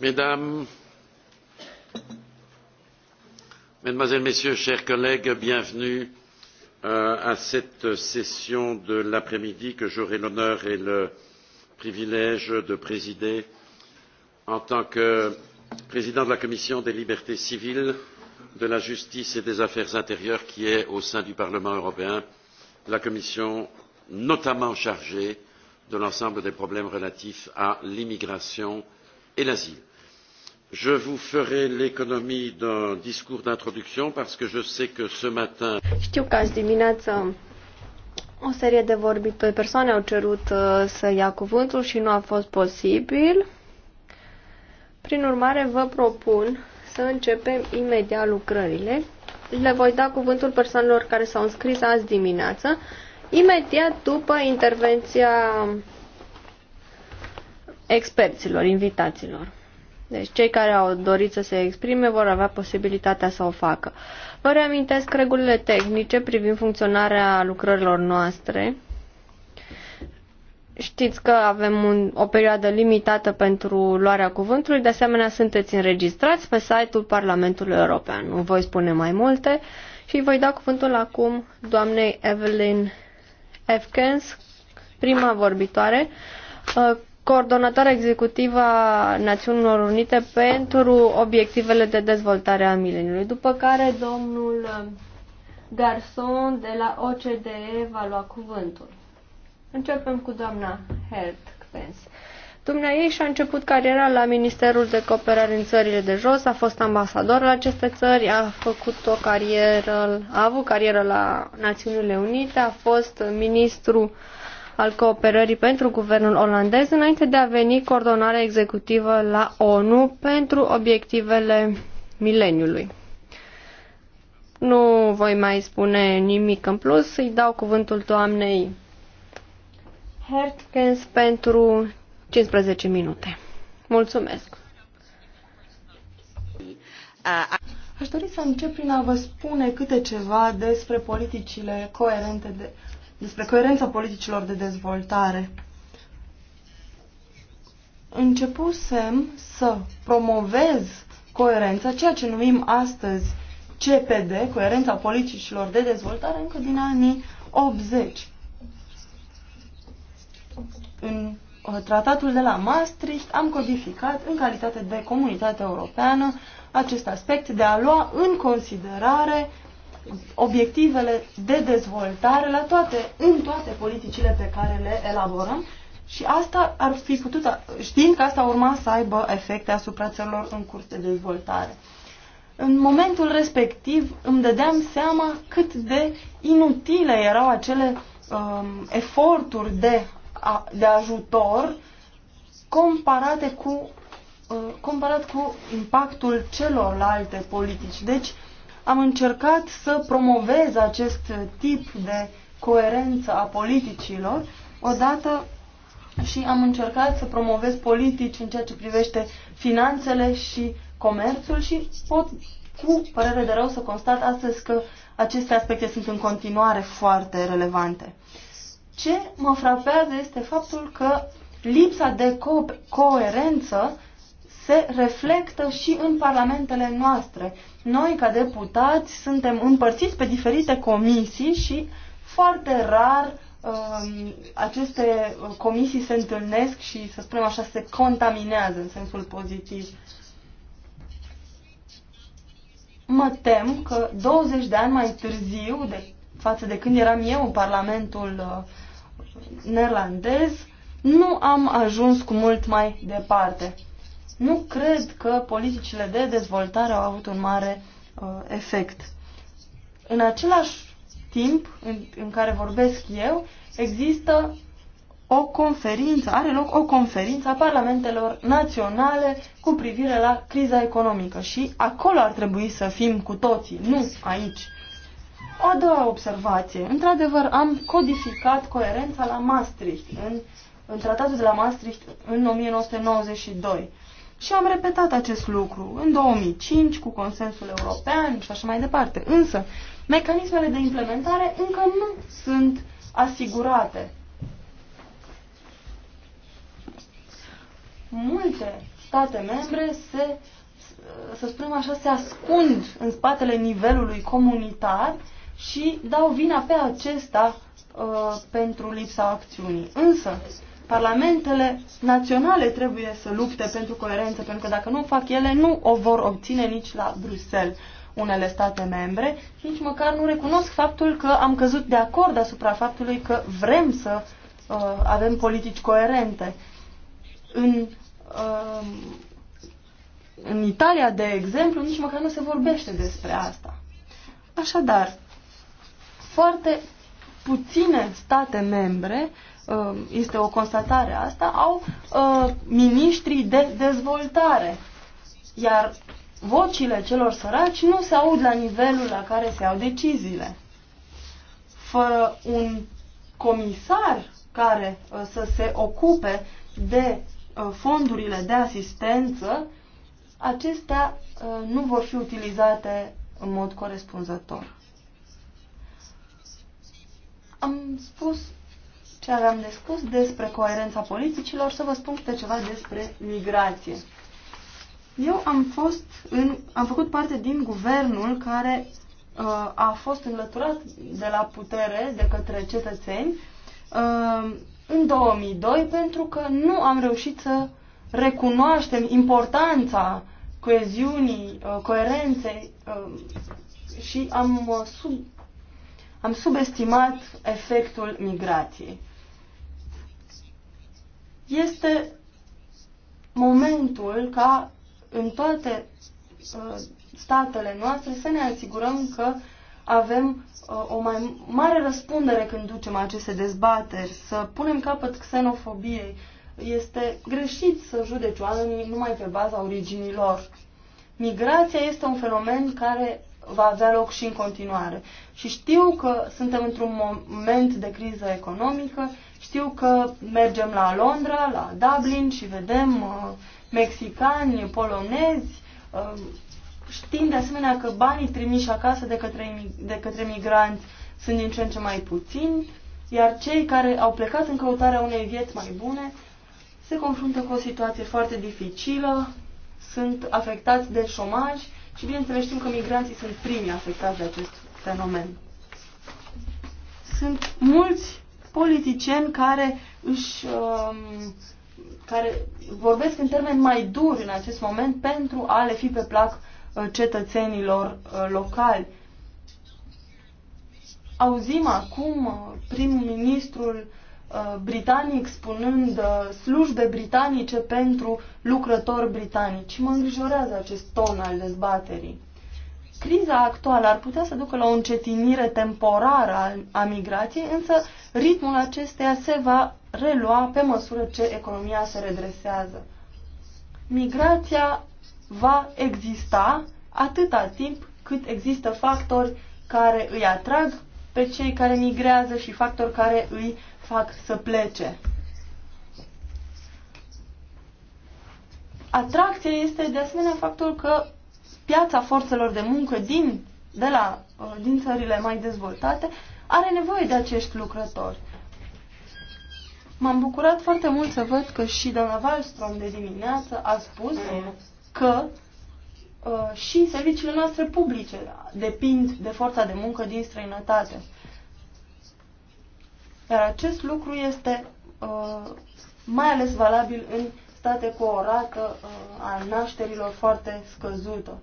Mesdames, Mesdemoiselles, Messieurs, chers collègues, bienvenue euh, à cette session de l'après-midi que j'aurai l'honneur et le privilège de présider en tant que président de la Commission des libertés civiles, de la justice et des affaires intérieures qui est au sein du Parlement européen la Commission notamment chargée de l'ensemble des problèmes relatifs à l'immigration et l'asile je vous ferai l'économie d'un discours d'introduction parce que je sais que ce matin. Știu că azi dimineață o serie de vorbitori persoane au cerut uh, să ia cuvântul și nu a fost posibil. Prin urmare, vă propun să începem imediat lucrările. Le voi da cuvântul persoanelor care s-au înscris azi dimineață, imediat după intervenția experților, invitaților. Deci cei care au dorit să se exprime vor avea posibilitatea să o facă. Vă reamintesc regulile tehnice privind funcționarea lucrărilor noastre. Știți că avem un, o perioadă limitată pentru luarea cuvântului, de asemenea sunteți înregistrați pe site-ul Parlamentului European. Nu voi spune mai multe și voi da cuvântul acum doamnei Evelyn Efkens, prima vorbitoare, coordonatoare executivă a Națiunilor Unite pentru obiectivele de dezvoltare a mileniului, după care domnul um, Garson de la OCDE va lua cuvântul. Începem cu doamna Hertkens. Dumnea ei și-a început cariera la Ministerul de Cooperare în țările de jos, a fost ambasador la aceste țări, a făcut o carieră, a avut carieră la Națiunile Unite, a fost ministru uh, al cooperării pentru guvernul olandez înainte de a veni coordonarea executivă la ONU pentru obiectivele mileniului. Nu voi mai spune nimic în plus, îi dau cuvântul doamnei Hertkens pentru 15 minute. Mulțumesc! Aș dori să încep prin a vă spune câte ceva despre politicile coerente de, despre coerența politicilor de dezvoltare. Începusem să promovez coerența, ceea ce numim astăzi CPD, coerența politicilor de dezvoltare, încă din anii 80. În uh, tratatul de la Maastricht am codificat în calitate de comunitate europeană acest aspect de a lua în considerare obiectivele de dezvoltare la toate, în toate politicile pe care le elaborăm și asta ar fi putut, știind că asta urma să aibă efecte asupra țărilor în curs de dezvoltare. În momentul respectiv îmi dădeam seama cât de inutile erau acele um, eforturi de, a, de ajutor comparate cu, uh, comparat cu impactul celorlalte politici. Deci, uh, am încercat să promovez acest tip de coerență a politicilor, odată și am încercat să promovez politici în ceea ce privește finanțele și comerțul și pot cu părere de rău să constat astăzi că aceste aspecte sunt în continuare foarte relevante. Ce mă frapează este faptul că lipsa de co- coerență se reflectă și în parlamentele noastre. Noi, ca deputați, suntem împărțiți pe diferite comisii și foarte rar um, aceste comisii se întâlnesc și, să spunem așa, se contaminează în sensul pozitiv. Mă tem că 20 de ani mai târziu, de, față de când eram eu în Parlamentul uh, neerlandez, nu am ajuns cu mult mai departe. Nu cred că politicile de dezvoltare au avut un mare uh, efect. În același timp în, în care vorbesc eu, există o conferință, are loc o conferință a parlamentelor naționale cu privire la criza economică și acolo ar trebui să fim cu toții, nu aici. O a doua observație. Într-adevăr, am codificat coerența la Maastricht, în, în tratatul de la Maastricht în 1992. Și am repetat acest lucru în 2005 cu consensul european și așa mai departe. Însă, mecanismele de implementare încă nu sunt asigurate. Multe state membre se, să spunem așa, se ascund în spatele nivelului comunitar și dau vina pe acesta uh, pentru lipsa acțiunii. Însă, parlamentele naționale trebuie să lupte pentru coerență, pentru că dacă nu o fac ele, nu o vor obține nici la Bruxelles unele state membre și nici măcar nu recunosc faptul că am căzut de acord asupra faptului că vrem să uh, avem politici coerente. În, uh, în Italia, de exemplu, nici măcar nu se vorbește despre asta. Așadar, foarte puține state membre uh, Um, este o constatare asta, au uh, miniștrii de dezvoltare. Iar vocile celor săraci nu se aud la nivelul la care se iau deciziile. Fără un comisar care uh, să se ocupe de uh, fondurile de asistență, acestea nu vor fi utilizate în mod corespunzător. Am spus ce aveam de spus despre coerența politicilor, să vă spun câte ceva despre migrație. Eu am fost în, am făcut parte din guvernul care uh, a fost înlăturat de la putere de către cetățeni uh, în 2002 pentru că nu am reușit să recunoaștem importanța coeziunii, uh, coerenței uh, și am, uh, sub, am subestimat efectul migrației. Este momentul ca în toate uh, statele noastre să ne asigurăm că avem uh, o mai mare răspundere când ducem aceste dezbateri, să punem capăt xenofobiei. Este greșit să judeci oamenii numai pe baza originii lor. Migrația este un fenomen care va avea loc și în continuare. Și știu că suntem într-un moment de criză economică știu că mergem la Londra, la Dublin și vedem uh, mexicani, polonezi. Uh, știm de asemenea că banii trimiși acasă de către, de către migranți sunt din ce în ce mai puțini, iar cei care au plecat în căutarea unei vieți mai bune se confruntă cu o situație foarte dificilă, sunt afectați de șomaj și bineînțeles știm că migranții sunt primii afectați de acest fenomen. Sunt mulți politicieni care își um, care vorbesc în termeni mai duri în acest moment pentru a le fi pe plac uh, cetățenilor uh, locali. Auzim acum uh, primul ministrul britanic spunând slujbe britanice pentru lucrători britanici. Mă îngrijorează acest ton al dezbaterii. Criza actuală ar putea să ducă la o încetinire temporară a migrației, însă ritmul acesteia se va relua pe măsură ce economia se redresează. Migrația va exista atâta timp cât există factori care îi atrag pe cei care migrează și factori care îi fac să plece. Atracția este de asemenea faptul că piața forțelor de muncă din, de la, uh, din țările mai dezvoltate are nevoie de acești lucrători. M-am bucurat foarte mult să văd că și doamna Wallström de dimineață a spus că uh, și serviciile noastre publice depind de forța de muncă din străinătate. Iar acest lucru este uh, mai ales valabil în state cu o rată uh, a nașterilor foarte scăzută.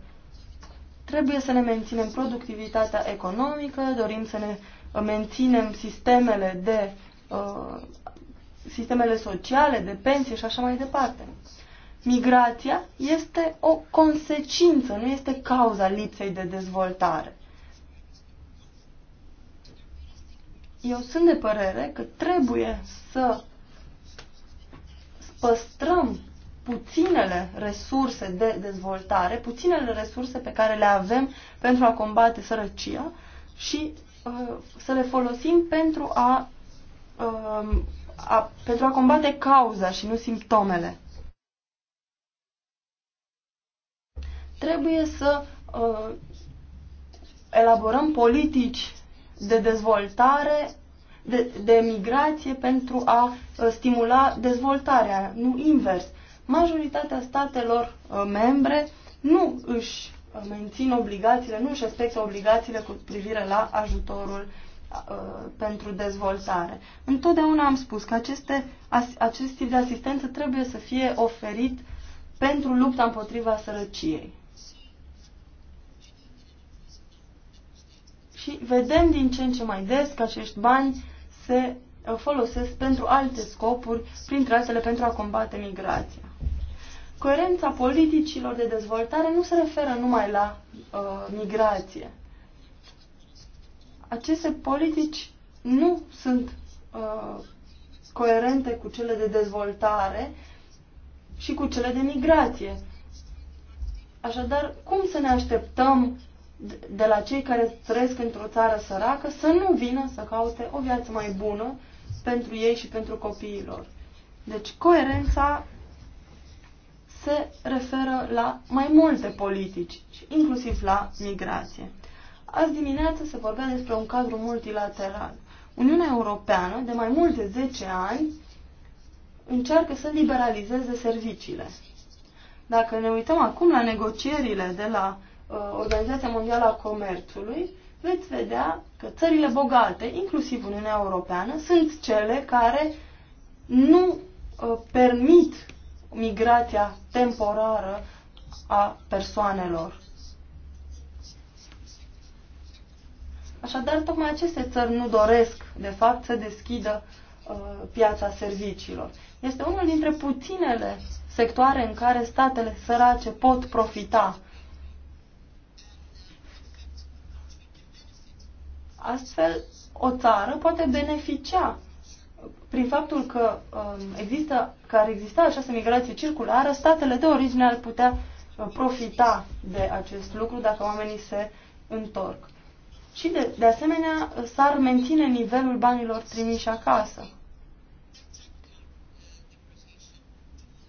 Trebuie să ne menținem productivitatea economică, dorim să ne menținem sistemele de uh, sistemele sociale, de pensie și așa mai departe. Migrația este o consecință, nu este cauza lipsei de dezvoltare. Eu sunt de părere că trebuie să păstrăm puținele resurse de dezvoltare, puținele resurse pe care le avem pentru a combate sărăcia și Uh, să le folosim pentru a, um, a, pentru a combate cauza și nu simptomele. Trebuie să uh, elaborăm politici de dezvoltare, de, de migrație pentru a uh, stimula dezvoltarea, nu invers. Majoritatea statelor uh, membre nu își Uh, mențin obligațiile, nu își respectă obligațiile cu privire la ajutorul uh, pentru dezvoltare. Întotdeauna am spus că aceste, acest tip de asistență trebuie să fie oferit pentru lupta împotriva sărăciei. Și vedem din ce în ce mai des că acești bani se uh, folosesc pentru alte scopuri, printre altele pentru a combate migrația. Coerența politicilor de dezvoltare nu se referă numai la uh, migrație. Aceste politici nu sunt uh, coerente cu cele de dezvoltare și cu cele de migrație. Așadar, cum să ne așteptăm de la cei care trăiesc într-o țară săracă să nu vină să caute o viață mai bună pentru ei și pentru copiilor? Deci, coerența se referă la mai multe politici, inclusiv la migrație. Azi dimineață se vorbea despre un cadru multilateral. Uniunea Europeană, de mai mult de 10 ani, încearcă să liberalizeze serviciile. Dacă ne uităm acum la negocierile de la uh, Organizația Mondială a Comerțului, veți vedea că țările bogate, inclusiv Uniunea Europeană, sunt cele care nu uh, permit migrația temporară a persoanelor. Așadar, tocmai aceste țări nu doresc, de fapt, să deschidă uh, piața serviciilor. Este unul dintre puținele sectoare în care statele sărace pot profita. Astfel, o țară poate beneficia prin faptul că um, există, că ar exista această migrație circulară, statele de origine ar putea uh, profita de acest lucru dacă oamenii se întorc. Și de, de asemenea s-ar menține nivelul banilor trimiși acasă.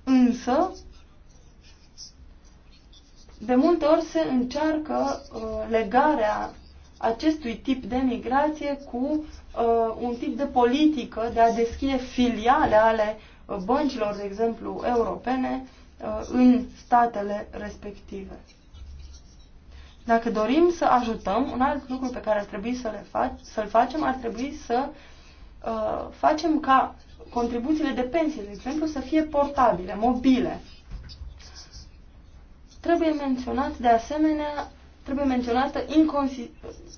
Însă, de multe ori se încearcă uh, legarea acestui tip de migrație cu uh, un tip de politică de a deschide filiale ale uh, băncilor, de exemplu, europene uh, în statele respective. Dacă dorim să ajutăm, un alt lucru pe care ar trebui să le fac, să-l facem ar trebui să uh, facem ca contribuțiile de pensie, de exemplu, să fie portabile, mobile. Trebuie menționat de asemenea trebuie menționată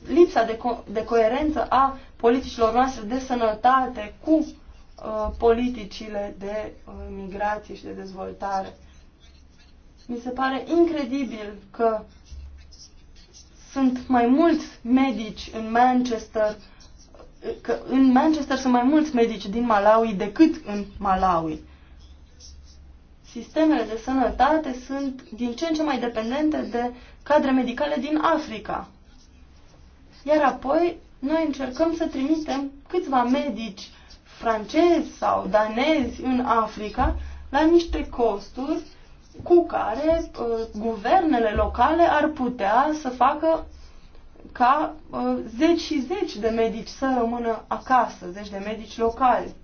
lipsa de, co- de coerență a politicilor noastre de sănătate cu uh, politicile de uh, migrație și de dezvoltare. Mi se pare incredibil că sunt mai mulți medici în Manchester, că în Manchester sunt mai mulți medici din Malawi decât în Malawi. Sistemele de sănătate sunt din ce în ce mai dependente de cadre medicale din Africa. Iar apoi noi încercăm să trimitem câțiva medici francezi sau danezi în Africa la niște costuri cu care uh, guvernele locale ar putea să facă ca uh, zeci și zeci de medici să rămână acasă, zeci de medici locali.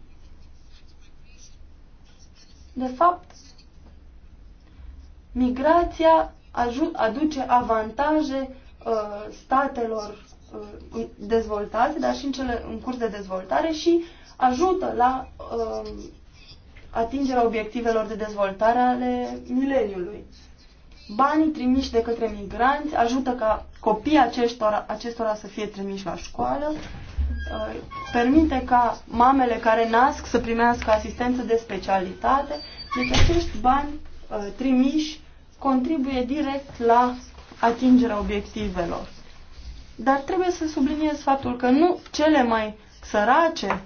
De fapt, migrația aduce avantaje uh, statelor uh, dezvoltate, dar și în cele în curs de dezvoltare și ajută la uh, atingerea obiectivelor de dezvoltare ale mileniului. Banii trimiși de către migranți ajută ca copiii acestora, acestora să fie trimiși la școală, uh, permite ca mamele care nasc să primească asistență de specialitate, deci acești bani uh, trimiși contribuie direct la atingerea obiectivelor. Dar trebuie să subliniez faptul că nu cele mai sărace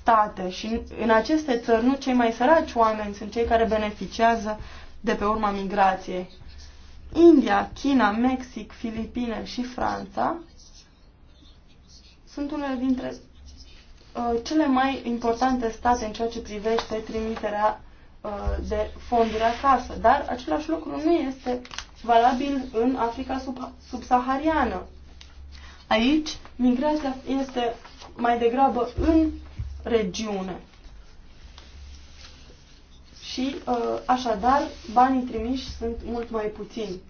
state și în aceste țări nu cei mai săraci oameni sunt cei care beneficiază de pe urma migrației. India, China, Mexic, Filipine și Franța sunt unele dintre uh, cele mai importante state în ceea ce privește trimiterea Uh, de fonduri acasă. Dar același lucru nu este valabil în Africa sub, subsahariană. Aici, migrația este mai degrabă în regiune. Și uh, așadar, banii trimiși sunt mult mai puțini.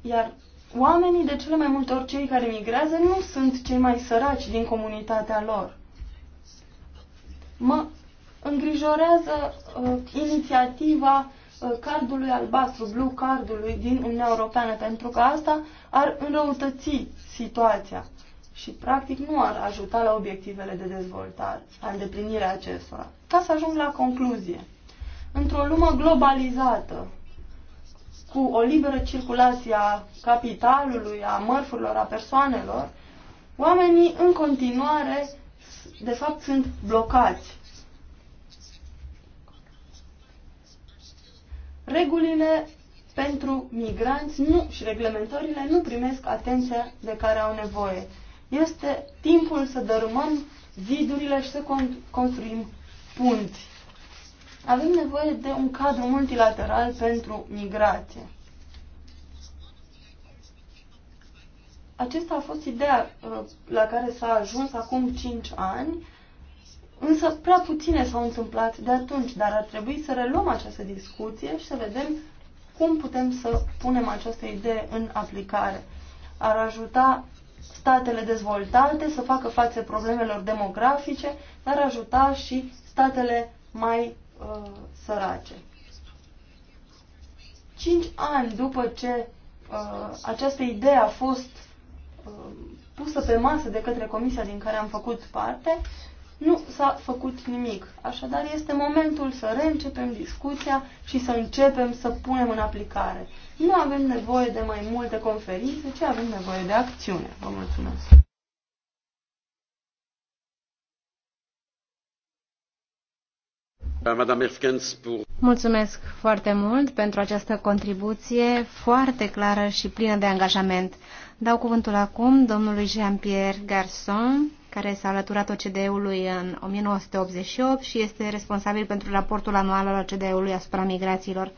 Iar oamenii, de cele mai multe ori cei care migrează, nu sunt cei mai săraci din comunitatea lor. Mă îngrijorează uh, inițiativa uh, cardului albastru, blue cardului din Uniunea Europeană, pentru că asta ar înrăutăți situația și practic nu ar ajuta la obiectivele de dezvoltare, la îndeplinirea acestora. Ca să ajung la concluzie, într-o lume globalizată, cu o liberă circulație a capitalului, a mărfurilor, a persoanelor, oamenii în continuare de fapt sunt blocați. Regulile pentru migranți nu, și reglementările nu primesc atenția de care au nevoie. Este timpul să dărâmăm zidurile și să construim punți. Avem nevoie de un cadru multilateral pentru migrație. Acesta a fost ideea uh, la care s-a ajuns acum 5 ani, însă prea puține s-au întâmplat de atunci, dar ar trebui să reluăm această discuție și să vedem cum putem să punem această idee în aplicare. Ar ajuta statele dezvoltate să facă față problemelor demografice, dar ajuta și statele mai uh, sărace. Cinci ani după ce uh, această idee a fost Um, pusă pe masă de către comisia din care am făcut parte, nu s-a făcut nimic. Așadar, este momentul să reîncepem discuția și să începem să punem în aplicare. Nu avem nevoie de mai multe conferințe, ci avem nevoie de acțiune. Vă mulțumesc! Mulțumesc foarte mult pentru această contribuție foarte clară și plină de angajament. Dau cuvântul acum domnului Jean-Pierre Garçon, care s-a alăturat OCDE-ului în 1988 și este responsabil pentru raportul anual al OCDE-ului asupra migrațiilor.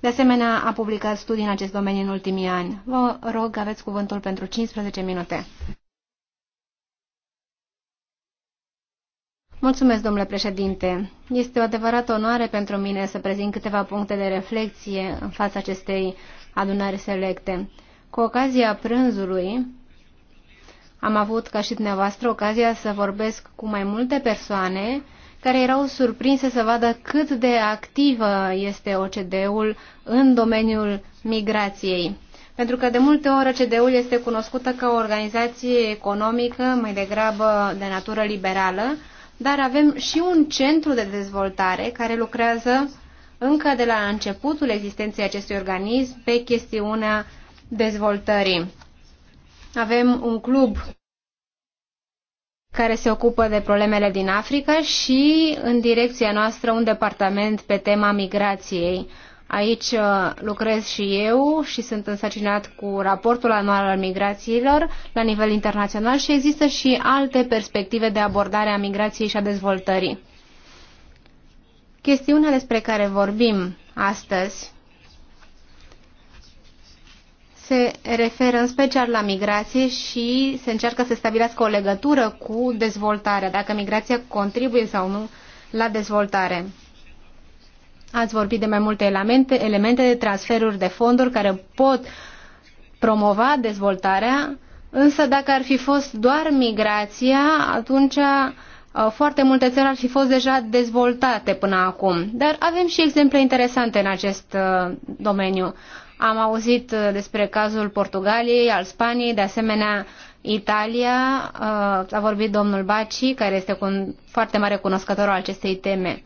De asemenea, a publicat studii în acest domeniu în ultimii ani. Vă rog, aveți cuvântul pentru 15 minute. Mulțumesc, domnule președinte. Este o adevărată onoare pentru mine să prezint câteva puncte de reflexie în fața acestei adunări selecte. Cu ocazia prânzului am avut, ca și dumneavoastră, ocazia să vorbesc cu mai multe persoane care erau surprinse să vadă cât de activă este OCD-ul în domeniul migrației. Pentru că de multe ori OCD-ul este cunoscută ca o organizație economică mai degrabă de natură liberală, dar avem și un centru de dezvoltare care lucrează încă de la începutul existenței acestui organism pe chestiunea dezvoltării. Avem un club care se ocupă de problemele din Africa și în direcția noastră un departament pe tema migrației. Aici uh, lucrez și eu și sunt însăcinat cu raportul anual al migrațiilor la nivel internațional și există și alte perspective de abordare a migrației și a dezvoltării. Chestiunea despre care vorbim astăzi se referă în special la migrație și se încearcă să stabilească o legătură cu dezvoltarea, dacă migrația contribuie sau nu la dezvoltare. Ați vorbit de mai multe elemente, elemente de transferuri de fonduri care pot promova dezvoltarea, însă dacă ar fi fost doar migrația, atunci uh, foarte multe țări ar fi fost deja dezvoltate până acum. Dar avem și exemple interesante în acest uh, domeniu. Am auzit uh, despre cazul Portugaliei, al Spaniei, de asemenea Italia. Uh, a vorbit domnul Baci, care este un foarte mare cunoscător al acestei teme.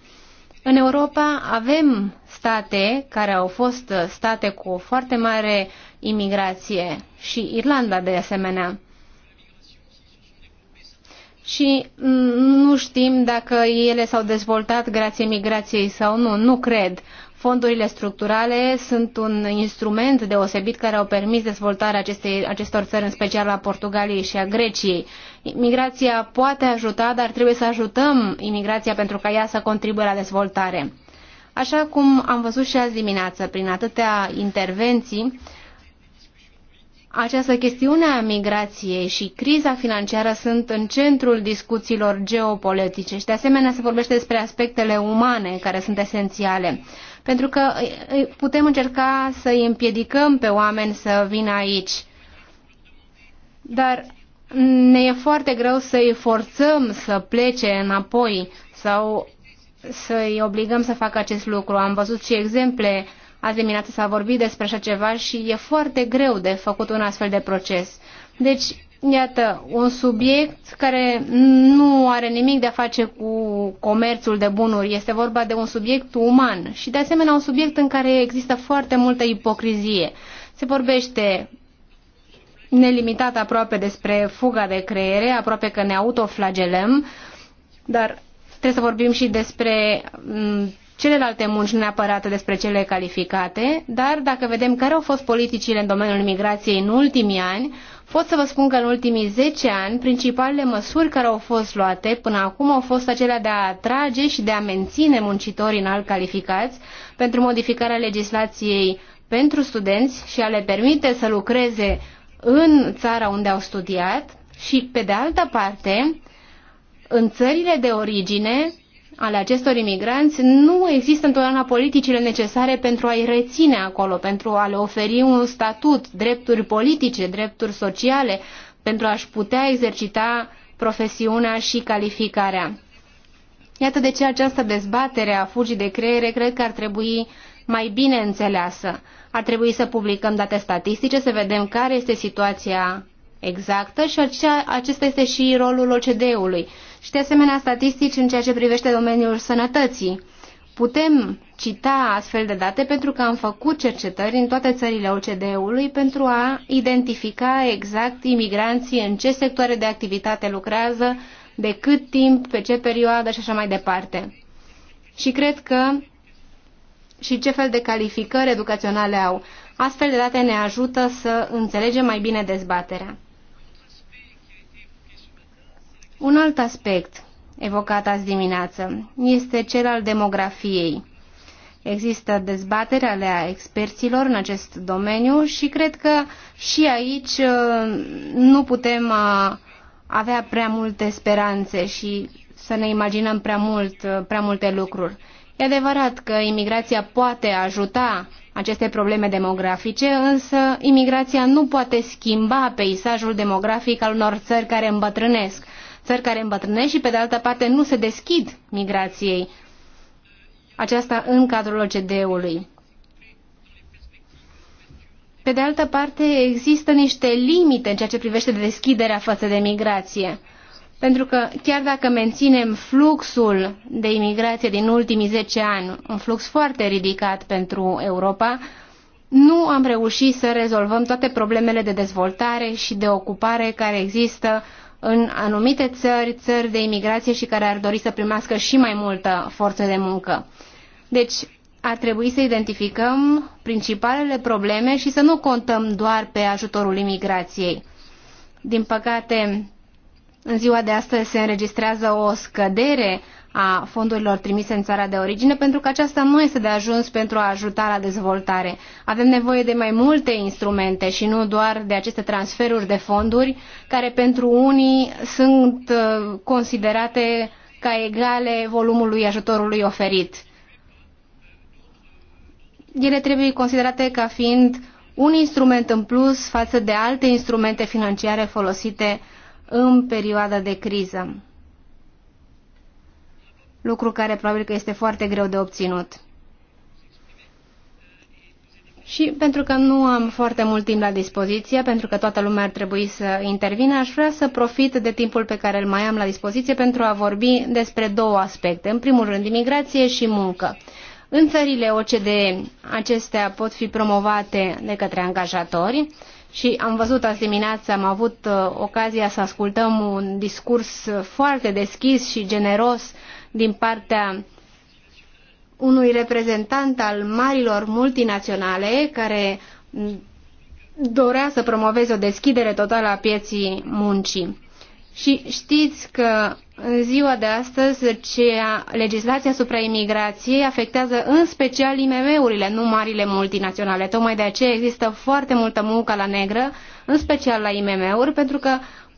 În Europa avem state care au fost uh, state cu o foarte mare imigrație și Irlanda de asemenea. Și nu știm dacă ele s-au dezvoltat grație migrației sau nu, nu cred. Fondurile structurale sunt un instrument deosebit care au permis dezvoltarea acestei, acestor țări, în special a Portugaliei și a Greciei. Imigrația poate ajuta, dar trebuie să ajutăm imigrația pentru ca ea să contribuie la dezvoltare. Așa cum am văzut și azi dimineață, prin atâtea intervenții, această chestiune a migrației și criza financiară sunt în centrul discuțiilor geopolitice și de asemenea se vorbește despre aspectele umane care sunt esențiale. Pentru că putem încerca să îi împiedicăm pe oameni să vină aici. Dar ne e foarte greu să îi forțăm să plece înapoi sau să îi obligăm să facă acest lucru. Am văzut și exemple, azi dimineață s-a vorbit despre așa ceva și e foarte greu de făcut un astfel de proces. Deci Iată, un subiect care nu are nimic de a face cu comerțul de bunuri. Este vorba de un subiect uman și, de asemenea, un subiect în care există foarte multă ipocrizie. Se vorbește nelimitat aproape despre fuga de creiere, aproape că ne autoflagelăm, dar trebuie să vorbim și despre mm, celelalte munci, nu neapărat despre cele calificate, dar dacă vedem care au fost politicile în domeniul migrației în ultimii ani, Pot să vă spun că în ultimii 10 ani, principalele măsuri care au fost luate până acum au fost acelea de a atrage și de a menține muncitorii înalt calificați pentru modificarea legislației pentru studenți și a le permite să lucreze în țara unde au studiat și, pe de altă parte, în țările de origine ale acestor imigranți, nu există întotdeauna politicile necesare pentru a-i reține acolo, pentru a le oferi un statut, drepturi politice, drepturi sociale, pentru a-și putea exercita profesiunea și calificarea. Iată de ce această dezbatere a fugii de creiere cred că ar trebui mai bine înțeleasă. Ar trebui să publicăm date statistice, să vedem care este situația exactă și acesta este și rolul OCDE-ului și de asemenea statistici în ceea ce privește domeniul sănătății. Putem cita astfel de date pentru că am făcut cercetări în toate țările OCDE-ului pentru a identifica exact imigranții în ce sectoare de activitate lucrează, de cât timp, pe ce perioadă și așa mai departe. Și cred că și ce fel de calificări educaționale au. Astfel de date ne ajută să înțelegem mai bine dezbaterea. Un alt aspect evocat azi dimineață este cel al demografiei. Există dezbatere ale experților în acest domeniu și cred că și aici uh, nu putem uh, avea prea multe speranțe și să ne imaginăm prea, mult, uh, prea multe lucruri. E adevărat că imigrația poate ajuta aceste probleme demografice, însă imigrația nu poate schimba peisajul demografic al unor țări care îmbătrânesc țări care îmbătrânesc și pe de altă parte nu se deschid migrației. Aceasta în cadrul OCDE-ului. Pe de altă parte, există niște limite în ceea ce privește deschiderea față de migrație. Pentru că chiar dacă menținem fluxul de imigrație din ultimii 10 ani, un flux foarte ridicat pentru Europa, nu am reușit să rezolvăm toate problemele de dezvoltare și de ocupare care există în anumite țări, țări de imigrație și care ar dori să primească și mai multă forță de muncă. Deci, ar trebui să identificăm principalele probleme și să nu contăm doar pe ajutorul imigrației. Din păcate, în ziua de astăzi se înregistrează o scădere a fondurilor trimise în țara de origine, pentru că aceasta nu este de ajuns pentru a ajuta la dezvoltare. Avem nevoie de mai multe instrumente și nu doar de aceste transferuri de fonduri, care pentru unii sunt uh, considerate ca egale volumului ajutorului oferit. Ele trebuie considerate ca fiind un instrument în plus față de alte instrumente financiare folosite în perioada de criză lucru care probabil că este foarte greu de obținut. Și pentru că nu am foarte mult timp la dispoziție, pentru că toată lumea ar trebui să intervină aș vrea să profit de timpul pe care îl mai am la dispoziție pentru a vorbi despre două aspecte. În primul rând, imigrație și muncă. În țările OCDE, acestea pot fi promovate de către angajatori și am văzut azi dimineață, am avut uh, ocazia să ascultăm un discurs foarte deschis și generos uh, din partea unui reprezentant al marilor multinaționale care dorea să promoveze o deschidere totală a pieții muncii. Și știți că în ziua de astăzi cea, legislația asupra imigrației afectează în special IMM-urile, nu marile multinaționale. Tocmai de aceea există foarte multă muncă la negră, în special la IMM-uri, pentru că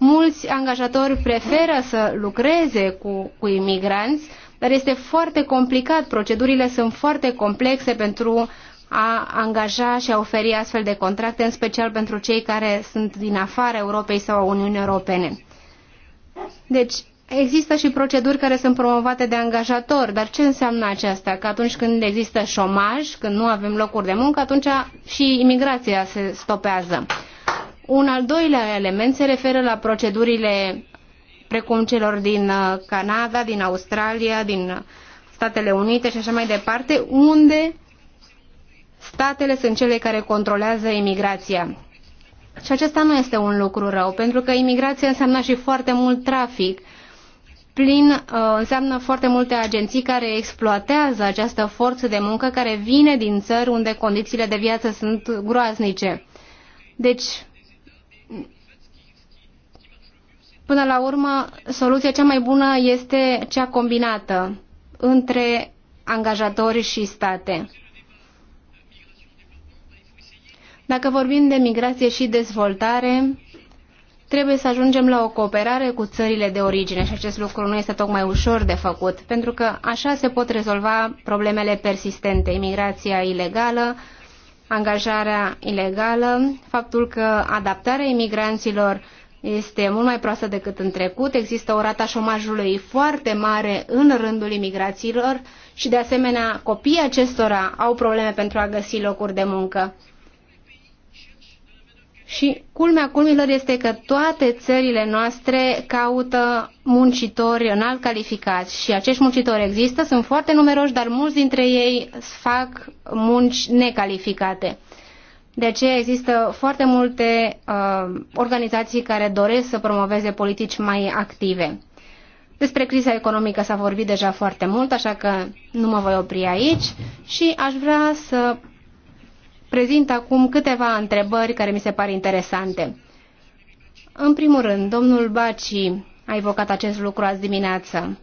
Mulți angajatori preferă să lucreze cu, cu imigranți, dar este foarte complicat, procedurile sunt foarte complexe pentru a angaja și a oferi astfel de contracte, în special pentru cei care sunt din afara Europei sau a Uniunii Europene. Deci, Există și proceduri care sunt promovate de angajator, dar ce înseamnă aceasta? Că atunci când există șomaj, când nu avem locuri de muncă, atunci și imigrația se stopează. Un al doilea element se referă la procedurile precum celor din uh, Canada, din Australia, din uh, Statele Unite și așa mai departe, unde statele sunt cele care controlează imigrația. Și acesta nu este un lucru rău, pentru că imigrația înseamnă și foarte mult trafic. Plin uh, înseamnă foarte multe agenții care exploatează această forță de muncă care vine din țări unde condițiile de viață sunt groaznice. Deci, Până la urmă, soluția cea mai bună este cea combinată între angajatori și state. Dacă vorbim de migrație și dezvoltare, trebuie să ajungem la o cooperare cu țările de origine și acest lucru nu este tocmai ușor de făcut, pentru că așa se pot rezolva problemele persistente, imigrația ilegală, angajarea ilegală, faptul că adaptarea imigranților este mult mai proastă decât în trecut, există o rata șomajului foarte mare în rândul imigraților și de asemenea copiii acestora au probleme pentru a găsi locuri de muncă. Și culmea culmilor este că toate țările noastre caută muncitori înalt calificați și acești muncitori există, sunt foarte numeroși, dar mulți dintre ei fac munci necalificate. De aceea există foarte multe uh, organizații care doresc să promoveze politici mai active. Despre criza economică s-a vorbit deja foarte mult, așa că nu mă voi opri aici și aș vrea să prezint acum câteva întrebări care mi se par interesante. În primul rând, domnul Baci a evocat acest lucru azi dimineață.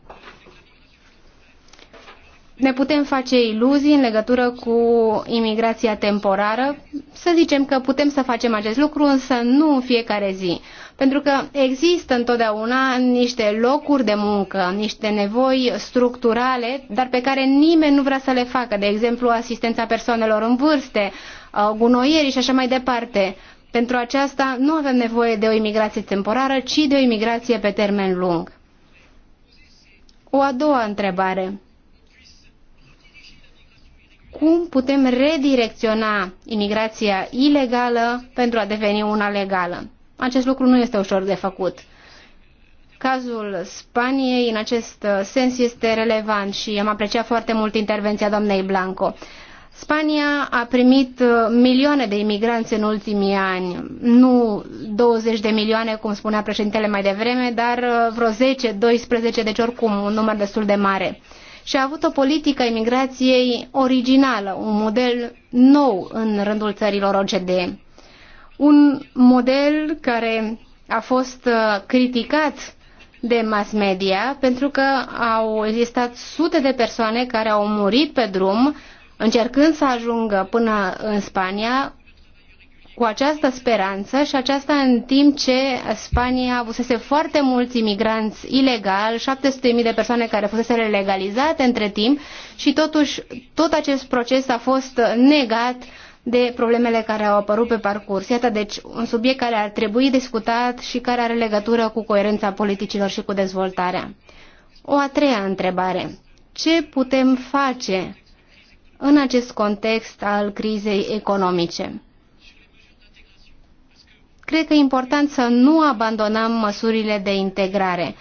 Ne putem face iluzii în legătură cu imigrația temporară? Să zicem că putem să facem acest lucru, însă nu în fiecare zi. Pentru că există întotdeauna niște locuri de muncă, niște nevoi structurale, dar pe care nimeni nu vrea să le facă. De exemplu, asistența persoanelor în vârste, uh, gunoierii și așa mai departe. Pentru aceasta nu avem nevoie de o imigrație temporară, ci de o imigrație pe termen lung. O a doua întrebare. Cum putem redirecționa imigrația ilegală pentru a deveni una legală? Acest lucru nu este ușor de făcut. Cazul Spaniei în acest uh, sens este relevant și am apreciat foarte mult intervenția doamnei Blanco. Spania a primit uh, milioane de imigranți în ultimii ani, nu 20 de milioane, cum spunea președintele mai devreme, dar uh, vreo 10, 12, deci oricum un număr destul de mare. Și a avut o politică imigrației originală, un model nou în rândul țărilor OCDE un model care a fost uh, criticat de mass media pentru că au existat sute de persoane care au murit pe drum încercând să ajungă până în Spania cu această speranță și aceasta în timp ce Spania avusese foarte mulți imigranți ilegal, 700.000 de persoane care fusese legalizate între timp și totuși tot acest proces a fost negat uh, de problemele care au apărut pe parcurs. Iată, deci, un subiect care ar trebui discutat și care are legătură cu coerența politicilor și cu dezvoltarea. O a treia întrebare. Ce putem face în acest context al crizei economice? Cred că e important să nu abandonăm măsurile de integrare.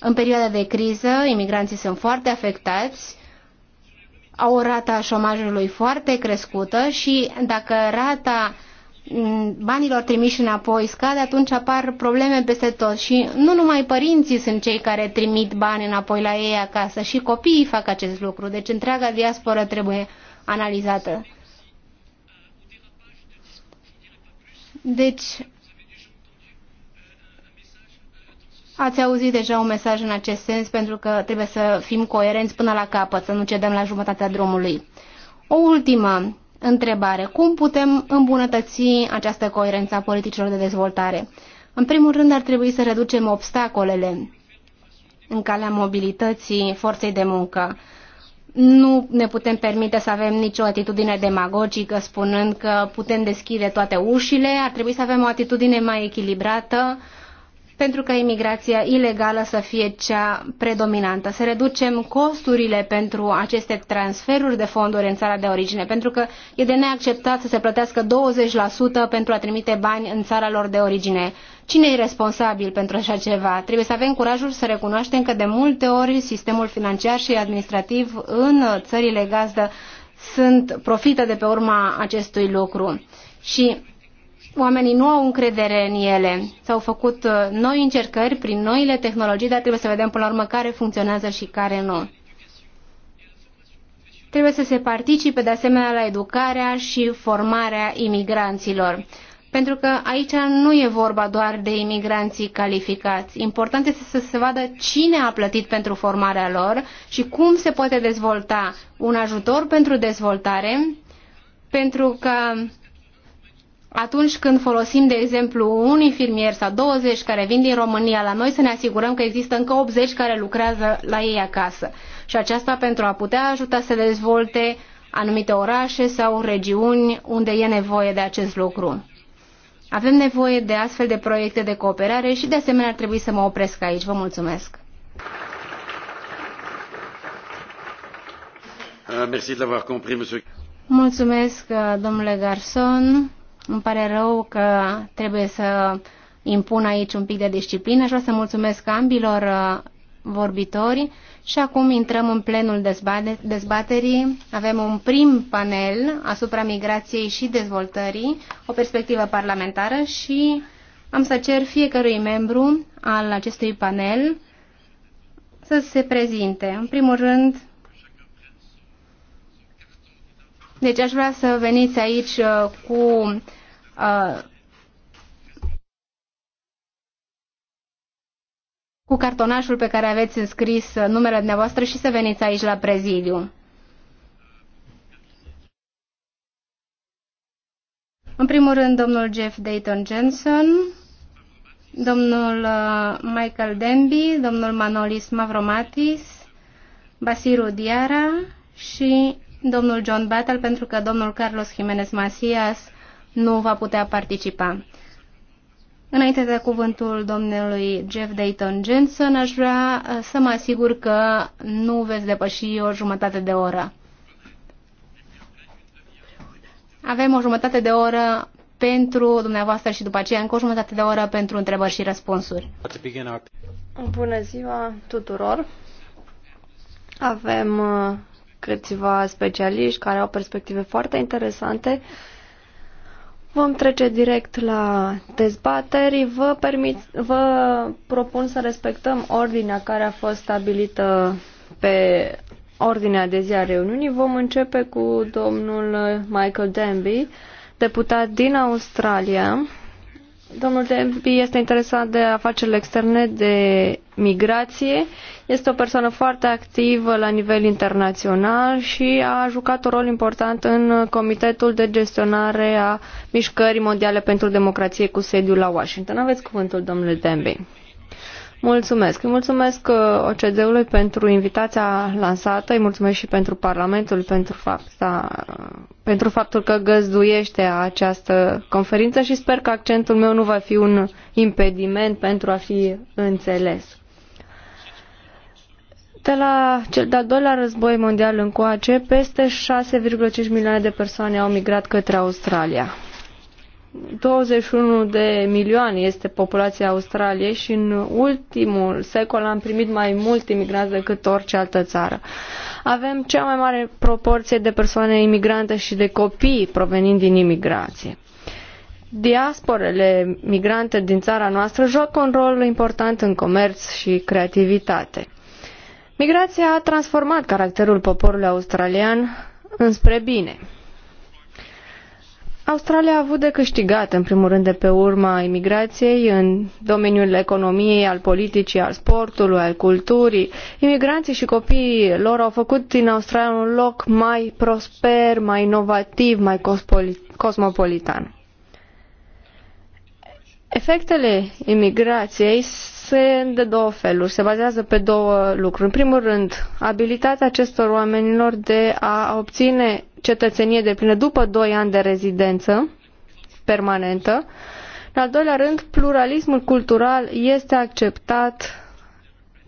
În perioada de criză, imigranții sunt foarte afectați au o a șomajului foarte crescută și dacă rata banilor trimiși înapoi scade, atunci apar probleme peste tot. Și nu numai părinții sunt cei care trimit bani înapoi la ei acasă, și copiii fac acest lucru. Deci întreaga diasporă trebuie analizată. Deci, Ați auzit deja un mesaj în acest sens pentru că trebuie să fim coerenți până la capăt, să nu cedăm la jumătatea drumului. O ultimă întrebare. Cum putem îmbunătăți această coerență a politicilor de dezvoltare? În primul rând ar trebui să reducem obstacolele în calea mobilității forței de muncă. Nu ne putem permite să avem nicio atitudine demagogică spunând că putem deschide toate ușile, ar trebui să avem o atitudine mai echilibrată, pentru ca imigrația ilegală să fie cea predominantă, să reducem costurile pentru aceste transferuri de fonduri în țara de origine, pentru că e de neacceptat să se plătească 20% pentru a trimite bani în țara lor de origine. Cine e responsabil pentru așa ceva? Trebuie să avem curajul să recunoaștem că de multe ori sistemul financiar și administrativ în țările gazdă sunt profită de pe urma acestui lucru. Și oamenii nu au încredere în ele. S-au făcut uh, noi încercări prin noile tehnologii, dar trebuie să vedem până la urmă care funcționează și care nu. Trebuie să se participe de asemenea la educarea și formarea imigranților. Pentru că aici nu e vorba doar de imigranții calificați. Important este să se vadă cine a plătit pentru formarea lor și cum se poate dezvolta un ajutor pentru dezvoltare, pentru că atunci când folosim, de exemplu, un infirmier sau 20 care vin din România la noi, să ne asigurăm că există încă 80 care lucrează la ei acasă. Și aceasta pentru a putea ajuta să dezvolte anumite orașe sau regiuni unde e nevoie de acest lucru. Avem nevoie de astfel de proiecte de cooperare și de asemenea ar trebui să mă opresc aici. Vă mulțumesc! Ah, mulțumesc, domnule Garson. Îmi pare rău că trebuie să impun aici un pic de disciplină. și o să mulțumesc ambilor uh, vorbitori și acum intrăm în plenul dezbaterii. Avem un prim panel asupra migrației și dezvoltării, o perspectivă parlamentară și am să cer fiecărui membru al acestui panel să se prezinte. În primul rând, Deci aș vrea să veniți aici uh, cu uh, cu cartonașul pe care aveți înscris uh, numele dumneavoastră și să veniți aici la prezidiu. În primul rând, domnul Jeff Dayton Jensen, domnul Michael Denby, domnul Manolis Mavromatis, Basiru Diara și domnul John Battle pentru că domnul Carlos Jimenez Macias nu va putea participa. Înainte de cuvântul domnului Jeff Dayton Jensen, aș vrea uh, să mă asigur că nu veți depăși o jumătate de oră. Avem o jumătate de oră pentru dumneavoastră și după aceea încă o jumătate de oră pentru întrebări și răspunsuri. Bună ziua tuturor! Avem uh, câțiva specialiști care au perspective foarte interesante. Vom trece direct la dezbateri. Vă, permit, vă propun să respectăm ordinea care a fost stabilită pe ordinea de zi a reuniunii. Vom începe cu domnul Michael Denby, deputat din Australia, Domnul Tempi este interesat de afacerile externe, de migrație. Este o persoană foarte activă la nivel internațional și a jucat un rol important în Comitetul de Gestionare a Mișcării Mondiale pentru Democrație cu sediul la Washington. Aveți cuvântul, domnule Tembi. Mulțumesc. Îi mulțumesc uh, OCD-ului pentru invitația lansată, îi mulțumesc și pentru Parlamentul pentru, fapta, pentru faptul că găzduiește această conferință și sper că accentul meu nu va fi un impediment pentru a fi înțeles. De la cel de-al doilea război mondial încoace, peste 6,5 milioane de persoane au migrat către Australia. 21 de milioane este populația Australiei și în ultimul secol am primit mai mulți imigranți decât orice altă țară. Avem cea mai mare proporție de persoane imigrante și de copii provenind din imigrație. Diasporele migrante din țara noastră joacă un rol important în comerț și creativitate. Migrația a transformat caracterul poporului australian înspre bine. Australia a avut de câștigat, în primul rând, de pe urma imigrației în domeniul economiei, al politicii, al sportului, al culturii. Imigranții și copiii lor au făcut din Australia un loc mai prosper, mai inovativ, mai cosmopolitan. Efectele imigrației se de două feluri, se bazează pe două lucruri. În primul rând, abilitatea acestor oamenilor de a obține cetățenie de plină după 2 ani de rezidență permanentă. În al doilea rând, pluralismul cultural este acceptat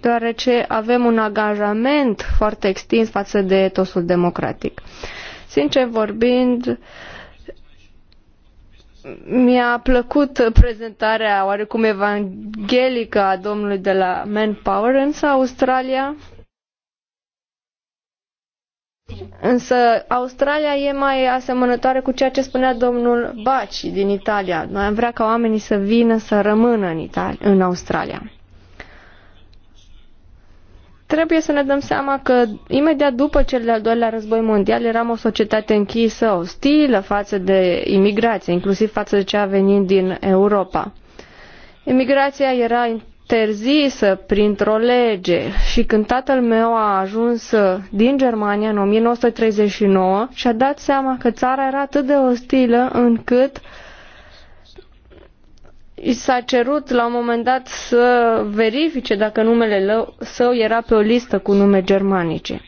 deoarece avem un angajament foarte extins față de etosul democratic. Sincer vorbind, uh, mi-a plăcut prezentarea oarecum evanghelică a domnului de la Manpower, însă Australia Însă Australia e mai asemănătoare cu ceea ce spunea domnul Baci din Italia. Noi am vrea ca oamenii să vină, să rămână în, Italia, în Australia trebuie să ne dăm seama că imediat după cel de-al doilea război mondial eram o societate închisă, ostilă față de imigrație, inclusiv față de cea venind din Europa. Imigrația era interzisă printr-o lege și când tatăl meu a ajuns din Germania în 1939 și-a dat seama că țara era atât de ostilă încât uh, i s-a cerut la un moment dat să verifice dacă numele său era pe o listă cu nume germanice.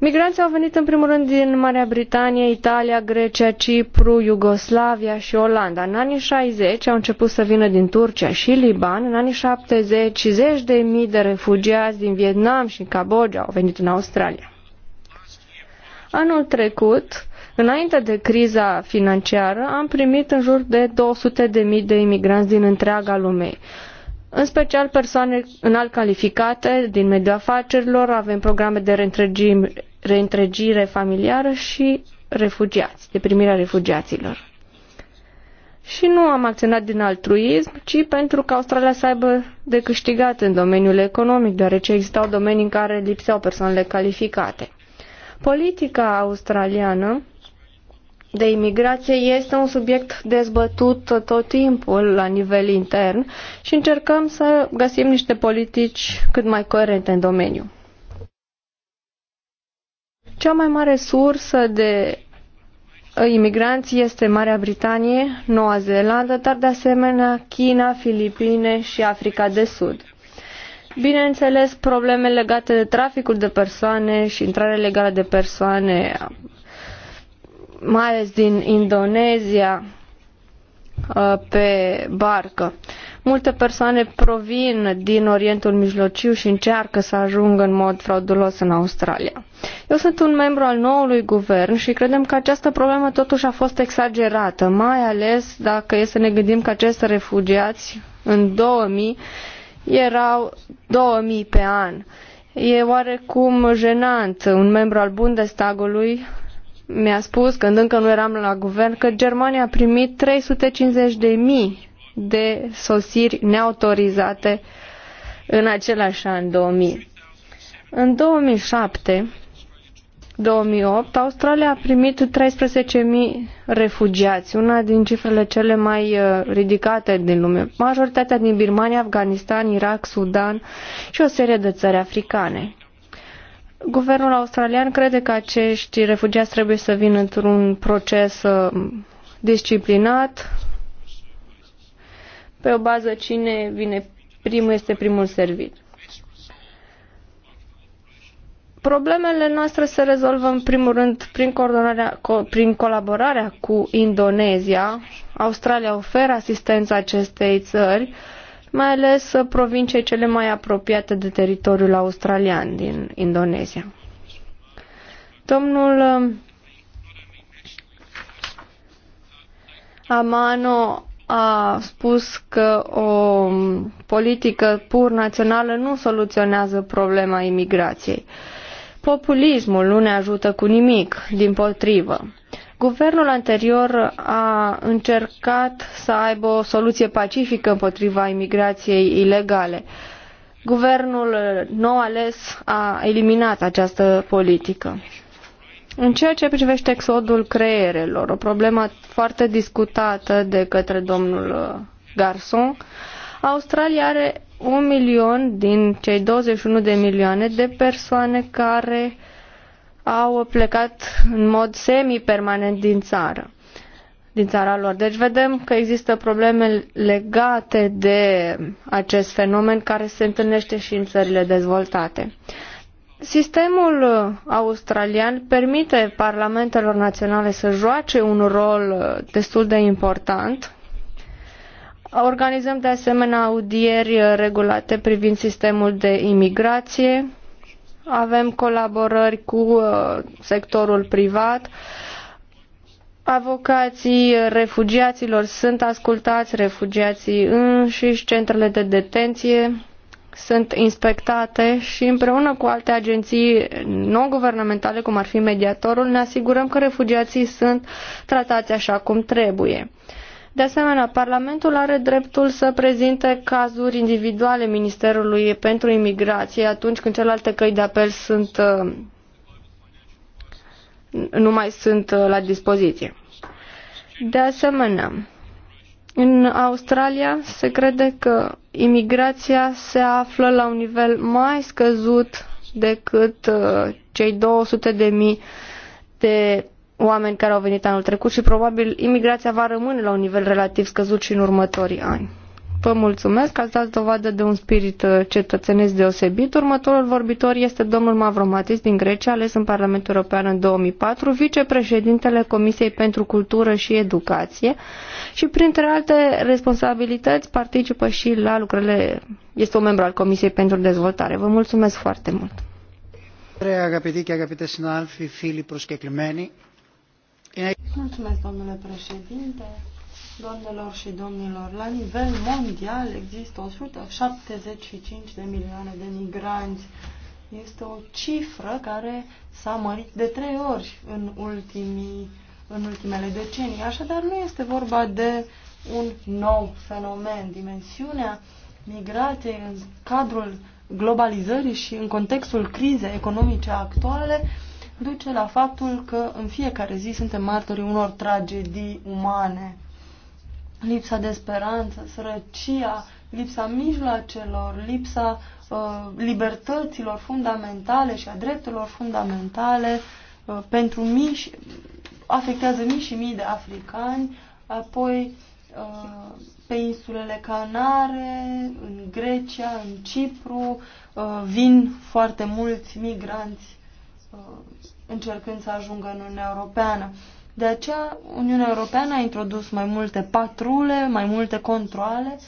Migranții au venit în primul rând din Marea Britanie, Italia, Grecia, Cipru, Iugoslavia și Olanda. În anii 60 au început să vină din Turcia și Liban, în anii 70 zeci de mii de refugiați din Vietnam și Cambodgia au venit în Australia. Anul trecut, Înainte de criza financiară am primit în jur de 200.000 de imigranți din întreaga lume în special persoane înalt calificate din mediul afacerilor, avem programe de reîntregire, reîntregire familiară și refugiați, de primirea refugiaților. Și nu am acționat din altruism, ci pentru că Australia să aibă de câștigat în domeniul economic, deoarece existau domenii în care lipseau persoanele calificate. Politica australiană de imigrație este un subiect dezbătut tot timpul la nivel intern și încercăm să găsim niște politici cât mai coerente în domeniu. Cea mai mare sursă de imigranți este Marea Britanie, Noua Zeelandă, dar de asemenea China, Filipine și Africa de Sud. Bineînțeles, probleme legate de traficul de persoane și intrarea legală de persoane mai ales din Indonezia, uh, pe barcă. Multe persoane provin din Orientul Mijlociu și încearcă să ajungă în mod fraudulos în Australia. Eu sunt un membru al noului guvern și credem că această problemă totuși a fost exagerată, mai ales dacă e să ne gândim că acești refugiați în 2000 erau 2000 pe an. E oarecum jenant un membru al Bundestagului mi-a spus, când încă nu eram la guvern, că Germania a primit 350.000 de sosiri neautorizate în același an 2000. În 2007, 2008, Australia a primit 13.000 refugiați, una din cifrele cele mai uh, ridicate din lume. Majoritatea din Birmania, Afganistan, Irak, Sudan și o serie de țări africane. Guvernul australian crede că acești refugiați trebuie să vină într-un proces uh, disciplinat, pe o bază cine vine primul este primul servit. Problemele noastre se rezolvă în primul rând prin, prin colaborarea cu Indonezia. Australia oferă asistența acestei țări uh, mai ales uh, provinciei cele mai apropiate de teritoriul australian din Indonezia. Domnul uh, Amano a spus că o politică pur națională nu soluționează problema imigrației. Populismul nu ne ajută cu nimic, din potrivă. Guvernul anterior a încercat să aibă o soluție pacifică împotriva imigrației ilegale. Guvernul nou ales a eliminat această politică. În ceea ce privește exodul creierelor, o problemă foarte discutată de către domnul Garson, Australia are un milion din cei 21 de milioane de persoane care au plecat în mod semi-permanent din țară din țara lor. Deci vedem că există probleme legate de acest fenomen care se întâlnește și în țările dezvoltate. Sistemul australian permite parlamentelor naționale să joace un rol destul de important. Organizăm de asemenea audieri regulate privind sistemul de imigrație, avem colaborări cu uh, sectorul privat, avocații refugiaților sunt ascultați, refugiații înșiși, centrele de detenție sunt inspectate și împreună cu alte agenții non-guvernamentale, cum ar fi mediatorul, ne asigurăm că refugiații sunt tratați așa cum trebuie. De asemenea, Parlamentul are dreptul să prezinte cazuri individuale Ministerului pentru Imigrație atunci când celelalte căi de apel sunt, uh, nu mai sunt uh, la dispoziție. De asemenea, în Australia se crede că imigrația se află la un nivel mai scăzut decât uh, cei 200 de mii de oameni care au venit anul trecut și probabil imigrația va rămâne la un nivel relativ scăzut și în următorii ani. Vă mulțumesc, că ați dat dovadă de un spirit uh, cetățenesc deosebit. Următorul vorbitor este domnul Mavromatis din Grecia, ales în Parlamentul European în 2004, vicepreședintele Comisiei pentru Cultură și Educație și printre alte responsabilități participă și la lucrurile, este un membru al Comisiei pentru Dezvoltare. Vă mulțumesc foarte mult! Αγαπητοί και αγαπητές συνάδελφοι, φίλοι προσκεκλημένοι, Mulțumesc, domnule președinte. Doamnelor și domnilor, la nivel mondial există 175 de milioane de migranți. Este o cifră care s-a mărit de trei ori în, ultimii, în ultimele decenii. Așadar, nu este vorba de un nou fenomen. Dimensiunea migrației în cadrul globalizării și în contextul crizei economice actuale duce la faptul că în fiecare zi suntem martorii unor tragedii umane. Lipsa de speranță, sărăcia, lipsa mijloacelor, lipsa uh, libertăților fundamentale și a drepturilor fundamentale uh, pentru mii și, afectează mii și mii de africani, apoi uh, pe insulele Canare, în Grecia, în Cipru, uh, vin foarte mulți migranți uh, încercând să ajungă în Uniunea Europeană. De aceea, Uniunea Europeană a introdus mai multe patrule, mai multe controle,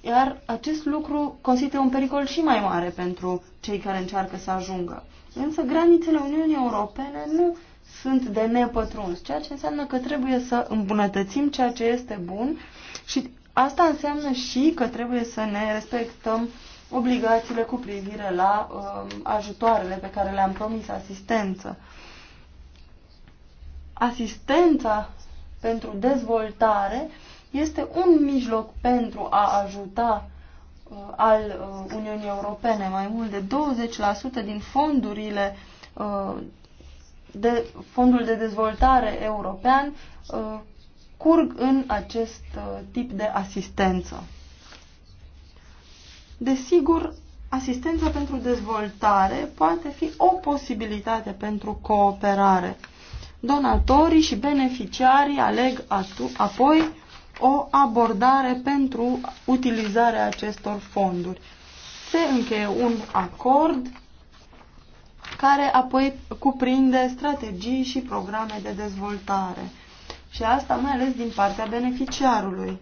iar acest lucru constituie un pericol și mai mare pentru cei care încearcă să ajungă. Însă granițele Uniunii Europene nu sunt de nepătruns, ceea ce înseamnă că trebuie să îmbunătățim ceea ce este bun și asta înseamnă și că trebuie să ne respectăm obligațiile cu privire la uh, ajutoarele pe care le-am promis, asistență. Asistența pentru dezvoltare este un mijloc pentru a ajuta uh, al uh, Uniunii Europene. Mai mult de 20% din fondurile uh, de fondul de dezvoltare european uh, curg în acest uh, tip de asistență. Desigur, asistența pentru dezvoltare poate fi o posibilitate pentru cooperare. Donatorii și beneficiarii aleg apoi o abordare pentru utilizarea acestor fonduri. Se încheie un acord care apoi cuprinde strategii și programe de dezvoltare. Și asta mai ales din partea beneficiarului.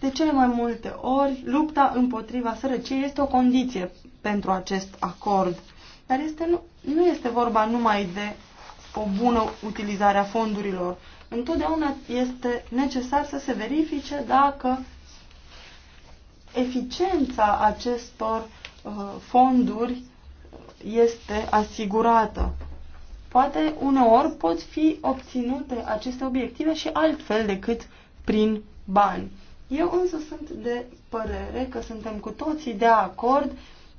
De cele mai multe ori, lupta împotriva sărăciei este o condiție pentru acest acord. Dar este, nu, nu este vorba numai de o bună utilizare a fondurilor. Întotdeauna este necesar să se verifice dacă eficiența acestor uh, fonduri este asigurată. Poate uneori pot fi obținute aceste obiective și altfel decât prin bani. Eu însă sunt de părere că suntem cu toții de acord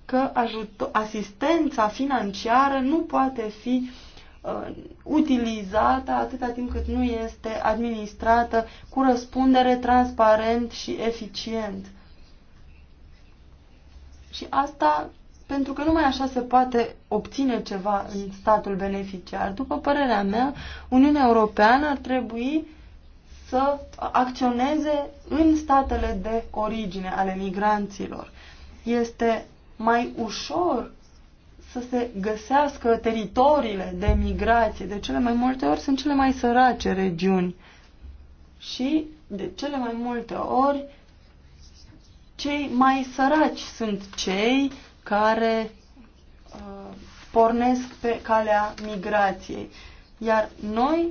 că asistența financiară nu poate fi uh, utilizată atâta timp cât nu este administrată cu răspundere transparent și eficient. Și asta pentru că numai așa se poate obține ceva în statul beneficiar. După părerea mea, Uniunea Europeană ar trebui să acționeze în statele de origine ale migranților. Este mai ușor să se găsească teritoriile de migrație. De cele mai multe ori sunt cele mai sărace regiuni. Și de cele mai multe ori cei mai săraci sunt cei care uh, pornesc pe calea migrației. Iar noi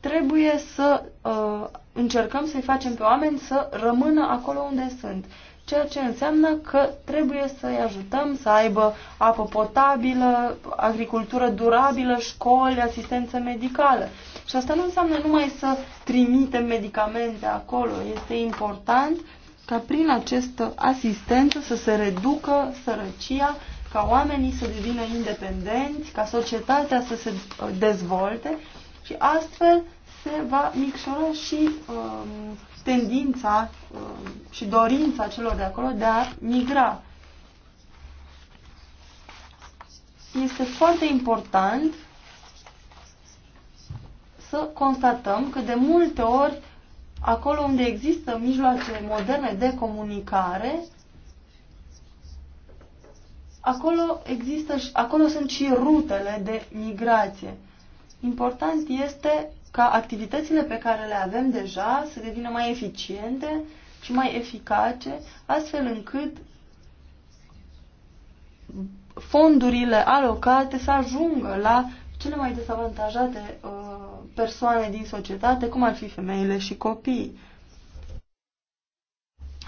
trebuie să uh, încercăm să-i facem pe oameni să rămână acolo unde sunt. Ceea ce înseamnă că trebuie să-i ajutăm să aibă apă potabilă, agricultură durabilă, școli, asistență medicală. Și asta nu înseamnă numai să trimitem medicamente acolo. Este important ca prin această asistență să se reducă sărăcia, ca oamenii să devină independenți, ca societatea să se uh, dezvolte și astfel se va micșora și um, tendința um, și dorința celor de acolo de a migra. Este foarte important să constatăm că de multe ori acolo unde există mijloace moderne de comunicare, acolo, există, acolo sunt și rutele de migrație. Important este ca activitățile pe care le avem deja să devină mai eficiente și mai eficace, astfel încât fondurile alocate să ajungă la cele mai dezavantajate uh, persoane din societate, cum ar fi femeile și copiii.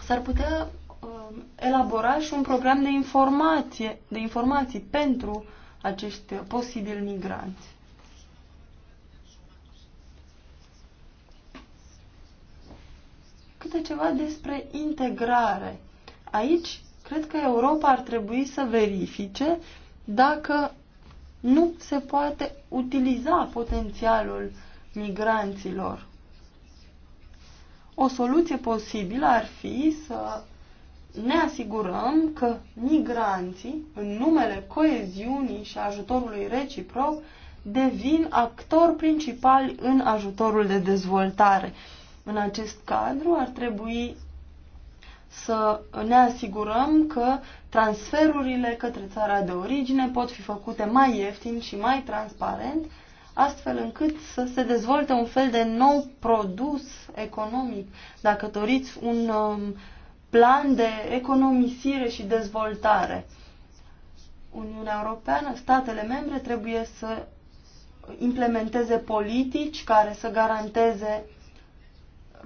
S-ar putea um, elabora și un program de informație, de informații pentru acești uh, posibili migranți. câte ceva despre integrare. Aici, cred că Europa ar trebui să verifice dacă nu se poate utiliza potențialul migranților. O soluție posibilă ar fi să ne asigurăm că migranții, în numele coeziunii și ajutorului reciproc, devin actor principal în ajutorul de dezvoltare. În acest cadru ar trebui să ne asigurăm că transferurile către țara de origine pot fi făcute mai ieftin și mai transparent, astfel încât să se dezvolte un fel de nou produs economic. Dacă doriți un um, plan de economisire și dezvoltare, Uniunea Europeană, statele membre trebuie să implementeze politici care să garanteze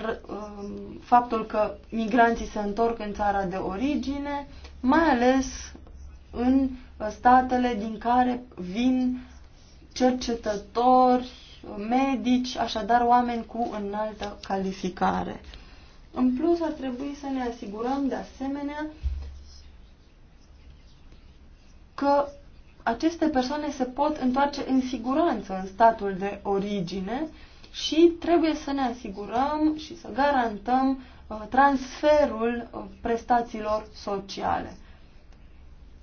Um, faptul că migranții se întorc în țara de origine, mai ales în uh, statele din care vin cercetători, medici, așadar oameni cu înaltă calificare. În plus, ar trebui să ne asigurăm de asemenea că aceste persoane se pot întoarce în siguranță în statul de origine, și trebuie să ne asigurăm și să garantăm uh, transferul uh, prestațiilor sociale.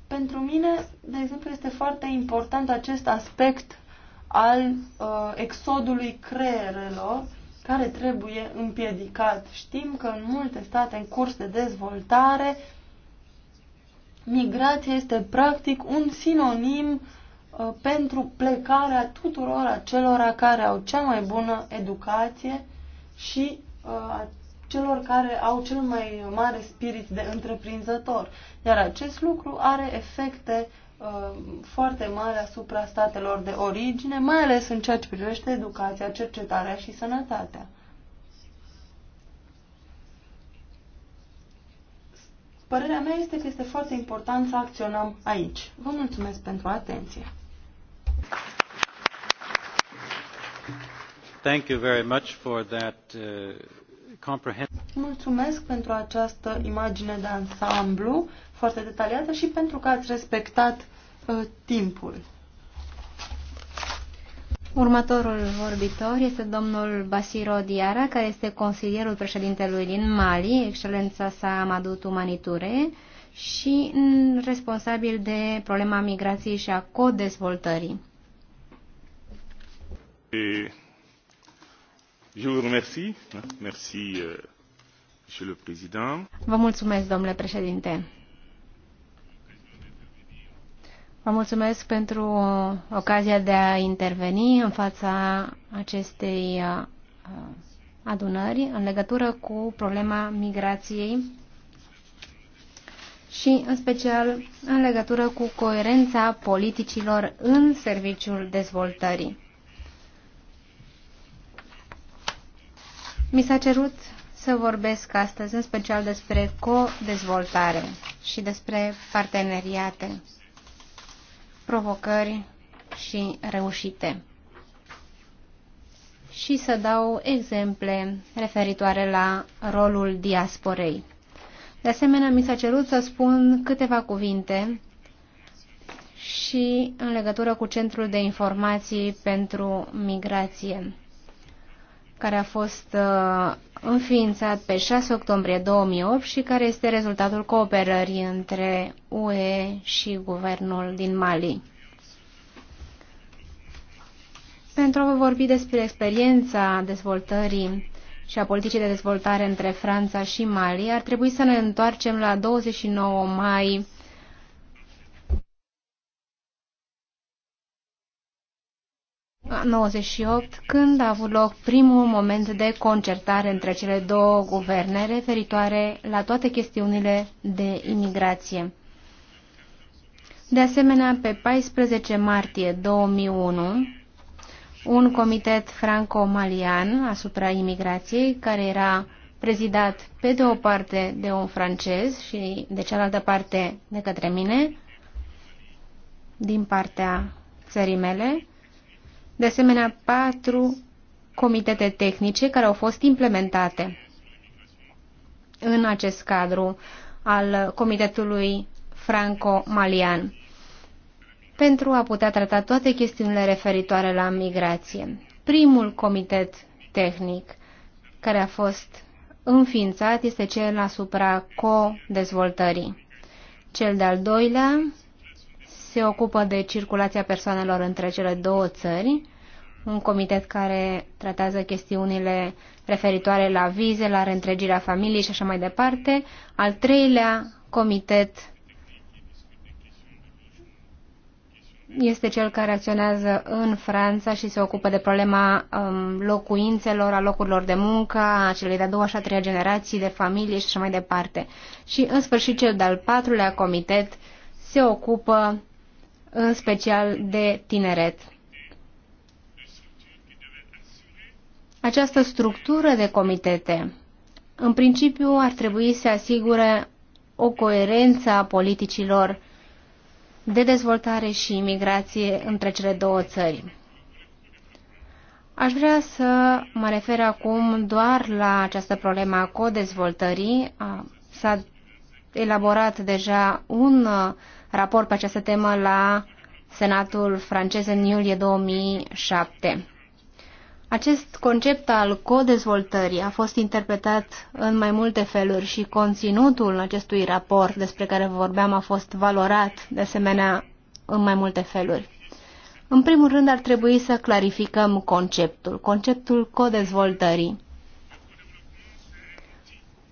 Pentru mine, de exemplu, este foarte important acest aspect al uh, exodului creierelor care trebuie împiedicat. Știm că în multe state în curs de dezvoltare migrația este practic un sinonim uh, Uh, pentru plecarea tuturor acelora care au cea mai bună educație și uh, a celor care au cel mai mare spirit de întreprinzător. Iar acest lucru are efecte uh, foarte mari asupra statelor de origine, mai ales în ceea ce privește educația, cercetarea și sănătatea. Părerea mea este că este foarte important să acționăm aici. Vă mulțumesc pentru atenție. Uh, Mulțumesc pentru această imagine de ansamblu foarte detaliată și pentru că ați respectat uh, timpul. Următorul vorbitor este domnul Basiro Diara, care este consilierul președintelui din Mali, excelența sa Amadou Maniture, și responsabil de problema migrației și a codezvoltării je vous remercie. Merci, euh, Monsieur le Président. Vă mulțumesc, domnule președinte. Vă mulțumesc pentru ocazia de a interveni în fața acestei uh, uh, adunări în legătură cu problema migrației și, în special, în legătură cu coerența politicilor în serviciul dezvoltării. Mi s-a cerut să vorbesc astăzi în special despre co-dezvoltare și despre parteneriate, provocări și reușite. Și să dau exemple referitoare la rolul diasporei. De asemenea, mi s-a cerut să spun câteva cuvinte și în legătură cu Centrul de Informații pentru Migrație care a fost uh, înființat pe 6 octombrie 2008 și care este rezultatul cooperării între UE și guvernul din Mali. Pentru a vă vorbi despre experiența dezvoltării și a politicii de dezvoltare între Franța și Mali, ar trebui să ne întoarcem la 29 mai 98, când a avut loc primul moment de concertare între cele două guverne referitoare la toate chestiunile de imigrație. De asemenea, pe 14 martie 2001, un comitet franco-malian asupra imigrației, care era prezidat pe de o parte de un francez și de cealaltă parte de către mine, din partea țării mele, de asemenea patru comitete tehnice care au fost implementate în acest cadru al Comitetului Franco-Malian pentru a putea trata toate chestiunile referitoare la migrație. Primul comitet tehnic care a fost înființat este cel asupra co-dezvoltării. Cel de-al doilea se ocupă de circulația persoanelor între cele două țări, un comitet care tratează chestiunile referitoare la vize, la reîntregirea familiei și așa mai departe. Al treilea comitet este cel care acționează în Franța și se ocupă de problema um, locuințelor, a locurilor de muncă, a celei de-a doua și a treia generații de familie și așa mai departe. Și, în sfârșit, cel de-al patrulea comitet se ocupă în special de tineret. Această structură de comitete, în principiu, ar trebui să asigure o coerență a politicilor de dezvoltare și imigrație între cele două țări. Aș vrea să mă refer acum doar la această problemă a codezvoltării. S-a elaborat deja un raport pe această temă la Senatul francez în iulie 2007. Acest concept al codezvoltării a fost interpretat în mai multe feluri și conținutul acestui raport despre care vorbeam a fost valorat de asemenea în mai multe feluri. În primul rând ar trebui să clarificăm conceptul, conceptul codezvoltării.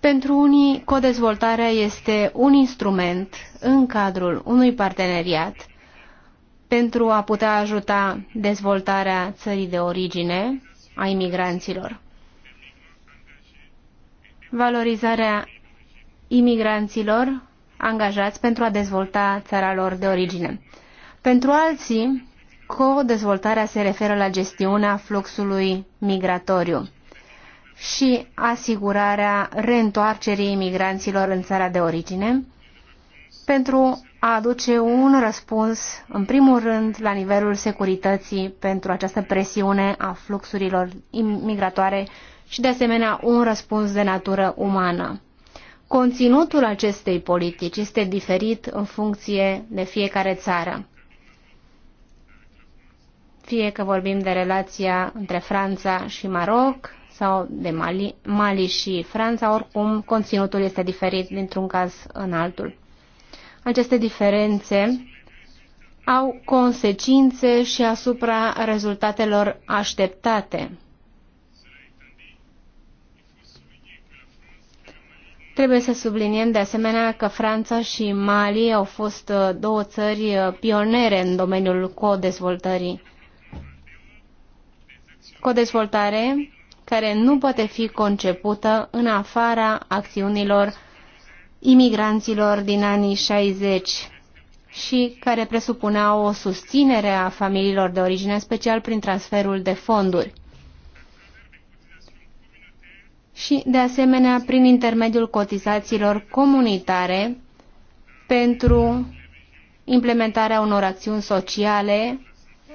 Pentru unii, codezvoltarea este un instrument în cadrul unui parteneriat pentru a putea ajuta dezvoltarea țării de origine a imigranților. Valorizarea imigranților angajați pentru a dezvolta țara lor de origine. Pentru alții, co-dezvoltarea se referă la gestiunea fluxului migratoriu și asigurarea reîntoarcerii imigranților în țara de origine pentru a aduce un răspuns, în primul rând, la nivelul securității pentru această presiune a fluxurilor imigratoare și, de asemenea, un răspuns de natură umană. Conținutul acestei politici este diferit în funcție de fiecare țară. Fie că vorbim de relația între Franța și Maroc, sau de Mali, Mali și Franța, oricum conținutul este diferit dintr-un caz în altul. Aceste diferențe au consecințe și asupra rezultatelor așteptate. Trebuie să subliniem de asemenea că Franța și Mali au fost uh, două țări uh, pionere în domeniul codezvoltării. Codezvoltare care nu poate fi concepută în afara acțiunilor imigranților din anii 60 și care presupuneau o susținere a familiilor de origine, special prin transferul de fonduri. Și, de asemenea, prin intermediul cotizațiilor comunitare pentru implementarea unor acțiuni sociale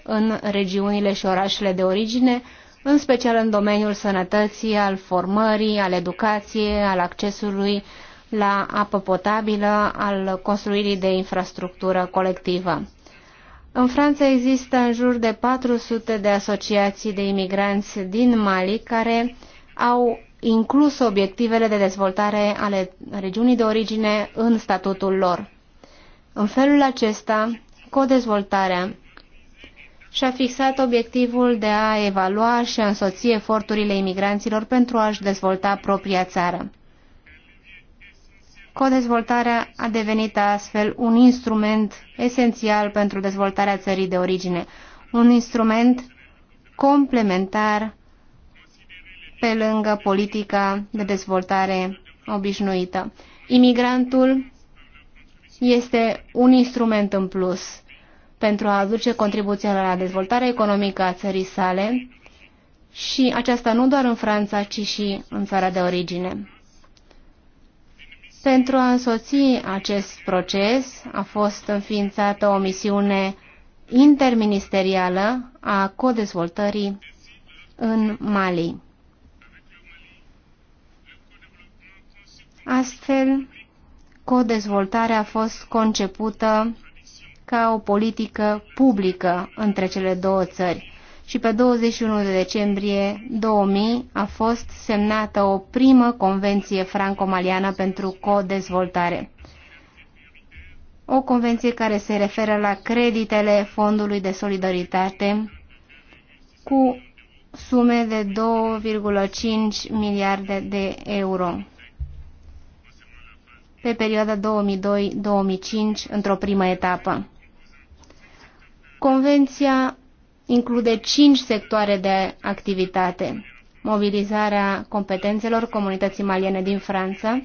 în regiunile și orașele de origine, în special în domeniul sănătății, al formării, al educației, al accesului la apă potabilă, al construirii de infrastructură colectivă. În Franța există în jur de 400 de asociații de imigranți din Mali care au inclus obiectivele de dezvoltare ale regiunii de origine în statutul lor. În felul acesta, codezvoltarea și-a fixat obiectivul de a evalua și a însoți eforturile imigranților pentru a-și dezvolta propria țară. Codezvoltarea a devenit astfel un instrument esențial pentru dezvoltarea țării de origine, un instrument complementar pe lângă politica de dezvoltare obișnuită. Imigrantul este un instrument în plus pentru a aduce contribuția la dezvoltarea economică a țării sale și aceasta nu doar în Franța, ci și în țara de origine. Pentru a însoți acest proces a fost înființată o misiune interministerială a codezvoltării în Mali. Astfel, codezvoltarea a fost concepută ca o politică publică între cele două țări. Și pe 21 decembrie 2000 a fost semnată o primă convenție franco-maliană pentru co-dezvoltare. O convenție care se referă la creditele Fondului de Solidaritate cu sume de 2,5 miliarde de euro pe perioada 2002-2005 într-o primă etapă. Convenția include cinci sectoare de activitate. Mobilizarea competențelor comunității maliene din Franța,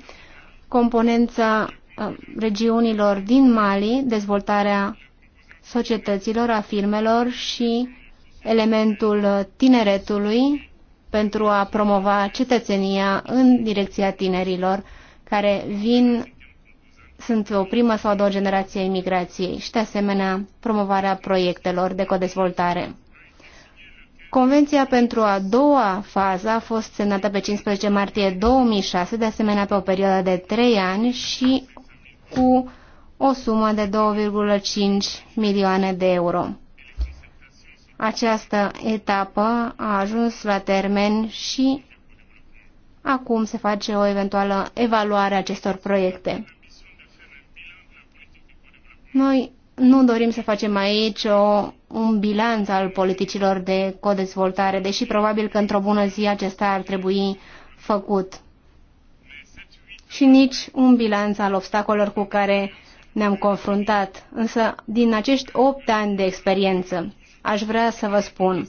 componența uh, regiunilor din Mali, dezvoltarea societăților, a firmelor și elementul tineretului pentru a promova cetățenia în direcția tinerilor care vin sunt o primă sau a doua generație a imigrației și, de asemenea, promovarea proiectelor de codezvoltare. Convenția pentru a doua fază a fost semnată pe 15 martie 2006, de asemenea pe o perioadă de 3 ani și cu o sumă de 2,5 milioane de euro. Această etapă a ajuns la termen și acum se face o eventuală evaluare a acestor proiecte. Noi nu dorim să facem aici o, un bilanț al politicilor de codezvoltare, deși probabil că într-o bună zi acesta ar trebui făcut. Și nici un bilanț al obstacolelor cu care ne-am confruntat. Însă, din acești opt ani de experiență, aș vrea să vă spun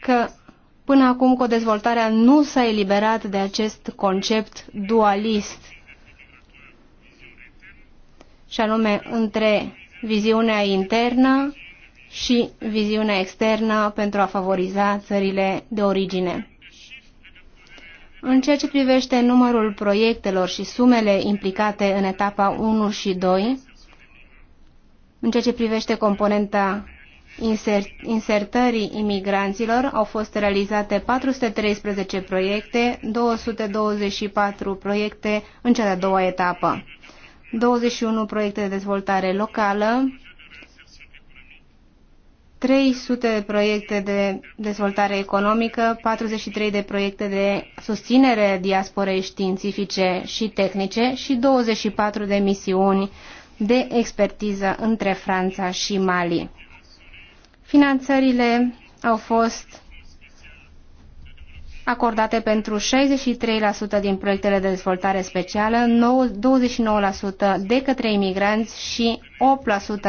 că până acum codezvoltarea nu s-a eliberat de acest concept dualist și anume între viziunea internă și viziunea externă pentru a favoriza țările de origine. În ceea ce privește numărul proiectelor și sumele implicate în etapa 1 și 2, în ceea ce privește componenta insert, insertării imigranților, au fost realizate 413 proiecte, 224 proiecte în cea de-a doua etapă. 21 proiecte de dezvoltare locală, 300 de proiecte de dezvoltare economică, 43 de proiecte de susținere diasporei științifice și tehnice și 24 de misiuni de expertiză între Franța și Mali. Finanțările au fost acordate pentru 63% din proiectele de dezvoltare specială, 29% de către imigranți și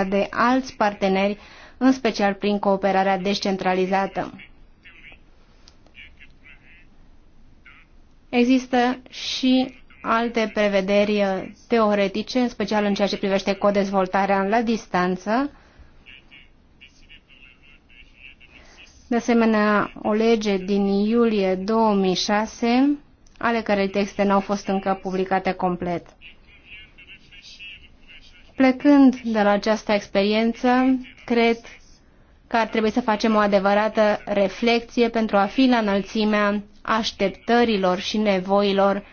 8% de alți parteneri, în special prin cooperarea descentralizată. Există și alte prevederi uh, teoretice, în special în ceea ce privește codezvoltarea la distanță, De asemenea, o lege din iulie 2006, ale cărei texte n-au fost încă publicate complet. Plecând de la această experiență, cred că ar trebui să facem o adevărată reflexie pentru a fi la înălțimea așteptărilor și nevoilor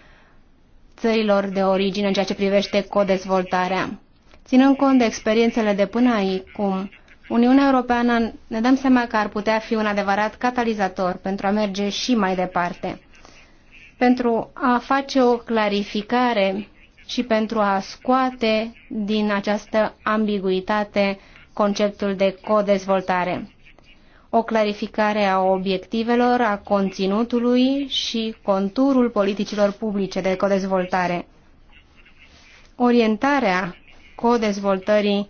țărilor de origine în ceea ce privește codezvoltarea. Ținând cont de experiențele de până aici, cum Uniunea Europeană ne dăm seama că ar putea fi un adevărat catalizator pentru a merge și mai departe, pentru a face o clarificare și pentru a scoate din această ambiguitate conceptul de codezvoltare. O clarificare a obiectivelor, a conținutului și conturul politicilor publice de codezvoltare. Orientarea codezvoltării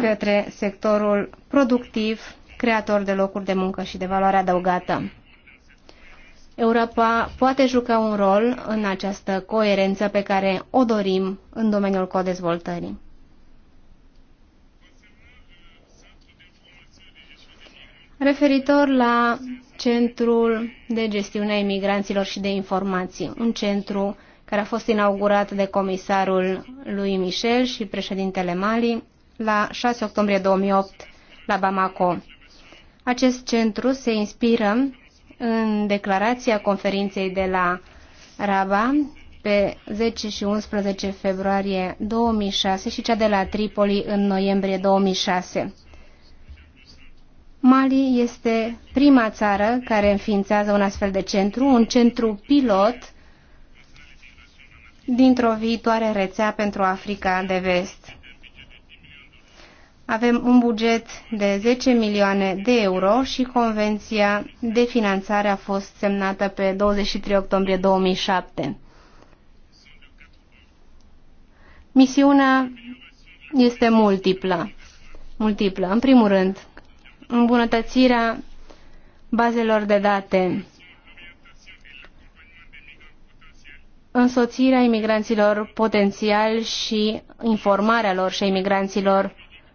către sectorul productiv, creator de locuri de muncă și de valoare adăugată. Europa poate juca un rol în această coerență pe care o dorim în domeniul codezvoltării. Referitor la Centrul de Gestiune a Imigranților și de Informații, un centru care a fost inaugurat de comisarul lui Michel și președintele Mali la 6 octombrie 2008 la Bamako. Acest centru se inspiră în declarația conferinței de la Raba pe 10 și 11 februarie 2006 și cea de la Tripoli în noiembrie 2006. Mali este prima țară care înființează un astfel de centru, un centru pilot dintr-o viitoare rețea pentru Africa de Vest. Avem un buget de 10 milioane de euro și convenția de finanțare a fost semnată pe 23 octombrie 2007. Misiunea este multiplă. multiplă. În primul rând, îmbunătățirea bazelor de date, însoțirea imigranților potențiali și informarea lor și a imigranților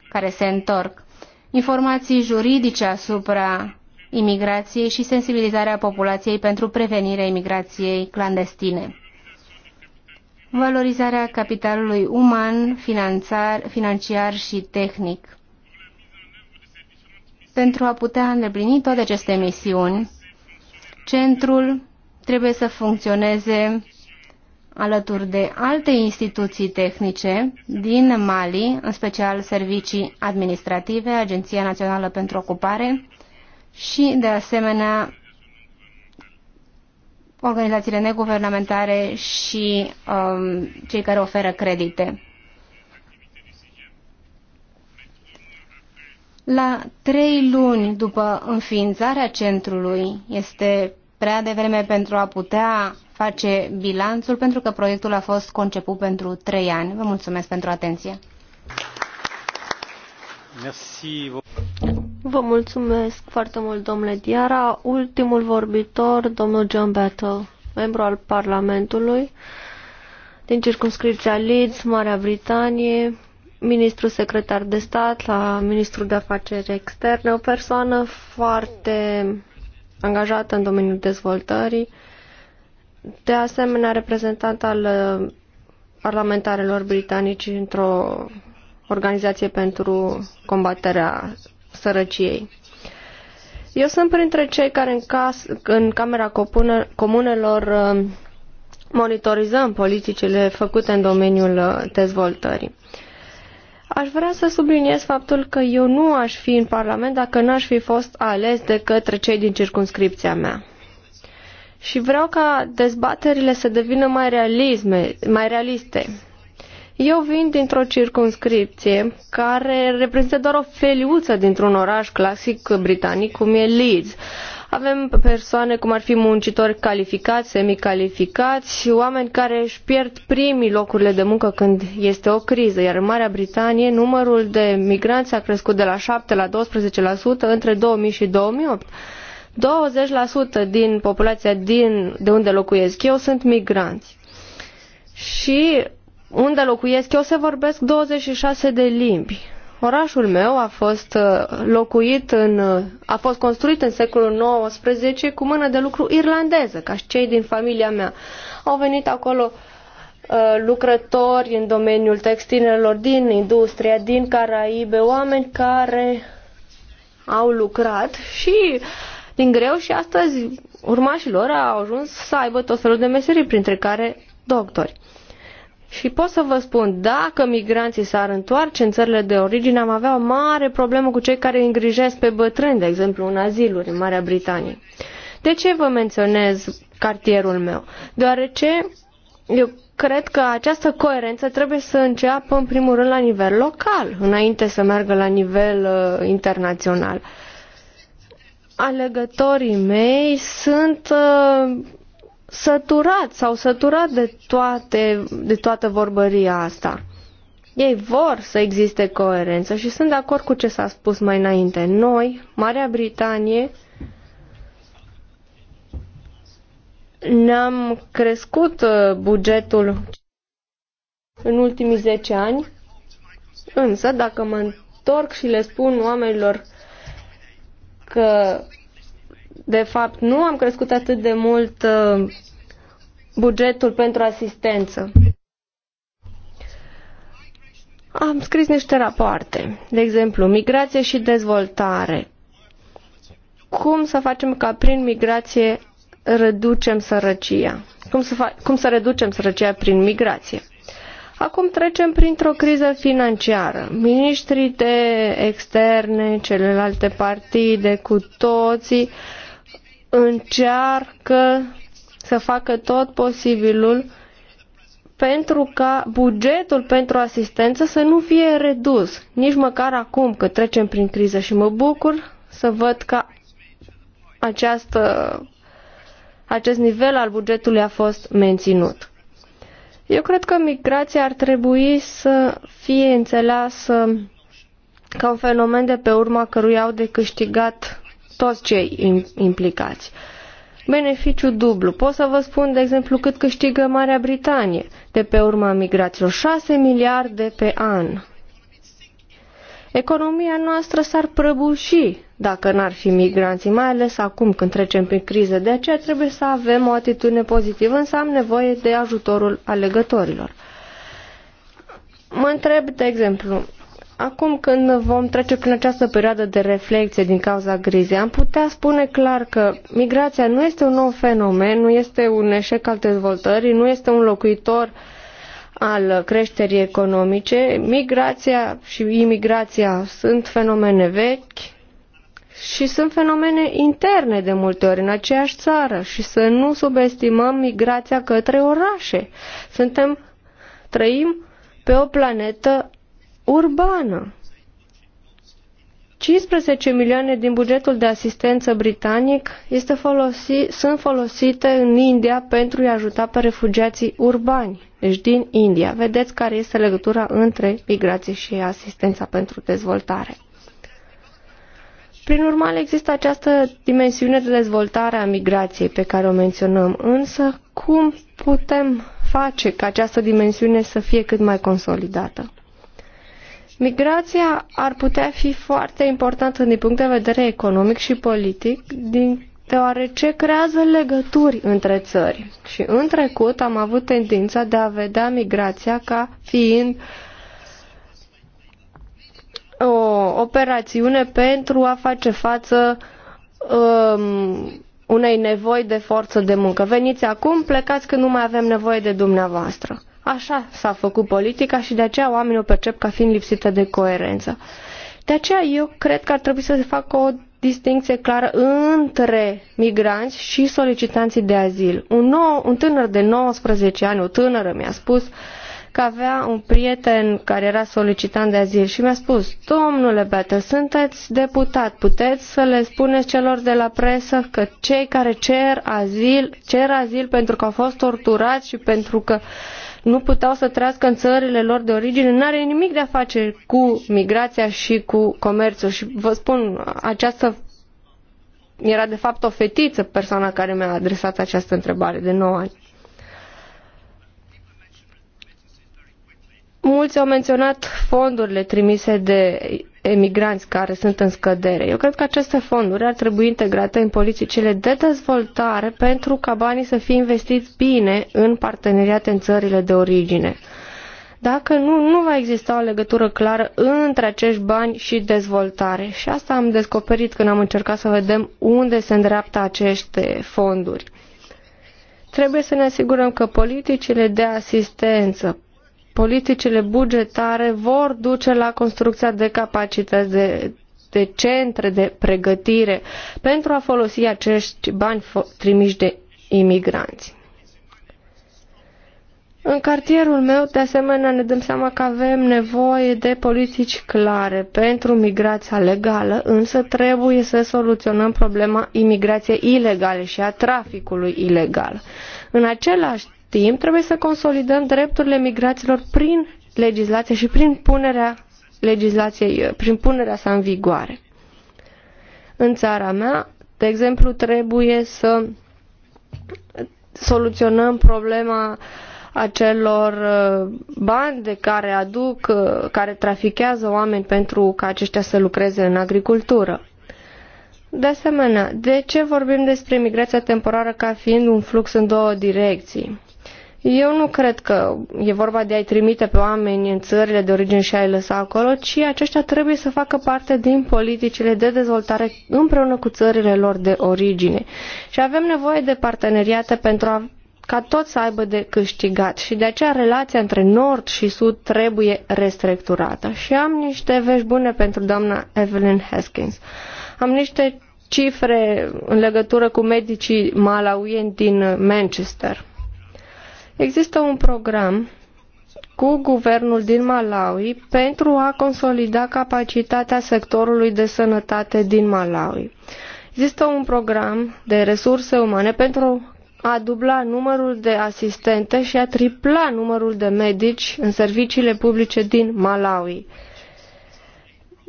care se întorc, informații juridice asupra imigrației și sensibilizarea populației pentru prevenirea imigrației clandestine. Valorizarea capitalului uman, finanțar, financiar și tehnic. Pentru a putea îndeplini toate aceste misiuni, centrul trebuie să funcționeze alături de alte instituții tehnice din Mali, în special servicii administrative, Agenția Națională pentru Ocupare și, de asemenea, organizațiile neguvernamentare și um, cei care oferă credite. La trei luni după înființarea centrului este prea devreme pentru a putea face bilanțul pentru că proiectul a fost conceput pentru trei ani. Vă mulțumesc pentru atenție. Merci. Vă mulțumesc foarte mult, domnule Diara. Ultimul vorbitor, domnul John Battle, membru al Parlamentului din circunscripția Leeds, Marea Britanie, ministru secretar de stat la ministrul de afaceri externe, o persoană foarte angajată în domeniul dezvoltării de asemenea reprezentant al uh, parlamentarilor britanici într-o organizație pentru combaterea sărăciei. Eu sunt printre cei care în, cas, în Camera Comunelor uh, monitorizăm politicile făcute în domeniul uh, dezvoltării. Aș vrea să subliniez faptul că eu nu aș fi în Parlament dacă n-aș fi fost ales de către cei din circunscripția mea și vreau ca dezbaterile să devină mai, realisme, mai realiste. Eu vin dintr-o circunscripție care reprezintă doar o feliuță dintr-un oraș clasic britanic cum e Leeds. Avem persoane cum ar fi muncitori calificați, semicalificați, oameni care își pierd primii locurile de muncă când este o criză, iar în Marea Britanie numărul de migranți a crescut de la 7 la 12% între 2000 și 2008. 20% din populația din, de unde locuiesc eu sunt migranți. Și unde locuiesc eu se vorbesc 26 de limbi. Orașul meu a fost uh, locuit în, uh, a fost construit în secolul XIX cu mână de lucru irlandeză, ca și cei din familia mea. Au venit acolo uh, lucrători în domeniul textilelor din industria, din Caraibe, oameni care au lucrat și din greu și astăzi urmașilor au ajuns să aibă tot felul de meserii, printre care doctori. Și pot să vă spun, dacă migranții s-ar întoarce în țările de origine, am avea o mare problemă cu cei care îngrijesc pe bătrâni, de exemplu, în aziluri în Marea Britanie. De ce vă menționez cartierul meu? Deoarece eu cred că această coerență trebuie să înceapă în primul rând la nivel local, înainte să meargă la nivel uh, internațional. Uh, alegătorii mei sunt uh, săturați, s-au săturat de, toate, de toată vorbăria asta. Ei vor să existe coerență și sunt de acord cu ce s-a spus mai înainte. Noi, Marea Britanie, ne-am crescut uh, bugetul în ultimii 10 ani, însă dacă mă întorc și le spun oamenilor că de fapt nu am crescut atât de mult uh, bugetul pentru asistență. Am scris niște rapoarte, de exemplu, migrație și dezvoltare. Cum să facem ca prin migrație reducem sărăcia? Cum să, cum să reducem sărăcia prin migrație? Acum trecem printr-o criză financiară. Ministrii de externe, celelalte partide, cu toții încearcă să facă tot posibilul pentru ca bugetul pentru asistență să nu fie redus, nici măcar acum că trecem prin criză și mă bucur să văd că această, acest nivel al bugetului a fost menținut. Eu cred că migrația ar trebui să fie înțeleasă ca un fenomen de pe urma căruia au de câștigat toți cei implicați. Beneficiu dublu. Pot să vă spun, de exemplu, cât câștigă Marea Britanie de pe urma migrațiilor. 6 miliarde pe an. Economia noastră s-ar prăbuși dacă n-ar fi migranții, mai ales acum când trecem prin criză. De aceea trebuie să avem o atitudine pozitivă, însă am nevoie de ajutorul alegătorilor. Mă întreb, de exemplu, acum când vom trece prin această perioadă de reflexie din cauza crizei, am putea spune clar că migrația nu este un nou fenomen, nu este un eșec al dezvoltării, nu este un locuitor uh, al creșterii economice, migrația și imigrația sunt fenomene vechi și sunt fenomene interne de multe ori în aceeași țară și să nu subestimăm migrația către orașe. Suntem, trăim pe o planetă urbană. 15 milioane din bugetul de asistență britanic este folosi, sunt folosite în India pentru a ajuta pe refugiații urbani deci din India. Vedeți care este legătura între migrație și asistența pentru dezvoltare. Prin urmare, există această dimensiune de dezvoltare a migrației pe care o menționăm, însă cum putem face ca această dimensiune să fie cât mai consolidată? Migrația ar putea fi foarte importantă din punct de vedere economic și politic din deoarece creează legături între țări. Și în trecut am avut tendința de a vedea migrația ca fiind o operațiune pentru a face față um, unei nevoi de forță de muncă. Veniți acum, plecați că nu mai avem nevoie de dumneavoastră. Așa s-a făcut politica și de aceea oamenii o percep ca fiind lipsită de coerență. De aceea eu cred că ar trebui să se facă o distincție clară între migranți și solicitanții de azil. Un, nou, un tânăr de 19 ani, o tânără mi-a spus că avea un prieten care era solicitant de azil și mi-a spus, domnule Beată, sunteți deputat, puteți să le spuneți celor de la presă că cei care cer azil, cer azil pentru că au fost torturați și pentru că uh, nu puteau să trăiască în țările lor de origine, nu are nimic de a face cu migrația și cu comerțul. Și vă spun, această era de fapt o fetiță persoana care mi-a adresat această întrebare de 9 ani. Mulți au menționat fondurile trimise de emigranți care sunt în scădere. Eu cred că aceste fonduri ar trebui integrate în politicile de dezvoltare pentru ca banii să fie investiți bine în parteneriate în țările de origine. Dacă nu, nu va exista o legătură clară între acești bani și dezvoltare. Și asta am descoperit când am încercat să vedem unde se îndreaptă aceste fonduri. Trebuie să ne asigurăm că politicile de asistență, politicile bugetare vor duce la construcția de capacități de, de centre de pregătire pentru a folosi acești bani trimiși de imigranți. În cartierul meu, de asemenea, ne dăm seama că avem nevoie de politici clare pentru migrația legală, însă trebuie să soluționăm problema imigrației ilegale și a traficului ilegal. În același timp trebuie să consolidăm drepturile migraților prin legislație și prin punerea legislației, eh, prin punerea sa în vigoare. În țara mea, de exemplu, trebuie să soluționăm problema acelor eh, bani de care aduc, eh, care trafichează oameni pentru ca aceștia să lucreze în agricultură. De asemenea, de ce vorbim despre migrația temporară ca fiind un flux în două direcții? Eu nu cred că e vorba de a-i trimite pe oameni în țările de origine și a-i lăsa acolo, ci aceștia trebuie să facă parte din politicile de dezvoltare împreună cu țările lor de origine. Și avem nevoie de parteneriate pentru a ca tot să aibă de câștigat și de aceea relația între nord și sud trebuie restructurată. Și am niște vești bune pentru doamna Evelyn Haskins. Am niște cifre în legătură cu medicii malauieni din Manchester. Există un program cu guvernul din Malawi pentru a consolida capacitatea sectorului de sănătate din Malawi. Există un program de resurse umane pentru a dubla numărul de asistente și a tripla numărul de medici în serviciile publice din Malawi.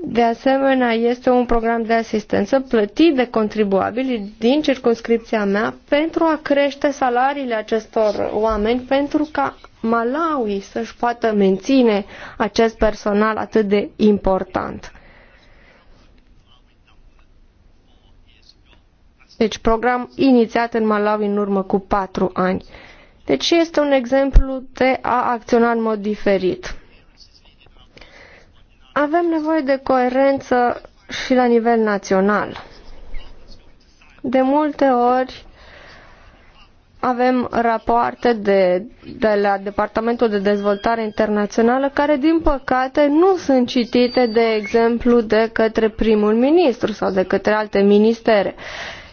De asemenea, este un program de asistență plătit de contribuabili din circunscripția mea pentru a crește salariile acestor oameni, pentru ca Malawi să-și poată menține acest personal atât de important. Deci program inițiat în Malawi în urmă cu patru ani. Deci este un exemplu de a acționa în mod diferit. Avem nevoie de coerență și la nivel național. De multe ori avem rapoarte de, de la Departamentul de Dezvoltare Internațională care, din păcate, nu sunt citite, de exemplu, de către primul ministru sau de către alte ministere.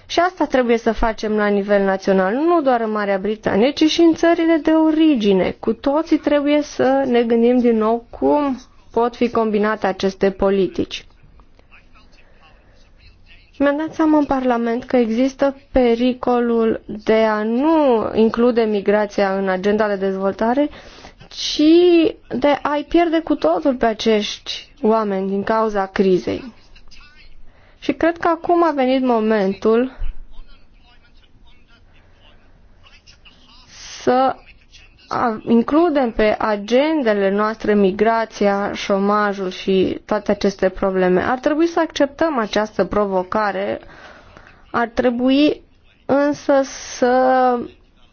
Și asta trebuie să facem la nivel național, nu doar în Marea Britanie, ci și în țările de origine. Cu toții trebuie să ne gândim din nou cum pot fi combinate aceste politici. Mi-am dat seama în Parlament că există pericolul de a nu include migrația în agenda de dezvoltare, ci de a-i pierde cu totul pe acești oameni din cauza crizei. Și cred că acum a venit momentul să includem pe agendele noastre migrația, șomajul și toate aceste probleme. Ar trebui să acceptăm această provocare, ar trebui însă să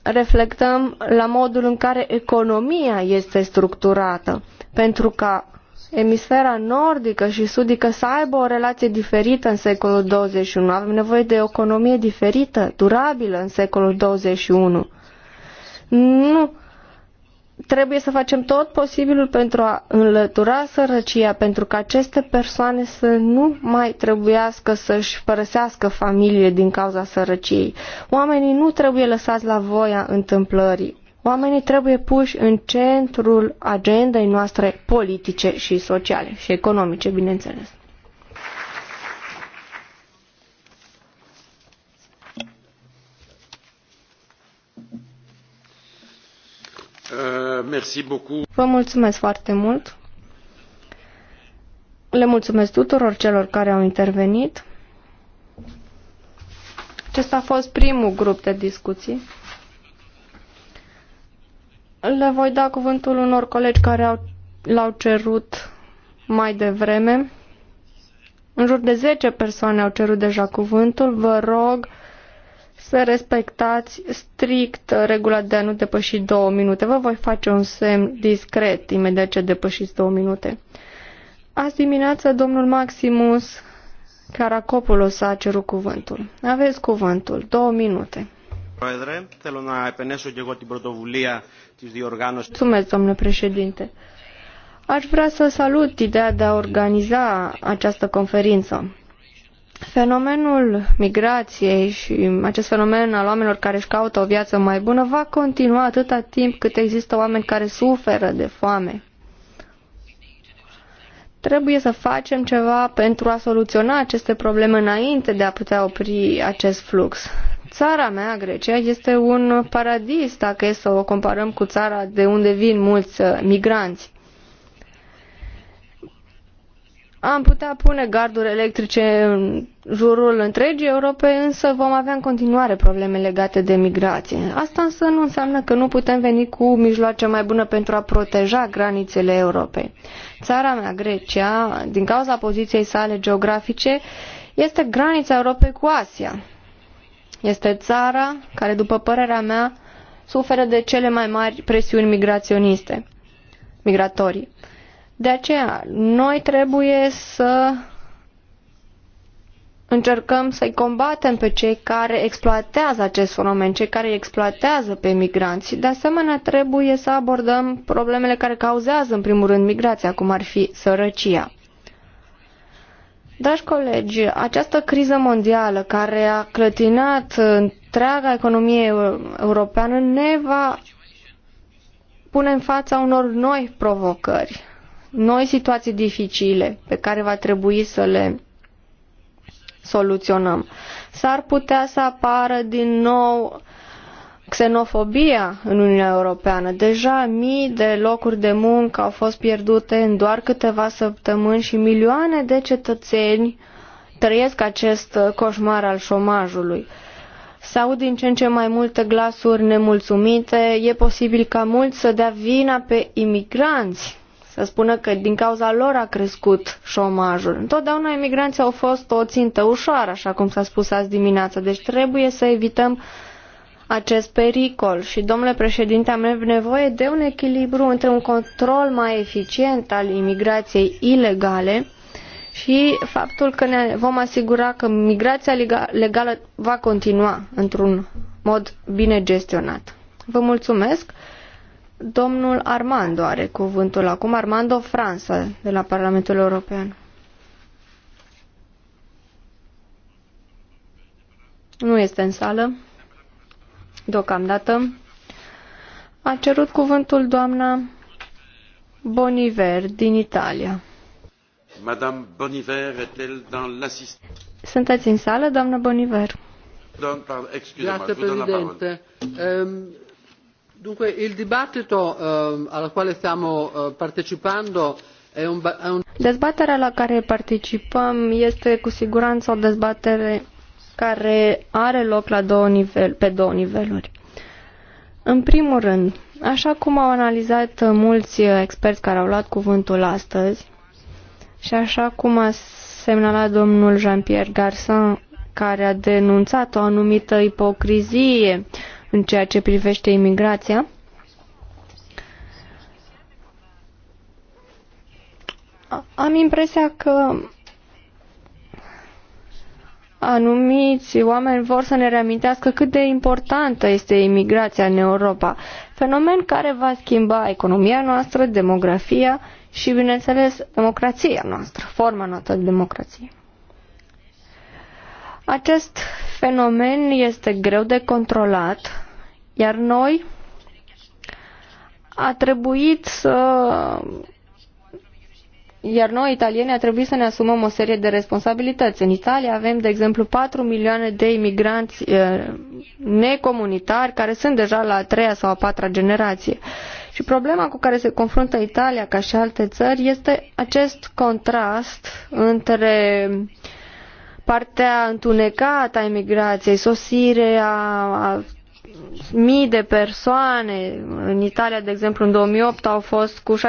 reflectăm la modul în care economia este structurată, pentru ca emisfera nordică și sudică să aibă o relație diferită în secolul 21. Avem nevoie de o economie diferită, durabilă în secolul 21. Nu trebuie să facem tot posibilul pentru a înlătura sărăcia, pentru că aceste persoane să nu mai trebuiască să-și părăsească familiile din cauza sărăciei. Oamenii nu trebuie lăsați la voia întâmplării. Oamenii trebuie puși în centrul agendei noastre politice și sociale și economice, bineînțeles. Euh, Vă mulțumesc foarte mult. Le mulțumesc tuturor celor care au intervenit. Acesta a fost primul grup de discuții. Le voi da cuvântul unor colegi care au, l-au cerut mai devreme. În jur de 10 persoane au cerut deja cuvântul. Vă rog să respectați strict regula de a nu depăși două minute. Vă voi face un semn discret imediat ce depășiți două minute. Azi dimineață, domnul Maximus Caracopoulos a cerut cuvântul. Aveți cuvântul. Două minute. Mulțumesc, domnule președinte. Aș vrea să salut ideea de a organiza această conferință. Fenomenul migrației și acest fenomen al oamenilor care își caută o viață mai bună va continua atâta timp cât există oameni care suferă de foame. Trebuie să facem ceva pentru a soluționa aceste probleme înainte de a putea opri acest flux. Țara mea, Grecia, este un paradis dacă e să o comparăm cu țara de unde vin mulți uh, migranți. Am putea pune garduri electrice în jurul întregii Europe, însă vom avea în continuare probleme legate de migrație. Asta însă nu înseamnă că nu putem veni cu mijloace mai bune pentru a proteja granițele Europei. Țara mea, Grecia, din cauza poziției sale geografice, este granița Europei cu Asia. Este țara care, după părerea mea, suferă de cele mai mari presiuni migraționiste, migratorii. De aceea, noi trebuie să încercăm să-i combatem pe cei care exploatează acest fenomen, cei care îi exploatează pe migranți. De asemenea, trebuie să abordăm problemele care cauzează, în primul rând, migrația, cum ar fi sărăcia. Dragi colegi, această criză mondială care a clătinat întreaga economie europeană ne va pune în fața unor noi provocări noi situații dificile pe care va trebui să le soluționăm. S-ar putea să apară din nou xenofobia în Uniunea Europeană. Deja mii de locuri de muncă au fost pierdute în doar câteva săptămâni și milioane de cetățeni trăiesc acest coșmar al șomajului. Se aud din ce în ce mai multe glasuri nemulțumite, e posibil ca mulți să dea vina pe imigranți să spună că din cauza lor a crescut șomajul. Întotdeauna emigranții au fost o țintă ușoară, așa cum s-a spus azi dimineața, deci trebuie să evităm acest pericol. Și, domnule președinte, am nevoie de un echilibru între un control mai eficient al imigrației ilegale și faptul că ne vom asigura că migrația legală va continua într-un mod bine gestionat. Vă mulțumesc! Domnul Armando are cuvântul acum, Armando Franța, de la Parlamentul European. Nu este în sală, deocamdată. A cerut cuvântul doamna Boniver din Italia. Madame Boniver est-elle dans l'assistance? Sunteți în sală, doamnă Boniver? Grazie, Presidente. Ehm, Dunque, il dibattito eh, al quale stiamo eh, partecipando è un, è un... Dezbaterea la care participăm este cu siguranță o dezbatere care are loc la două nivel, pe două niveluri. În primul rând, așa cum au analizat mulți experți care au luat cuvântul astăzi și așa cum a semnalat domnul Jean-Pierre Garçon, care a denunțat o anumită ipocrizie în ceea ce privește imigrația. Am impresia că anumiți oameni vor să ne reamintească cât de importantă este imigrația în Europa, fenomen care va schimba economia noastră, demografia și, bineînțeles, democrația noastră, forma noastră de democrație. Acest fenomen este greu de controlat iar noi a trebuit să iar noi, italieni, a trebuit să ne asumăm o serie de responsabilități. În Italia avem, de exemplu, 4 milioane de imigranți eh, necomunitari care sunt deja la a treia sau a patra generație. Și problema cu care se confruntă Italia, ca și alte țări, este acest contrast între partea întunecată a imigrației, sosirea mii de persoane. În Italia, de exemplu, în 2008 au fost cu 60%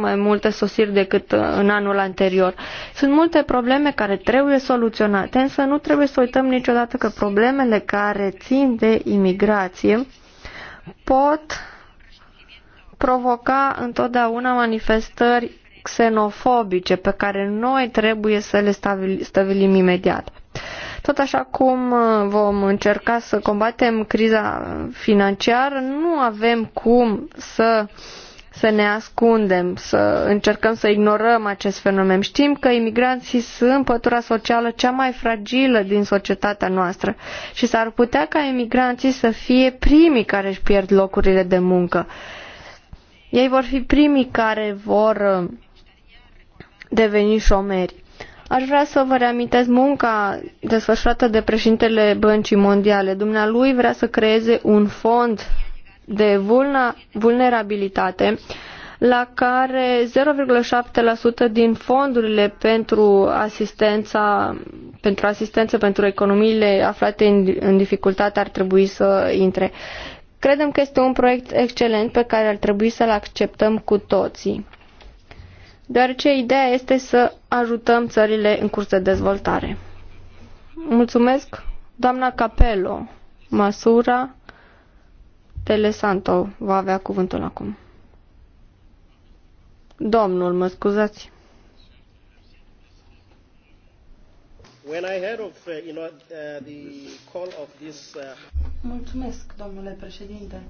mai multe sosiri decât uh, în anul anterior. Sunt multe probleme care trebuie soluționate, însă nu trebuie să uităm niciodată că problemele care țin de imigrație pot provoca întotdeauna manifestări xenofobice pe care noi trebuie să le stabilim imediat. Tot așa cum uh, vom încerca să combatem criza financiară, nu avem cum să să ne ascundem, să încercăm să ignorăm acest fenomen. Știm că imigranții sunt pătura socială cea mai fragilă din societatea noastră și s-ar putea ca imigranții să fie primii care își pierd locurile de muncă. Ei vor fi primii care vor uh, deveni șomeri. Aș vrea să vă reamintesc munca desfășurată de președintele Băncii Mondiale. Dumnealui vrea să creeze un fond de vulnerabilitate la care 0,7% din fondurile pentru asistența pentru asistență pentru economiile aflate în, în dificultate ar trebui să intre. Credem că este un proiect excelent pe care ar trebui să-l acceptăm cu toții deoarece ideea este să ajutăm țările în curs de dezvoltare. Mulțumesc, doamna Capello, Masura, Telesanto va avea cuvântul acum. Domnul, mă scuzați. When I heard of, uh, you know, uh, the call of this, uh... Mulțumesc, domnule președinte.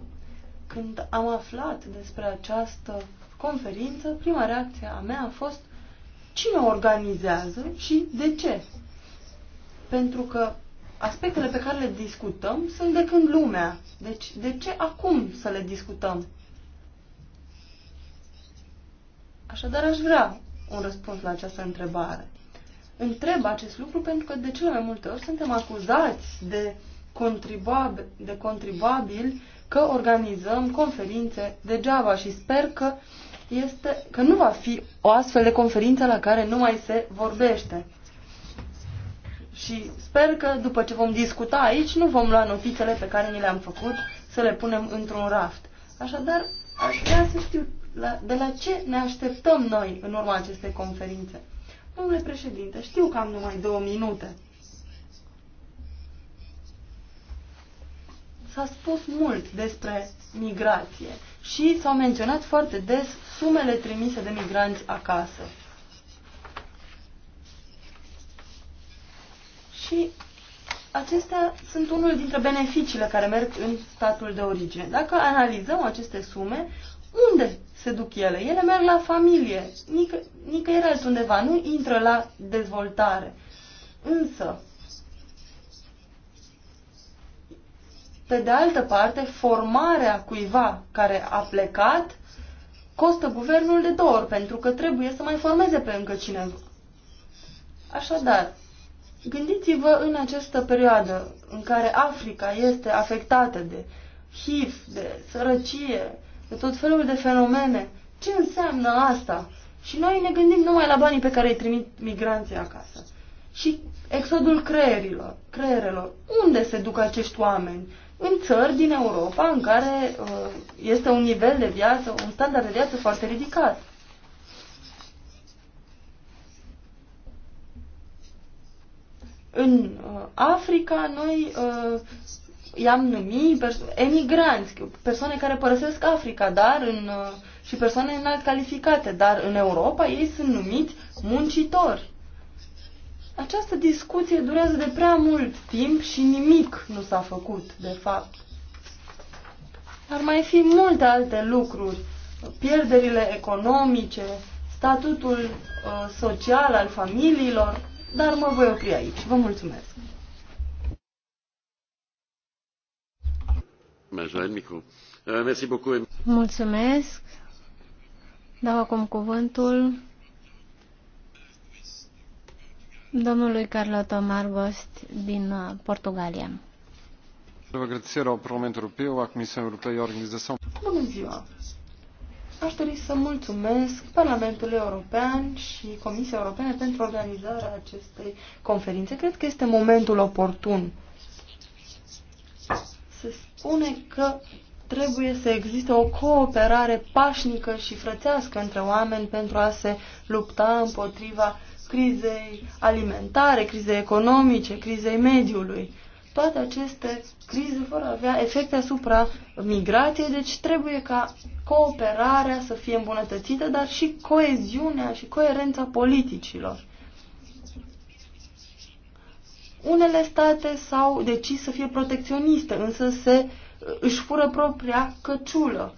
Când am aflat despre această conferință, prima reacție a mea a fost cine organizează și de ce. Pentru că aspectele pe care le discutăm sunt de când lumea. Deci, de ce acum să le discutăm? Așadar, aș vrea un răspuns la această întrebare. Întreb acest lucru pentru că de cele mai multe ori suntem acuzați de, contribuabili. de contribuabili că organizăm conferințe degeaba și sper că, este, că nu va fi o astfel de conferință la care nu mai se vorbește. Și sper că după ce vom discuta aici, nu vom lua notițele pe care ni le-am făcut să le punem într-un raft. Așadar, aș vrea să știu la, de la ce ne așteptăm noi în urma acestei conferințe. Domnule președinte, știu că am numai două minute. S-a spus mult despre migrație și s-au menționat foarte des sumele trimise de migranți acasă. Și acestea sunt unul dintre beneficiile care merg în statul de origine. Dacă analizăm aceste sume, unde se duc ele? Ele merg la familie, nicăieri altundeva, nu intră la dezvoltare. Însă, Pe de altă parte, formarea cuiva care a plecat costă guvernul de două ori, pentru că trebuie să mai formeze pe încă cineva. Așadar, gândiți-vă în această perioadă în care Africa este afectată de HIV, de sărăcie, de tot felul de fenomene, ce înseamnă asta? Și noi ne gândim numai la banii pe care îi trimit migranții acasă. Și exodul creierilor, creierelor. Unde se duc acești oameni? în țări din Europa în care uh, este un nivel de viață, un standard de viață foarte ridicat. În uh, Africa noi uh, i-am numit emigranți, persoane care părăsesc Africa, dar în, și persoane înalt calificate, dar în Europa ei sunt numiți muncitori. Această discuție durează de prea mult timp și nimic nu s-a făcut, de fapt. Ar mai fi multe alte lucruri. Pierderile economice, statutul uh, social al familiilor, dar mă voi opri aici. Vă mulțumesc. Uh, mulțumesc. Dau acum cuvântul domnului Tomar Margost din uh, Portugalia. Bună ziua! Aș dori să mulțumesc Parlamentului European și Comisia Europeană pentru organizarea acestei conferințe. Cred că este momentul oportun. Se spune că trebuie să existe o cooperare pașnică și frățească între oameni pentru a se lupta împotriva crizei alimentare, crizei economice, crizei mediului. Toate aceste crize vor avea efecte asupra migrației, deci trebuie ca cooperarea să fie îmbunătățită, dar și coeziunea și coerența politicilor. Unele state s-au decis să fie protecționiste, însă se își fură propria căciulă.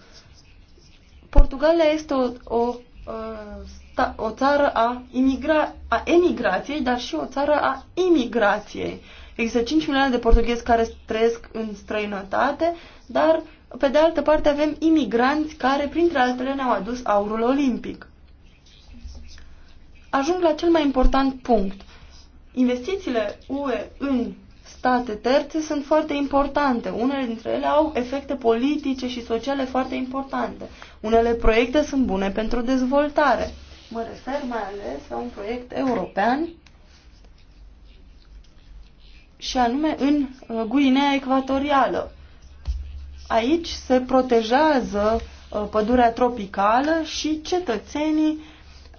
Portugalia este o, o uh, sta, o țară a, imigra, a emigrației, dar și o țară a imigrației. Există 5 milioane de portughezi care trăiesc în străinătate, dar pe de altă parte avem imigranți care, printre altele, ne-au adus aurul olimpic. Ajung la cel mai important punct. Investițiile UE în state terțe sunt foarte importante. Unele dintre ele au efecte politice și sociale foarte importante. Unele proiecte sunt bune pentru dezvoltare. Mă refer mai ales la un proiect european și anume în uh, Guinea Ecuatorială. Aici se protejează uh, pădurea tropicală și cetățenii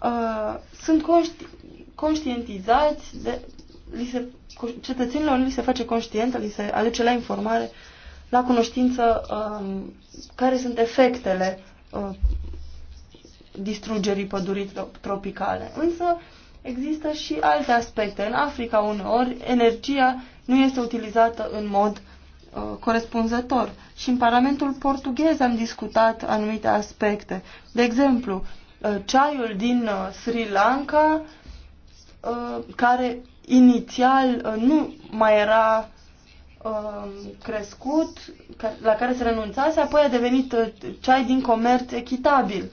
uh, sunt conști- conștientizați, de, li se, cetățenilor li se face conștientă, li se aduce la informare, la cunoștință uh, care sunt efectele uh, distrugerii pădurii tropicale. Însă există și alte aspecte. În Africa uneori energia nu este utilizată în mod uh, corespunzător. Și în Parlamentul portughez am discutat anumite aspecte. De exemplu, uh, ceaiul din uh, Sri Lanka, uh, care inițial uh, nu mai era uh, crescut, la care se renunțase, apoi a devenit ceai din comerț echitabil.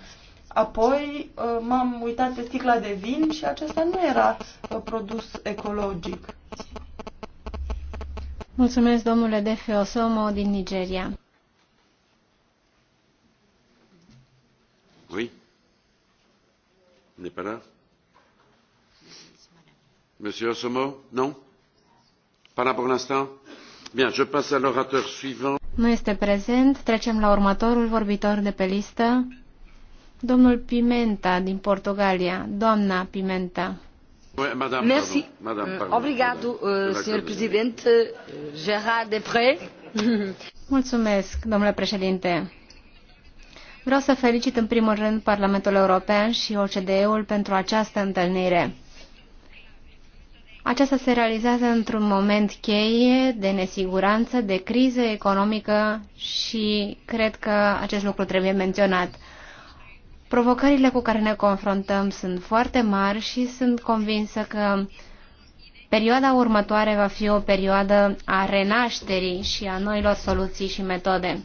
Apoi uh, m-am uitat pe sticla de vin și acesta nu era uh, produs ecologic. Mulțumesc, domnule Osomo din Nigeria. Oui. N'est pas là Monsieur Osomo Non Pas là pour l'instant Bien, je passe à l'orateur suivant. Nu este prezent. Trecem la următorul vorbitor de pe listă. Domnul Pimenta din Portugalia, doamna Pimenta. Merci. Euh, obrigado, euh, senhor presidente. Euh, Gerard Depré. Mulțumesc, domnule președinte. Vreau să felicit în primul rând Parlamentul European și OCDE-ul pentru această întâlnire. Aceasta se realizează într-un moment cheie de nesiguranță, de criză economică și cred că acest lucru trebuie menționat. Provocările cu care ne confruntăm sunt foarte mari și sunt convinsă că perioada următoare va fi o perioadă a renașterii și a noilor soluții și metode.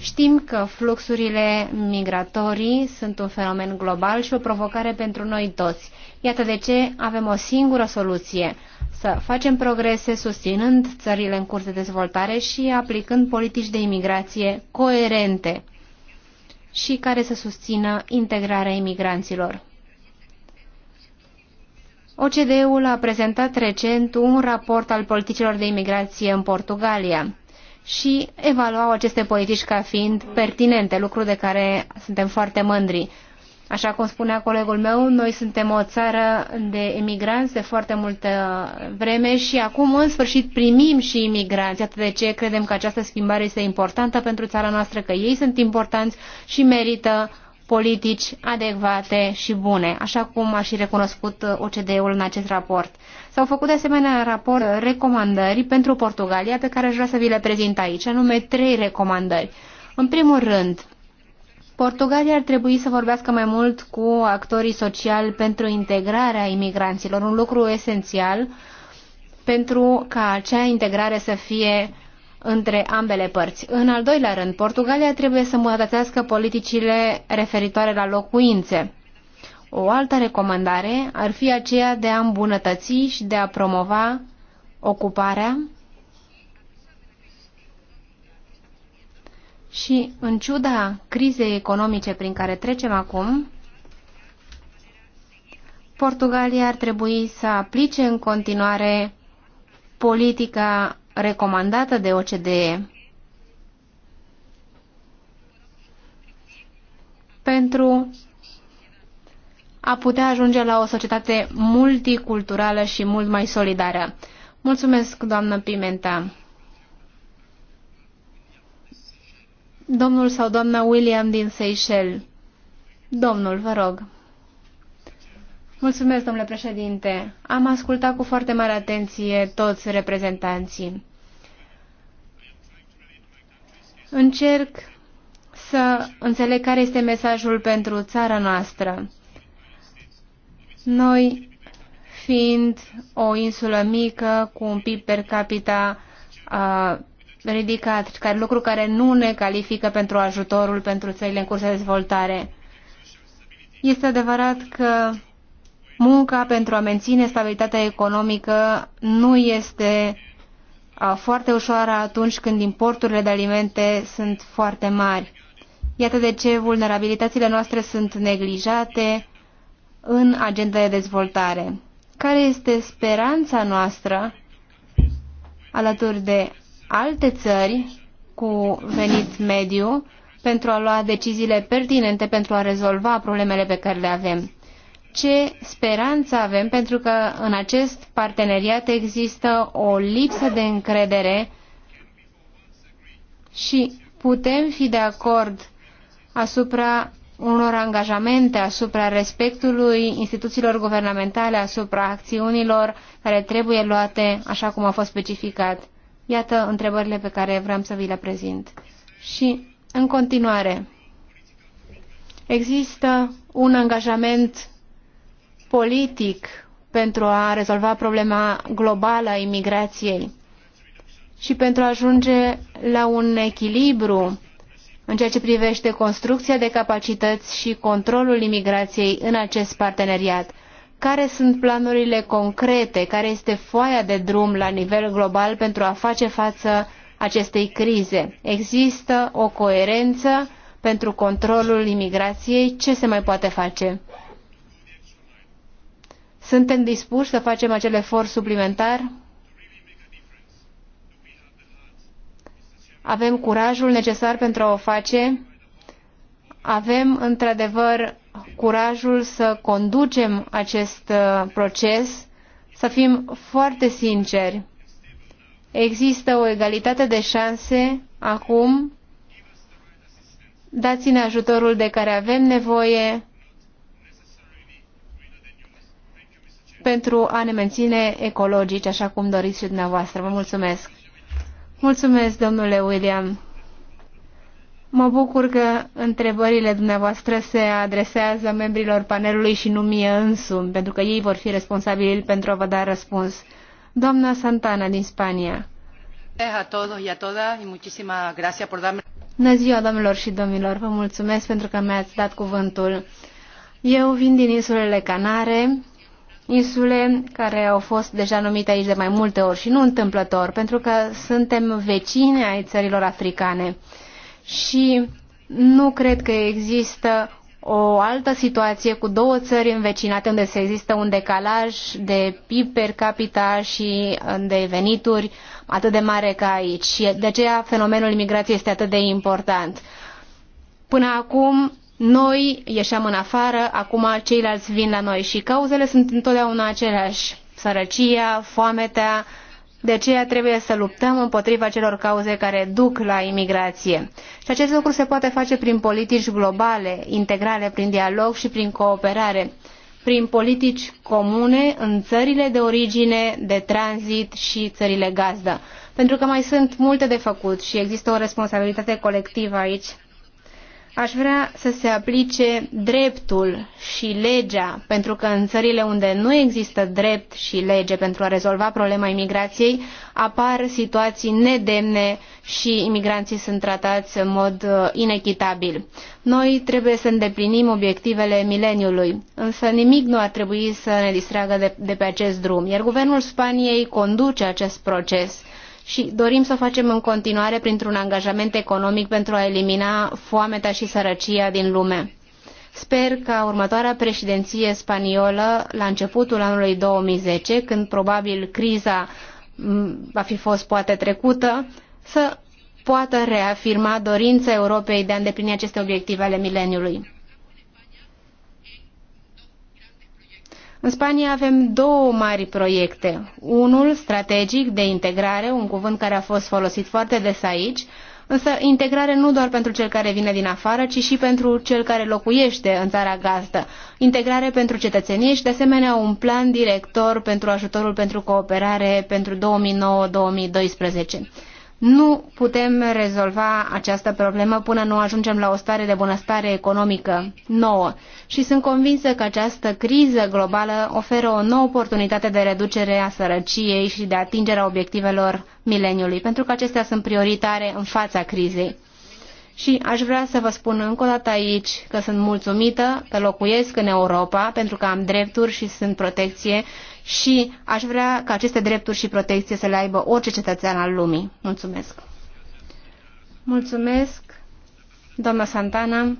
Știm că fluxurile migratorii sunt un fenomen global și o provocare pentru noi toți. Iată de ce avem o singură soluție, să facem progrese susținând țările în curs de dezvoltare și aplicând politici de imigrație coerente și care să susțină integrarea imigranților. OCDE-ul a prezentat recent un raport al politicilor de imigrație în Portugalia și evaluau aceste politici ca fiind pertinente, lucru de care suntem foarte mândri. Așa cum spunea colegul meu, noi suntem o țară de emigranți de foarte multă vreme și acum în sfârșit primim și imigranți. Atât de ce credem că această schimbare este importantă pentru țara noastră, că ei sunt importanți și merită politici adecvate și bune, așa cum a și recunoscut OCDE-ul în acest raport. S-au făcut de asemenea raport recomandări pentru Portugalia pe care aș vrea să vi le prezint aici, anume trei recomandări. În primul rând, Portugalia ar trebui să vorbească mai mult cu actorii sociali pentru integrarea imigranților, un lucru esențial pentru ca acea integrare să fie între ambele părți. În al doilea rând, Portugalia trebuie să îmbunătățească politicile referitoare la locuințe. O altă recomandare ar fi aceea de a îmbunătăți și de a promova ocuparea Și în ciuda crizei economice prin care trecem acum, Portugalia ar trebui să aplice în continuare politica recomandată de OCDE pentru a putea ajunge la o societate multiculturală și mult mai solidară. Mulțumesc, doamnă Pimenta. domnul sau doamna William din Seychelles. Domnul, vă rog. Mulțumesc, domnule președinte. Am ascultat cu foarte mare atenție toți reprezentanții. Încerc să înțeleg care este mesajul pentru țara noastră. Noi, fiind o insulă mică, cu un PIB per capita uh, ridicat, care, lucru care nu ne califică pentru ajutorul pentru țările în curs de dezvoltare. Este adevărat că munca pentru a menține stabilitatea economică nu este foarte ușoară atunci când importurile de alimente sunt foarte mari. Iată de ce vulnerabilitățile noastre sunt neglijate în agenda de dezvoltare. Care este speranța noastră alături de alte țări cu venit mediu pentru a lua deciziile pertinente pentru a rezolva problemele pe care le avem. Ce speranță avem pentru că în acest parteneriat există o lipsă de încredere și putem fi de acord asupra unor angajamente, asupra respectului instituțiilor guvernamentale, asupra acțiunilor care trebuie luate așa cum a fost specificat. Iată întrebările pe care vreau să vi le prezint. Și, în continuare, există un angajament politic pentru a rezolva problema globală a imigrației și pentru a ajunge la un echilibru în ceea ce privește construcția de capacități și controlul imigrației în acest parteneriat care sunt planurile concrete, care este foaia de drum la nivel global pentru a face față acestei crize. Există o coerență pentru controlul imigrației, ce se mai poate face? Suntem dispuși să facem acel efort suplimentar? Avem curajul necesar pentru a o face? Avem, într-adevăr, curajul să conducem acest uh, proces, să fim foarte sinceri. Există o egalitate de șanse acum. Dați-ne ajutorul de care avem nevoie pentru a ne menține ecologici, așa cum doriți și dumneavoastră. Vă mulțumesc! Mulțumesc, domnule William! Mă bucur că întrebările dumneavoastră se adresează membrilor panelului și nu mie însumi, pentru că ei vor fi responsabili pentru a vă da răspuns. Doamna Santana din Spania. Bună ziua, domnilor și domnilor. Vă mulțumesc pentru că mi-ați dat cuvântul. Eu vin din insulele Canare, insule care au fost deja numite aici de mai multe ori și nu întâmplător, pentru că suntem vecini ai țărilor africane și nu cred că există o altă situație cu două țări învecinate unde se există un decalaj de PIB per capita și uh, de venituri atât de mare ca aici. Și de aceea fenomenul imigrației este atât de important. Până acum noi ieșeam în afară, acum ceilalți vin la noi și cauzele sunt întotdeauna aceleași. Sărăcia, foametea, de aceea trebuie să luptăm împotriva celor cauze care duc la imigrație. Și acest lucru se poate face prin politici globale, integrale, prin dialog și prin cooperare, prin politici comune în țările de origine, de tranzit și țările gazdă. Pentru că mai sunt multe de făcut și există o responsabilitate colectivă aici Aș vrea să se aplice dreptul și legea, pentru că în țările unde nu există drept și lege pentru a rezolva problema imigrației, apar situații nedemne și imigranții sunt tratați în mod uh, inechitabil. Noi trebuie să îndeplinim obiectivele mileniului, însă nimic nu ar trebui să ne distragă de, de pe acest drum, iar guvernul Spaniei conduce acest proces și dorim să o facem în continuare printr-un angajament economic pentru a elimina foametea și sărăcia din lume. Sper ca următoarea președinție spaniolă, la începutul anului 2010, când probabil criza va fi fost poate trecută, să poată reafirma dorința Europei de a îndeplini aceste obiective ale mileniului. În Spania avem două mari proiecte. Unul strategic de integrare, un cuvânt care a fost folosit foarte des aici, însă integrare nu doar pentru cel care vine din afară, ci și pentru cel care locuiește în țara gazdă. Integrare pentru cetățenie și de asemenea un plan director pentru ajutorul pentru cooperare pentru 2009-2012. Nu putem rezolva această problemă până nu ajungem la o stare de bunăstare economică nouă și sunt convinsă că această criză globală oferă o nouă oportunitate de reducere a sărăciei și de atingerea obiectivelor mileniului, pentru că acestea sunt prioritare în fața crizei. Și aș vrea să vă spun încă o dată aici că sunt mulțumită că locuiesc în Europa pentru că am drepturi și sunt protecție și aș vrea ca aceste drepturi și protecție să le aibă orice cetățean al lumii. Mulțumesc! Mulțumesc, doamna Santana.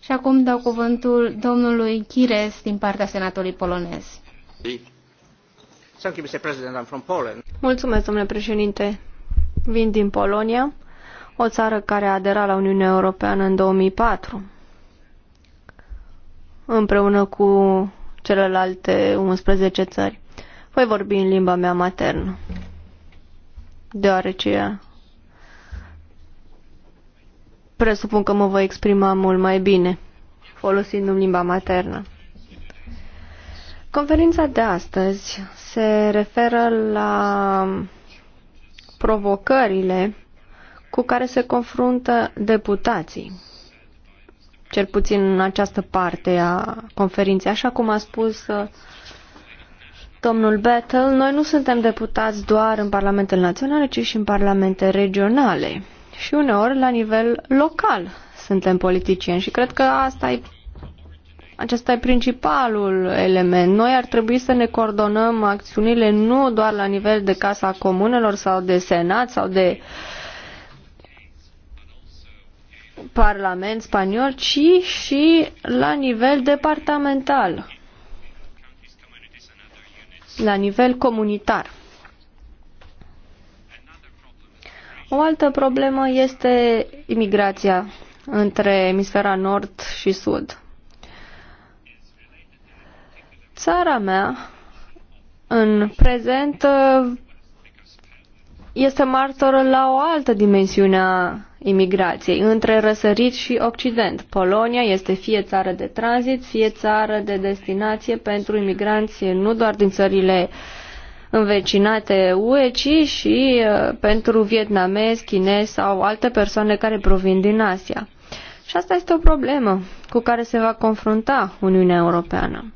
Și acum dau cuvântul domnului Chires din partea Senatului polonez. Mulțumesc, domnule președinte. Vin din Polonia, o țară care a aderat la Uniunea Europeană în 2004, împreună cu celelalte 11 țări. Voi vorbi în limba mea maternă, deoarece presupun că mă voi exprima mult mai bine folosindu-mi limba maternă. Conferința de astăzi se referă la provocările cu care se confruntă deputații, cel puțin în această parte a conferinței. Așa cum a spus uh, domnul Bettel, noi nu suntem deputați doar în parlamentele naționale, ci și în parlamente regionale și uneori la nivel local suntem politicieni și cred că asta e acesta e principalul element. Noi ar trebui să ne coordonăm acțiunile nu doar la nivel de Casa Comunelor sau de Senat sau de Parlament spaniol, ci și la nivel departamental, la nivel comunitar. O altă problemă este imigrația între emisfera nord și sud. Țara mea, în prezent, uh, este martoră la o altă dimensiune a imigrației, între răsărit și Occident. Polonia este fie țară de tranzit, fie țară de destinație pentru imigranți nu doar din țările învecinate UE, ci și uh, pentru vietnamezi, chinezi sau alte persoane care provin din Asia. Și asta este o problemă cu care se va confrunta Uniunea Europeană.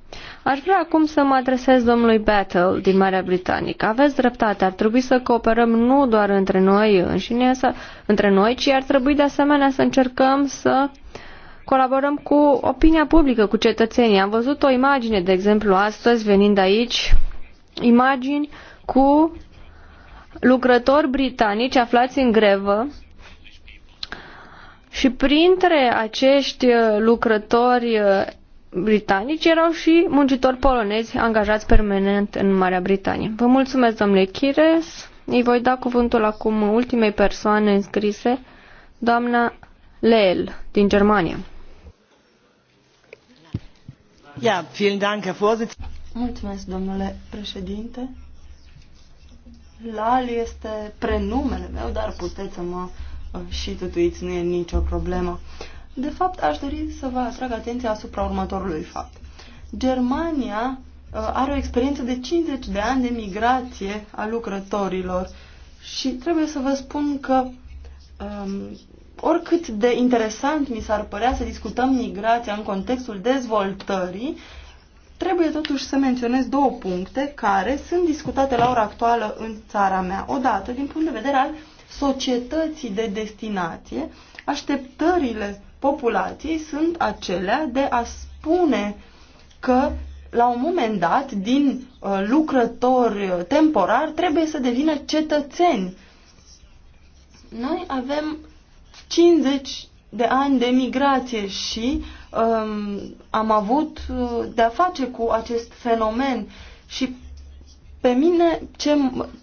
Aș vrea acum să mă adresez domnului Battle din Marea Britanică. Aveți dreptate, ar trebui să cooperăm nu doar între noi înșine, să, între noi, ci ar trebui de asemenea să încercăm să colaborăm cu opinia publică, cu cetățenii. Am văzut o imagine, de exemplu, astăzi venind aici, imagini cu lucrători britanici aflați în grevă și printre acești lucrători britanici erau și muncitori polonezi angajați permanent în Marea Britanie. Vă mulțumesc, domnule Chires. Îi voi da cuvântul acum ultimei persoane înscrise, doamna Leel, din Germania. Ja, vielen Dank, Herr Vorsitzender. Mulțumesc, domnule președinte. Lal este prenumele meu, dar puteți să mă uh, și tutuiți, nu e nicio problemă. Uh, de fapt, aș dori să vă atrag atenția asupra următorului fapt. Germania uh, are o experiență de 50 de ani de migrație a lucrătorilor și trebuie să vă spun că um, oricât de interesant mi s-ar părea să discutăm migrația în contextul dezvoltării, trebuie totuși să menționez două puncte care sunt discutate la ora actuală în țara mea. Odată, din punct de vedere al societății de destinație, așteptările populației sunt acelea de a spune că la un moment dat, din uh, lucrători uh, temporari, trebuie să devină cetățeni. Noi avem 50 de ani de migrație și um, am avut uh, de-a face cu acest fenomen și pe mine, ce,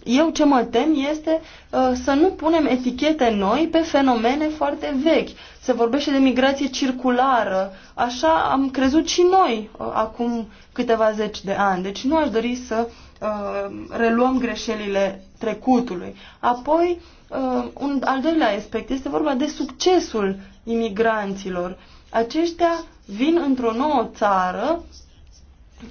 eu ce mă tem este uh, să nu punem etichete noi pe fenomene foarte vechi. Se vorbește de migrație circulară, așa am crezut și noi uh, acum câteva zeci de ani. Deci nu aș dori să uh, reluăm greșelile trecutului. Apoi, uh, un al doilea aspect este vorba de succesul imigranților. Aceștia vin într-o nouă țară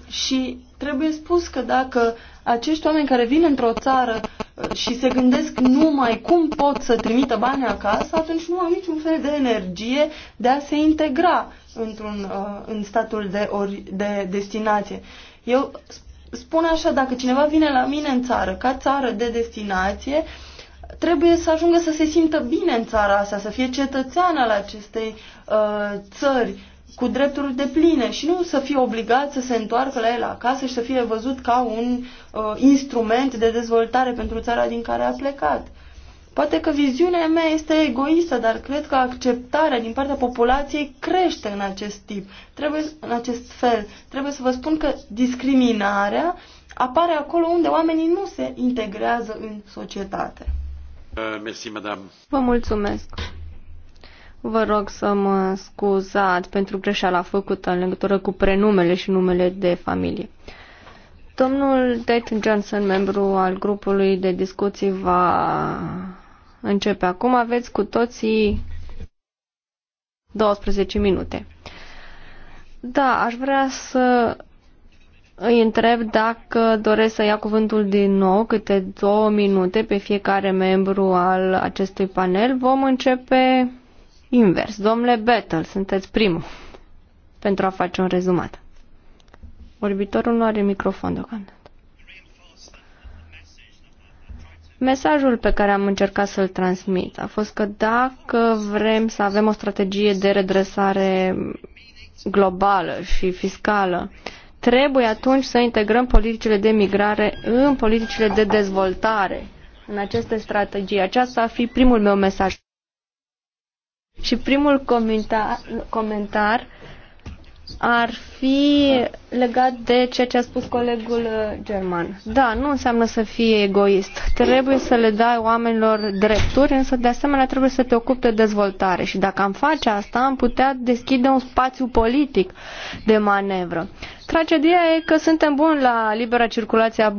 și trebuie spus că dacă acești oameni care vin într-o țară uh, și se gândesc numai cum pot să trimită bani acasă, atunci nu au niciun fel de energie de a se integra într-un, uh, în statul de, ori, de destinație. Eu spun așa, dacă cineva vine la mine în țară, ca țară de destinație, trebuie să ajungă să se simtă bine în țara asta, să fie cetățean al acestei uh, țări, cu drepturi de pline și nu să fie obligat să se întoarcă la el acasă și să fie văzut ca un uh, instrument de dezvoltare pentru țara din care a plecat. Poate că viziunea mea este egoistă, dar cred că acceptarea din partea populației crește în acest tip, trebuie, în acest fel. Trebuie să vă spun că discriminarea apare acolo unde oamenii nu se integrează în societate. Uh, merci, madame. Vă mulțumesc. Vă rog să mă scuzați pentru greșeala făcută în legătură cu prenumele și numele de familie. Domnul Dayton Johnson, membru al grupului de discuții, va începe acum. Aveți cu toții 12 minute. Da, aș vrea să îi întreb dacă doresc să ia cuvântul din nou câte două minute pe fiecare membru al acestui panel. Vom începe invers. Domnule Battle, sunteți primul pentru a face un rezumat. Orbitorul nu are microfon deocamdată. Mesajul pe care am încercat să-l transmit a fost că dacă vrem să avem o strategie de redresare globală și fiscală, trebuie atunci să integrăm politicile de migrare în politicile de dezvoltare, în aceste strategii. Aceasta ar fi primul meu mesaj. Și primul comentar, comentar ar fi legat de ceea ce a spus colegul uh, german. Da, nu înseamnă să fie egoist. Trebuie să le dai oamenilor drepturi, însă de asemenea trebuie să te ocupi de dezvoltare. Și dacă am face asta, am putea deschide un spațiu politic de manevră. Tragedia e că suntem buni la libera circulație a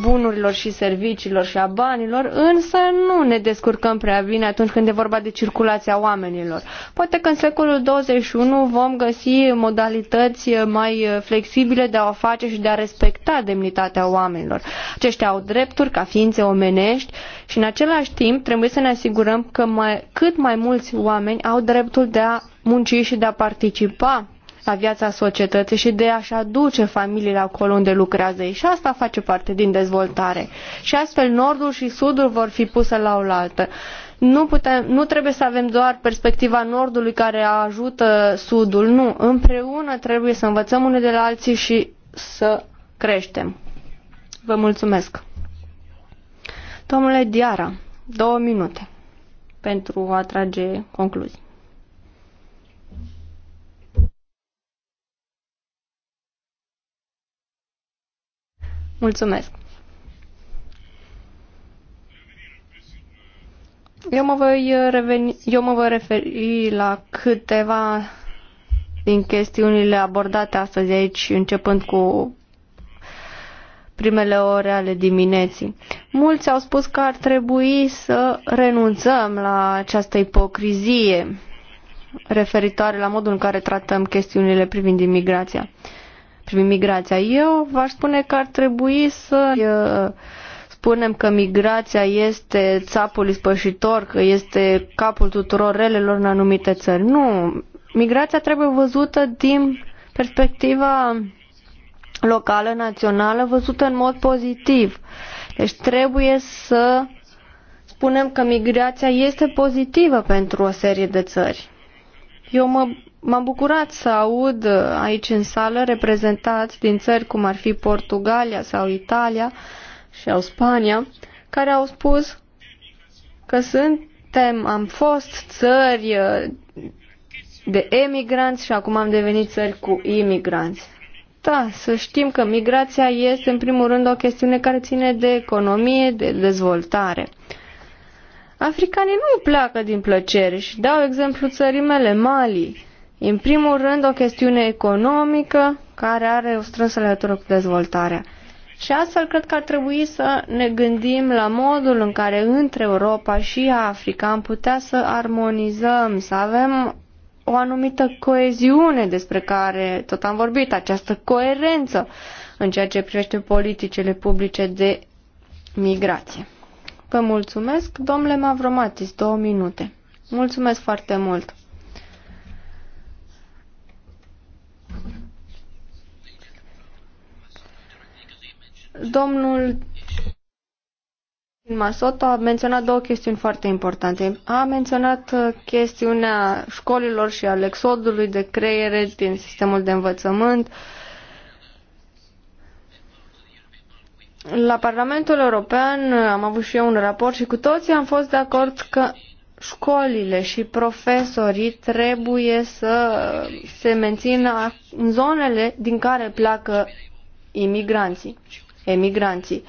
bunurilor, și serviciilor și a banilor, însă nu ne descurcăm prea bine atunci când e vorba de circulația oamenilor. Poate că în secolul 21 vom găsi modalități mai flexibile de a o face și de a respecta demnitatea oamenilor. Aceștia au drepturi ca ființe omenești și în același timp trebuie să ne asigurăm că mai, cât mai mulți oameni au dreptul de a munci și de a participa la viața societății și de a-și aduce familiile acolo unde lucrează ei. Și asta face parte din dezvoltare. Și astfel nordul și sudul vor fi puse la oaltă. Nu, putem, nu trebuie să avem doar perspectiva nordului care ajută sudul, nu. Împreună trebuie să învățăm unii de la alții și să creștem. Vă mulțumesc. Domnule Diara, două minute pentru a trage concluzii. Mulțumesc. Eu mă voi, uh, reveni, eu mă voi referi la câteva din chestiunile abordate astăzi aici, începând cu primele ore ale dimineții. Mulți au spus că ar trebui să renunțăm la această ipocrizie referitoare la modul în care tratăm chestiunile privind imigrația. Uh, prin migrația. Eu v-aș spune că ar trebui să uh, spunem că migrația este țapul ispășitor, că este capul tuturor relelor în anumite țări. Nu, migrația trebuie văzută din perspectiva locală, națională, văzută în mod pozitiv. Deci trebuie să spunem că migrația este pozitivă pentru o serie de țări. Eu mă M-am bucurat să aud aici în sală reprezentați din țări cum ar fi Portugalia sau Italia au Spania, care au spus că suntem, am fost țări uh, de emigranți și acum am devenit țări cu imigranți. Da, să știm că migrația este în primul rând o chestiune care ține de economie, de dezvoltare. Africanii nu pleacă din plăcere și dau exemplu țării mele, Mali. În primul rând, o chestiune economică care are o strânsă legătură cu dezvoltarea. Și astfel cred că ar trebui să ne gândim la modul în care între Europa și Africa am putea să armonizăm, să avem o anumită coeziune despre care tot am vorbit, această coerență în ceea ce privește politicile publice de migrație. Vă mulțumesc, domnule Mavromatis, două minute. Mulțumesc foarte mult. Domnul Masoto a menționat două chestiuni foarte importante. A menționat uh, chestiunea școlilor și al exodului de creiere din sistemul de învățământ. La Parlamentul European uh, am avut și eu un raport și cu toții am fost de acord că școlile și profesorii trebuie să se mențină în zonele din care pleacă imigranții emigranții.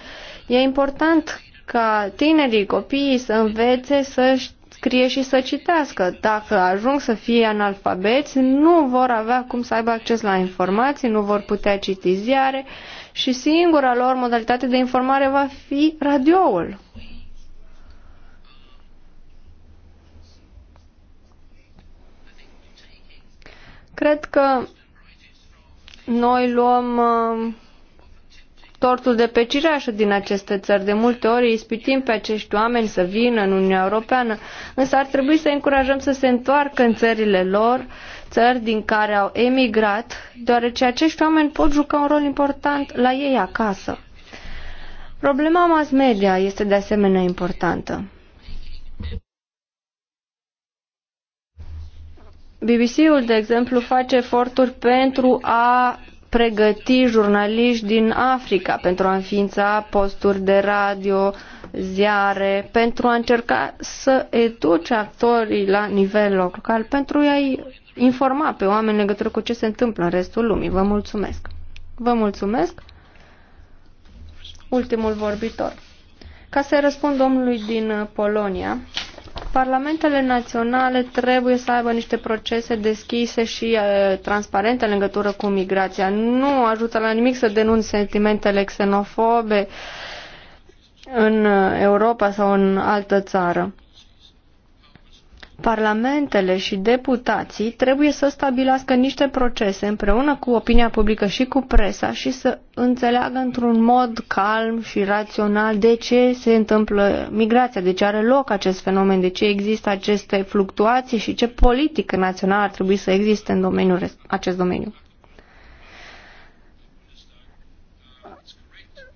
E important ca tinerii, copiii să învețe să scrie și să citească. Dacă ajung să fie analfabeți, nu vor avea cum să aibă acces la informații, nu vor putea citi ziare și singura lor modalitate de informare va fi radioul. Cred că noi luăm uh, tortul de pe cireașă din aceste țări. De multe ori ispitim pe acești oameni să vină în Uniunea Europeană, însă ar trebui să încurajăm să se întoarcă în țările lor, țări din care au emigrat, deoarece acești oameni pot juca un rol important la ei acasă. Problema mass media este de asemenea importantă. BBC-ul, de exemplu, face eforturi pentru a pregăti jurnaliști din Africa pentru a înființa posturi de radio, ziare, pentru a încerca să educe actorii la nivel local, pentru a-i informa pe oameni în legătură cu ce se întâmplă în restul lumii. Vă mulțumesc! Vă mulțumesc! Ultimul vorbitor. Ca să răspund domnului din Polonia, Parlamentele naționale trebuie să aibă niște procese deschise și uh, transparente în legătură cu migrația. Nu ajută la nimic să denunți sentimentele xenofobe în uh, Europa sau în altă țară parlamentele și deputații trebuie să stabilească niște procese împreună cu opinia publică și cu presa și să înțeleagă într-un mod calm și rațional de ce se întâmplă migrația, de ce are loc acest fenomen, de ce există aceste fluctuații și ce politică națională ar trebui să existe în domeniul, acest domeniu.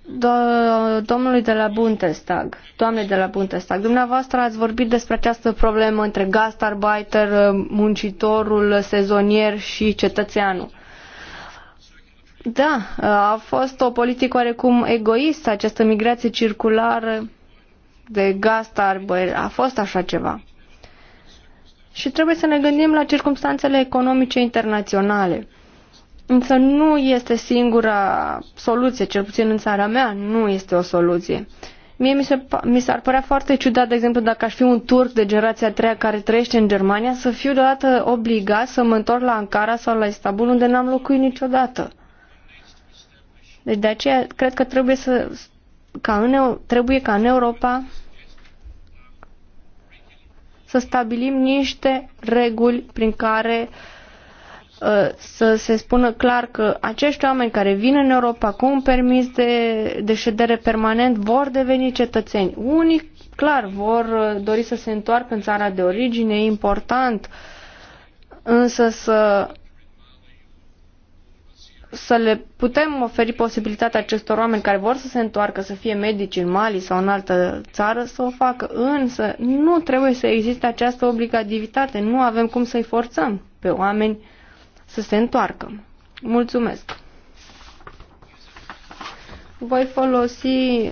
do domnului de la Bundestag, doamnei de la Bundestag, dumneavoastră ați vorbit despre această problemă între gastarbeiter, muncitorul sezonier și cetățeanul. Da, a fost o politică oarecum egoistă această migrație circulară de gastarbeiter. A fost așa ceva. Și trebuie să ne gândim la circumstanțele economice internaționale. Însă nu este singura soluție, cel puțin în țara mea, nu este o soluție. Mie mi, se, mi s-ar părea foarte ciudat, de exemplu, dacă aș fi un turc de generația a treia care trăiește în Germania, să fiu deodată obligat să mă întorc la Ankara sau la Istanbul, unde n-am locuit niciodată. Deci de aceea cred că trebuie să ca în, trebuie ca în Europa să stabilim niște reguli prin care uh, Uh, să se spună clar că acești oameni care vin în Europa cu un permis de, de ședere permanent vor deveni cetățeni. Unii, clar, vor uh, dori să se întoarcă în țara de origine, e important, însă să să le putem oferi posibilitatea acestor oameni care vor să se întoarcă, să fie medici în Mali sau în altă țară, să o facă. Însă nu trebuie să existe această obligativitate. Nu avem cum să-i forțăm pe oameni să se întoarcă. Mulțumesc! Voi folosi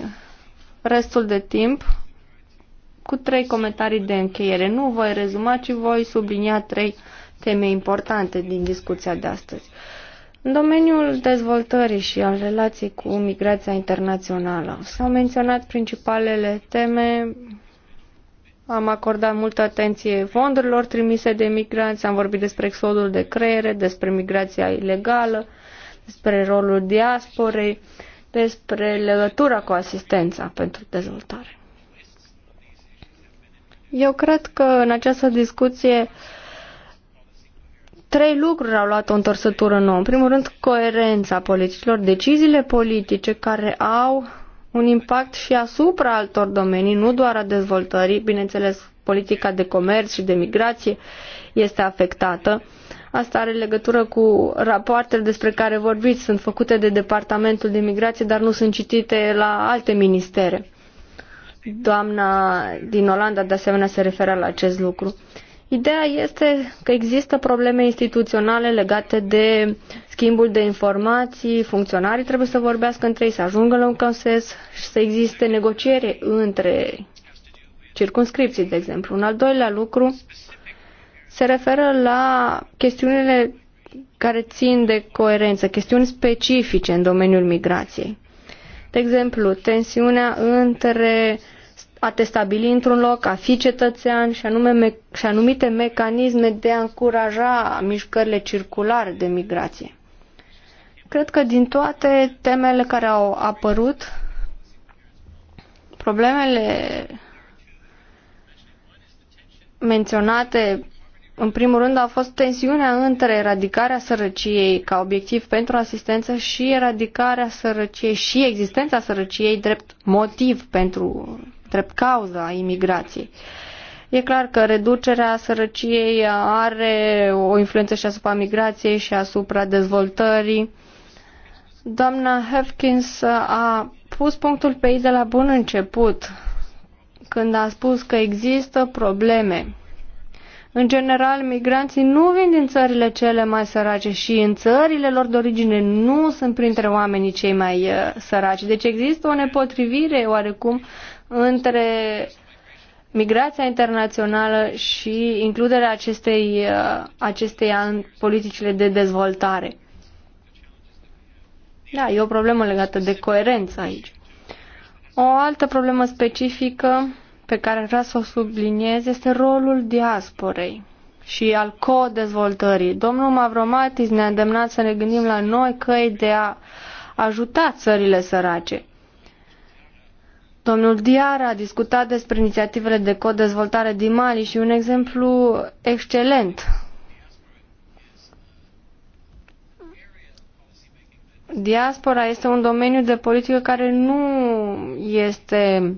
restul de timp cu trei comentarii de încheiere. Nu voi rezuma, ci voi sublinia trei teme importante din discuția de astăzi. În domeniul dezvoltării și al relației cu migrația internațională s-au menționat principalele teme am acordat multă atenție fondurilor trimise de migranți, am vorbit despre exodul de creiere, despre migrația ilegală, despre rolul diasporei, despre legătura cu asistența pentru dezvoltare. Eu cred că în această discuție trei lucruri au luat o întorsătură nouă. În primul rând, coerența politicilor, deciziile politice care au un impact și asupra altor domenii, nu doar a dezvoltării, bineînțeles, politica de comerț și de migrație este afectată. Asta are legătură cu rapoartele despre care vorbiți, sunt făcute de Departamentul de Migrație, dar nu sunt citite la alte ministere. Doamna din Olanda, de asemenea, se referă la acest lucru. Ideea este că există probleme instituționale legate de schimbul de informații, funcționarii trebuie să vorbească între ei, să ajungă la un consens și să existe negociere între circunscripții, de exemplu. Un al doilea lucru se referă la chestiunile care țin de coerență, chestiuni specifice în domeniul migrației. De exemplu, tensiunea între uh, te stabili într-un loc, a fi cetățean și, anume, și anumite mecanisme de a încuraja mișcările circulare de migrație. Cred că din toate temele care au apărut, problemele menționate în primul rând au fost tensiunea între eradicarea sărăciei ca obiectiv pentru asistență și eradicarea sărăciei și existența sărăciei drept motiv pentru drept a imigrației. E clar că reducerea sărăciei are o influență și asupra migrației și asupra dezvoltării. Doamna Hefkins a pus punctul pe ei de la bun început când a spus că există probleme. În general, migranții nu vin din țările cele mai sărace și în țările lor de origine nu sunt printre oamenii cei mai uh, săraci. Deci există o nepotrivire oarecum între migrația internațională și includerea acestei, uh, acestei în politicile de dezvoltare. Da, e o problemă legată de coerență aici. O altă problemă specifică pe care vreau să o subliniez este rolul diasporei și al co-dezvoltării. Domnul Mavromatis ne-a îndemnat să ne gândim la noi căi de a ajuta țările sărace. Domnul Diar a discutat despre inițiativele de cod dezvoltare din Mali și un exemplu excelent Diaspora este un domeniu de politică care nu este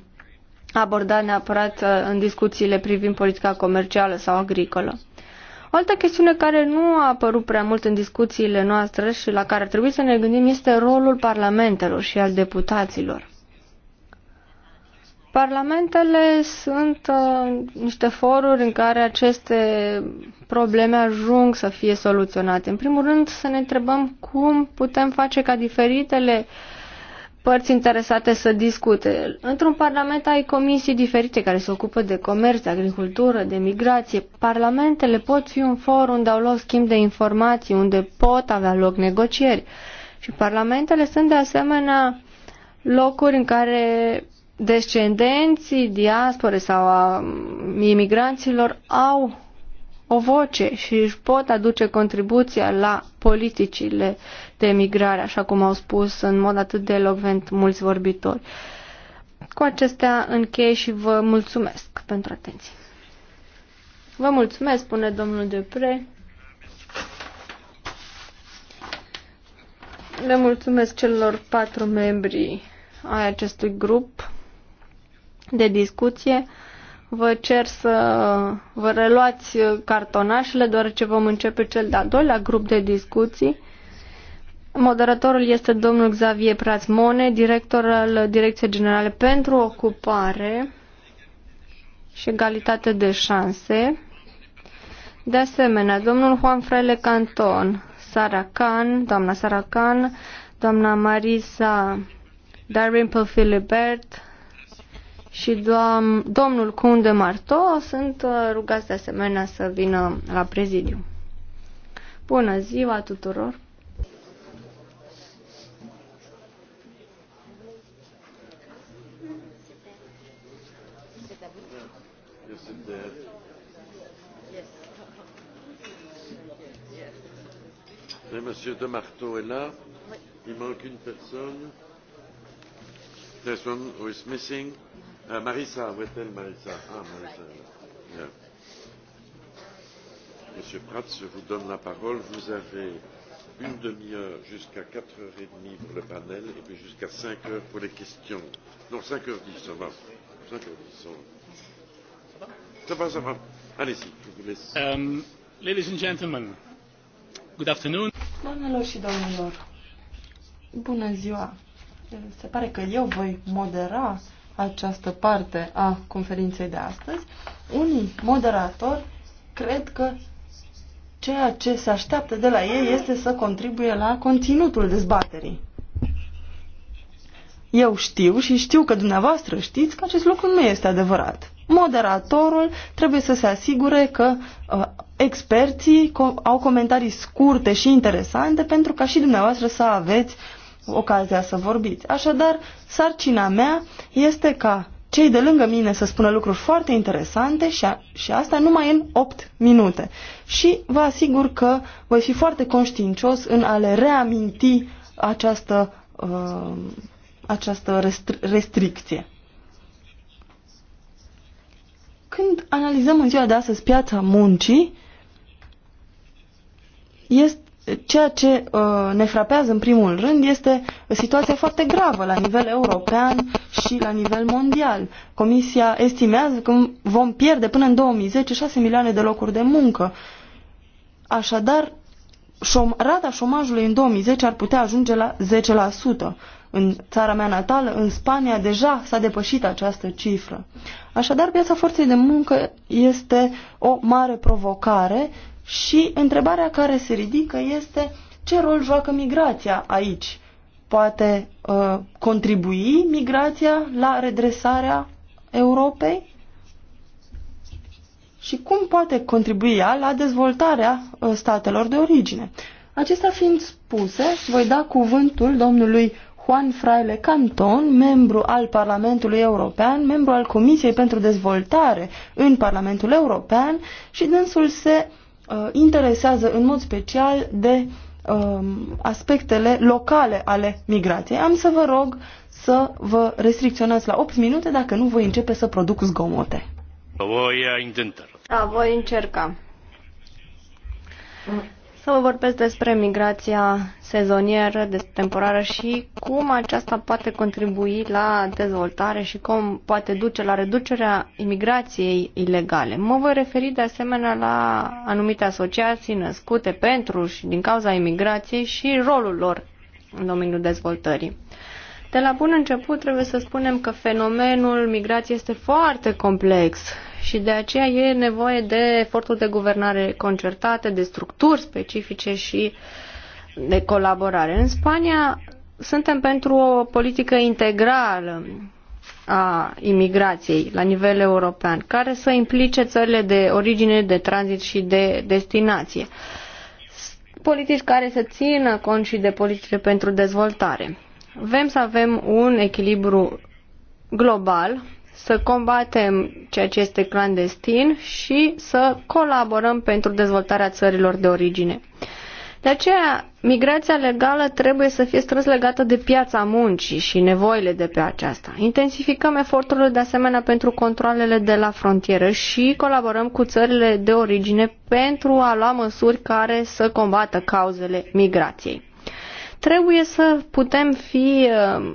abordat neapărat uh, în discuțiile privind politica comercială sau agricolă. O altă chestiune care nu a apărut prea mult în discuțiile noastre și la care ar trebui să ne gândim este rolul parlamentelor și al deputaților. Parlamentele sunt uh, niște foruri în care aceste probleme ajung să fie soluționate. În primul rând să ne întrebăm cum putem face ca diferitele părți interesate să discute. Într-un parlament ai comisii diferite care se ocupă de comerț, de agricultură, de migrație. Parlamentele pot fi un for unde au loc schimb de informații, unde pot avea loc negocieri. Și parlamentele sunt de asemenea locuri în care descendenții diaspore sau a imigranților au o voce și își pot aduce contribuția la politicile de migrare, așa cum au spus în mod atât de elogvent mulți vorbitori. Cu acestea închei și vă mulțumesc pentru atenție. Vă mulțumesc, spune domnul Depre. Le mulțumesc celor patru membri ai acestui grup de discuție. Vă cer să vă reluați cartonașele, deoarece vom începe cel de-al doilea grup de discuții. Moderatorul este domnul Xavier Prasmone, director al Direcției Generale pentru Ocupare și Egalitate de Șanse. De asemenea, domnul Juan Frele Canton, Sara Can, doamna Sara Can, doamna Marisa Darimple Filibert, și doam, domnul de Marto sunt uh, rugați de asemenea să vină la prezidiu. Bună ziua tuturor! Monsieur de Marteau est là. Oui. Il manque une personne. This one who is missing. Uh, où est-elle, Ah, ah Yeah. Monsieur Prats, je vous donne la parole. Vous avez une demi-heure jusqu'à 4h30 pour le panel et puis jusqu'à 5h pour les questions. Non, 5h10, ça va. 5h10, ça va. Ça va, ça va. Allez-y, je vous laisse. Um, ladies and gentlemen, good afternoon. Doamnelor și domnilor, bună ziua. Se pare că eu voi modera această parte a conferinței de astăzi, unii moderatori cred că ceea ce se așteaptă de la ei este să contribuie la conținutul dezbaterii. Eu știu și știu că dumneavoastră știți că acest lucru nu este adevărat. Moderatorul trebuie să se asigure că uh, experții co- au comentarii scurte și interesante pentru ca și dumneavoastră să aveți uh, ocazia să vorbiți. Așadar, sarcina mea este ca cei de lângă mine să spună lucruri foarte interesante și, a, și asta numai în 8 minute. Și vă asigur că voi fi foarte conștiincios în a le reaminti această, uh, această restri restricție. Când analizăm în ziua de astăzi piața muncii, este Ceea ce uh, ne frapează în primul rând este situația foarte gravă la nivel european și la nivel mondial. Comisia estimează că vom pierde până în 2010 6 milioane de locuri de muncă. Așadar, șom rata șomajului în 2010 ar putea ajunge la 10%. În țara mea natală, în Spania, deja s-a depășit această cifră. Așadar, piața forței de muncă este o mare provocare și întrebarea care se ridică este ce rol joacă migrația aici? Poate uh, contribui migrația la redresarea Europei? Și cum poate contribui ea la dezvoltarea uh, statelor de origine? Acestea fiind spuse, voi da cuvântul domnului Juan Fraile Canton, membru al Parlamentului European, membru al Comisiei pentru Dezvoltare în Parlamentul European și dânsul se Uh, interesează în mod special de um, aspectele locale ale migrației. Am să vă rog să vă restricționați la 8 minute, dacă nu voi începe să produc zgomote. Voi uh, intenta. Da, voi încerca să vă vorbesc despre migrația sezonieră, despre temporară și cum aceasta poate contribui la dezvoltare și cum poate duce la reducerea imigrației ilegale. Mă voi referi de asemenea la anumite asociații născute pentru și din cauza imigrației și rolul lor în domeniul dezvoltării. De la bun început trebuie să spunem că fenomenul migrației este foarte complex și de aceea e nevoie de eforturi de guvernare concertate, de structuri specifice și de colaborare. În Spania suntem pentru o politică integrală a imigrației la nivel european, care să implice țările de origine, de tranzit și de destinație. Politici care să țină cont și de politice pentru dezvoltare. Vrem să avem un echilibru global să combatem ceea ce este clandestin și să colaborăm pentru dezvoltarea țărilor de origine. De aceea, migrația legală trebuie să fie strâns legată de piața muncii și nevoile de pe aceasta. Intensificăm eforturile de asemenea pentru controlele de la frontieră și colaborăm cu țările de origine pentru a lua măsuri care să combată cauzele migrației. Trebuie să putem fi uh,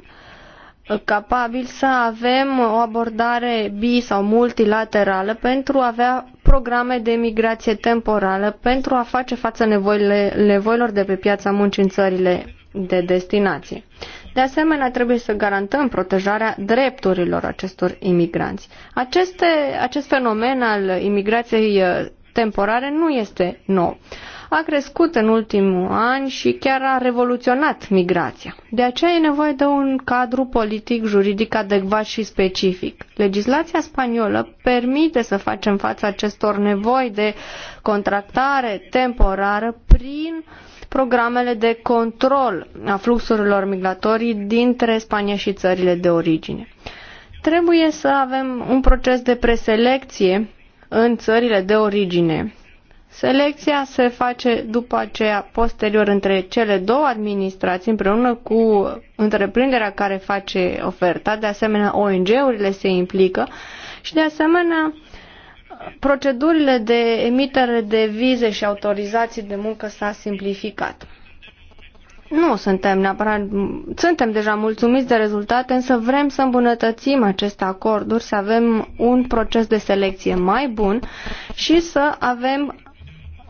capabil să avem o abordare bi sau multilaterală pentru a avea programe de migrație temporală pentru a face față nevoile, nevoilor de pe piața muncii în țările de destinație. De asemenea, trebuie să garantăm protejarea drepturilor acestor imigranți. Aceste, acest fenomen al imigrației eh, temporare nu este nou a crescut în ultimul an și chiar a revoluționat migrația. De aceea e nevoie de un cadru politic juridic adecvat și specific. Legislația spaniolă permite să facem față acestor nevoi de contractare temporară prin programele de control a fluxurilor migratorii dintre Spania și țările de origine. Trebuie să avem un proces de preselecție în țările de origine Selecția se face după aceea posterior între cele două administrații împreună cu întreprinderea care face oferta, de asemenea ONG-urile se implică și de asemenea procedurile de emitere de vize și autorizații de muncă s-a simplificat. Nu suntem neapărat, suntem deja mulțumiți de rezultate, însă vrem să îmbunătățim aceste acorduri, să avem un proces de selecție mai bun și să avem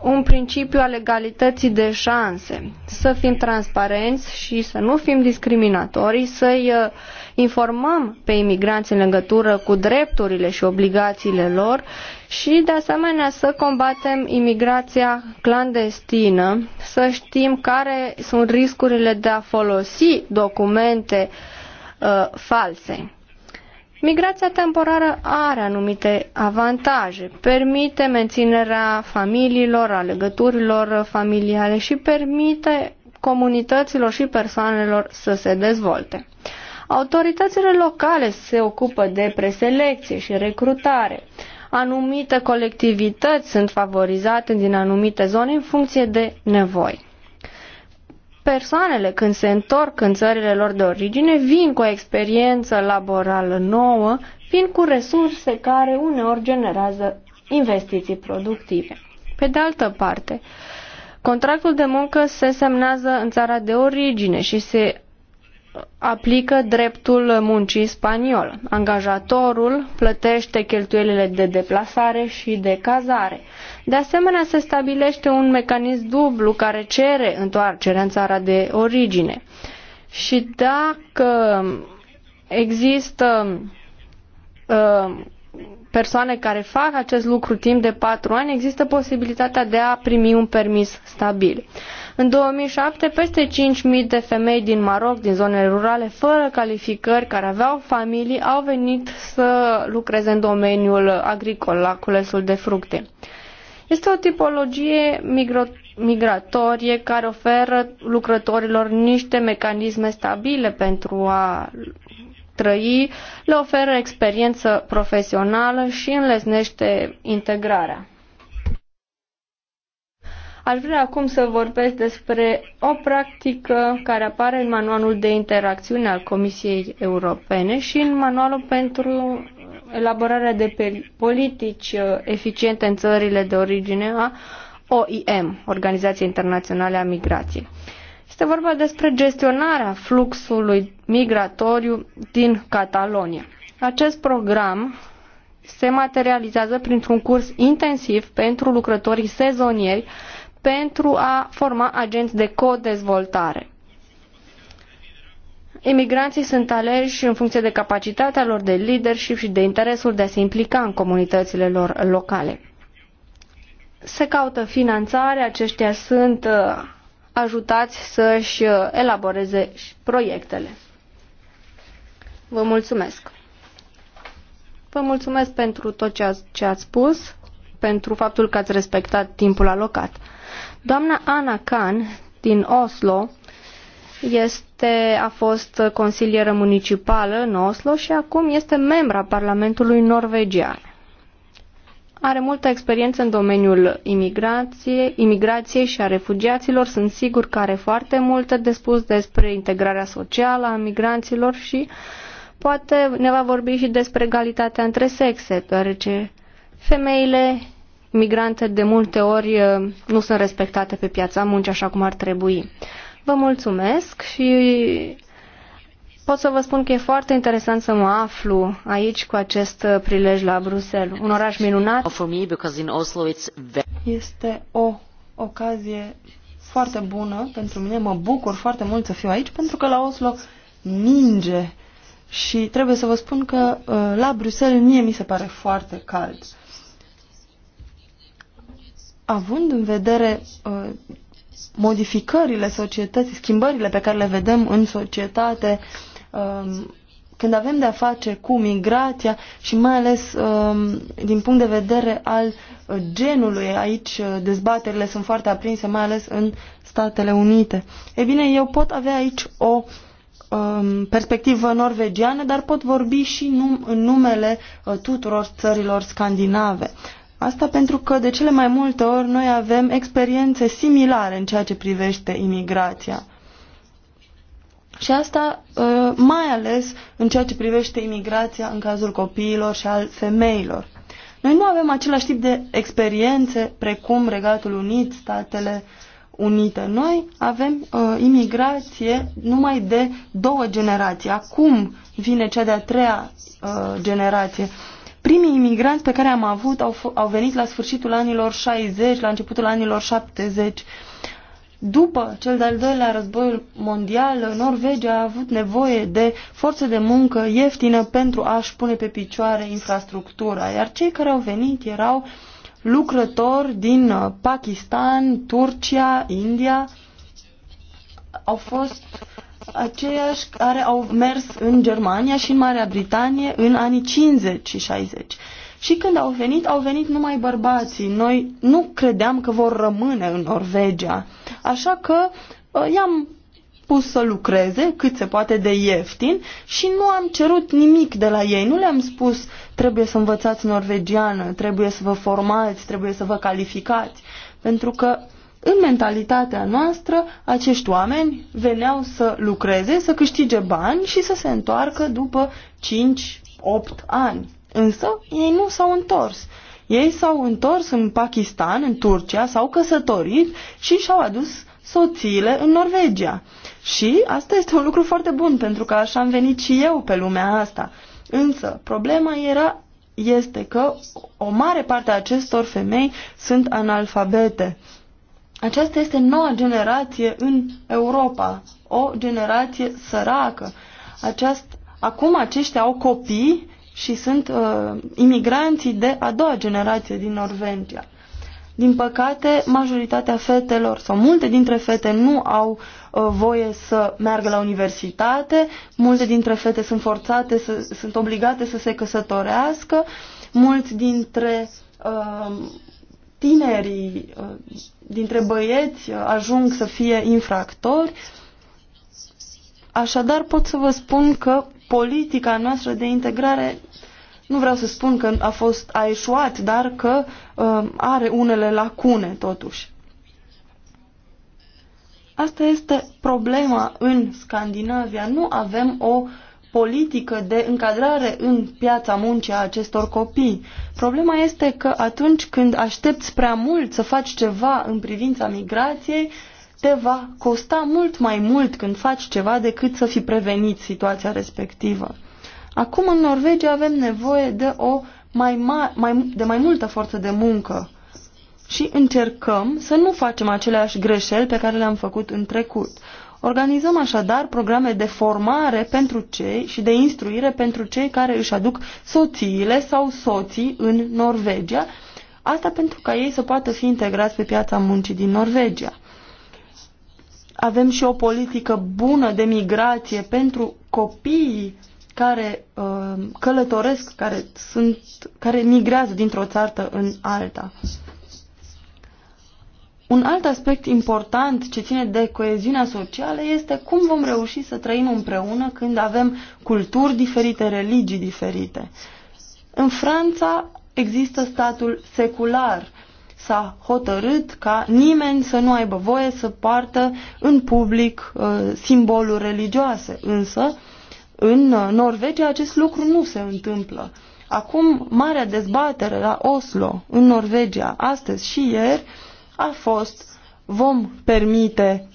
un principiu al egalității de șanse, să fim transparenți și să nu fim discriminatorii, să-i uh, informăm pe imigranți în legătură cu drepturile și obligațiile lor și, de asemenea, să combatem imigrația clandestină, să știm care sunt riscurile de a folosi documente uh, false. Migrația temporară are anumite avantaje, permite menținerea familiilor, a legăturilor familiale și permite comunităților și persoanelor să se dezvolte. Autoritățile locale se ocupă de preselecție și recrutare. Anumite colectivități sunt favorizate din anumite zone în funcție de nevoi persoanele când se întorc în țările lor de origine vin cu o experiență laborală nouă, vin cu resurse care uneori generează investiții productive. Pe de altă parte, contractul de muncă se semnează în țara de origine și se aplică dreptul muncii spaniol. Angajatorul plătește cheltuielile de deplasare și de cazare. De asemenea, se stabilește un mecanism dublu care cere întoarcerea în țara de origine. Și dacă există uh, persoane care fac acest lucru timp de patru ani, există posibilitatea de a primi un permis stabil. Uh, în 2007, peste 5.000 de femei din Maroc, din zonele rurale, fără calificări, care aveau familii, au venit să lucreze în domeniul agricol, la culesul de fructe. Este o tipologie migratorie care oferă lucrătorilor niște mecanisme stabile pentru a trăi, le oferă experiență profesională și înlesnește integrarea. Aș vrea acum să vorbesc despre o practică care apare în manualul de interacțiune al Comisiei Europene și în manualul pentru elaborarea de politici uh, eficiente în țările de origine a OIM, Organizația Internațională a Migrației. Este vorba despre gestionarea fluxului migratoriu din Catalonia. Acest program se materializează printr-un curs intensiv pentru lucrătorii sezonieri pentru a forma agenți de co-dezvoltare. Imigranții sunt aleși în funcție de capacitatea lor de leadership și de interesul de a se implica în comunitățile lor locale. Se caută finanțare, aceștia sunt uh, ajutați să-și uh, elaboreze proiectele. Vă mulțumesc! Vă mulțumesc pentru tot ce ați, ce ați spus, pentru faptul că ați respectat timpul alocat. Doamna Ana Can din Oslo este, a fost consilieră municipală în Oslo și acum este membra Parlamentului norvegian. Are multă experiență în domeniul imigrației, imigrației și a refugiaților. Sunt sigur că are foarte multe de spus despre integrarea socială a migranților și poate ne va vorbi și despre egalitatea între sexe, deoarece femeile migrante de multe ori uh, nu sunt respectate pe piața muncii așa cum ar trebui. Vă mulțumesc și pot să vă spun că e foarte interesant să mă aflu aici cu acest uh, prilej la Bruxelles. Un oraș minunat. Este o ocazie foarte bună pentru mine. Mă bucur foarte mult să fiu aici pentru că la Oslo ninge și trebuie să vă spun că uh, la Bruxelles mie mi se pare foarte cald având în vedere uh, modificările societății, schimbările pe care le vedem în societate, um, când avem de-a face cu migrația și mai ales um, din punct de vedere al uh, genului, aici uh, dezbaterile sunt foarte aprinse, mai ales în Statele Unite. Ei bine, eu pot avea aici o um, perspectivă norvegiană, dar pot vorbi și în numele tuturor țărilor scandinave. Asta pentru că de cele mai multe ori noi avem experiențe similare în ceea ce privește imigrația. Și asta ă, mai ales în ceea ce privește imigrația în cazul copiilor și al femeilor. Noi nu avem același tip de experiențe precum Regatul Unit, Statele Unite. Noi avem uh, imigrație numai de două generații. Acum vine cea de-a treia uh, generație. Primii imigranți pe care am avut au, au venit la sfârșitul anilor 60, la începutul anilor 70. După cel de-al doilea război mondial, Norvegia a avut nevoie de forță de muncă ieftină pentru a-și pune pe picioare infrastructura, iar cei care au venit erau lucrători din uh, Pakistan, Turcia, India, au fost aceiași care au mers în Germania și în Marea Britanie în anii 50 și 60. Și când au venit, au venit numai bărbații. Noi nu credeam că vor rămâne în Norvegia. Așa că uh, i-am pus să lucreze cât se poate de ieftin și nu am cerut nimic de la ei. Nu le-am spus trebuie să învățați norvegiană, trebuie să vă formați, trebuie să vă calificați. Pentru că în mentalitatea noastră, acești oameni veneau să lucreze, să câștige bani și să se întoarcă după 5-8 ani. Însă, ei nu s-au întors. Ei s-au întors în Pakistan, în Turcia, s-au căsătorit și și-au adus soțiile în Norvegia. Și asta este un lucru foarte bun, pentru că așa am venit și eu pe lumea asta. Însă, problema era, este că o mare parte a acestor femei sunt analfabete. Aceasta este noua generație în Europa, o generație săracă. Aceast, acum aceștia au copii și sunt uh, imigranții de a doua generație din Norvegia. Din păcate, majoritatea fetelor sau multe dintre fete nu au uh, voie să meargă la universitate, multe dintre fete sunt forțate, să, sunt obligate să se căsătorească, mulți dintre uh, tinerii, uh, dintre băieți, uh, ajung să fie infractori. Așadar, pot să vă spun că politica noastră de integrare, nu vreau să spun că a fost a eșuat, dar că uh, are unele lacune, totuși. Asta este problema în Scandinavia. Nu avem o uh, politică de încadrare în piața muncii a acestor copii. Problema este că atunci când aștepți prea mult să faci ceva în privința migrației, te va costa mult mai mult când faci ceva decât să fi prevenit situația respectivă. Acum în Norvegia avem nevoie de o mai, ma- mai, de mai multă forță de muncă și încercăm să nu facem aceleași greșeli pe care le-am făcut în trecut. Organizăm așadar programe de formare pentru cei și de instruire pentru cei care își aduc soțiile sau soții în Norvegia, asta pentru ca ei să poată fi integrați pe piața muncii din Norvegia. Avem și o politică bună de migrație pentru copiii care uh, călătoresc, care, sunt, care migrează dintr-o țară în alta. Un alt aspect important ce ține de coeziunea socială este cum vom reuși să trăim împreună când avem culturi diferite, religii diferite. În Franța există statul secular. S-a hotărât ca nimeni să nu aibă voie să poartă în public uh, simboluri religioase, însă în uh, Norvegia acest lucru nu se întâmplă. Acum, marea dezbatere la Oslo, în Norvegia, astăzi și ieri, uh, a fost vom permite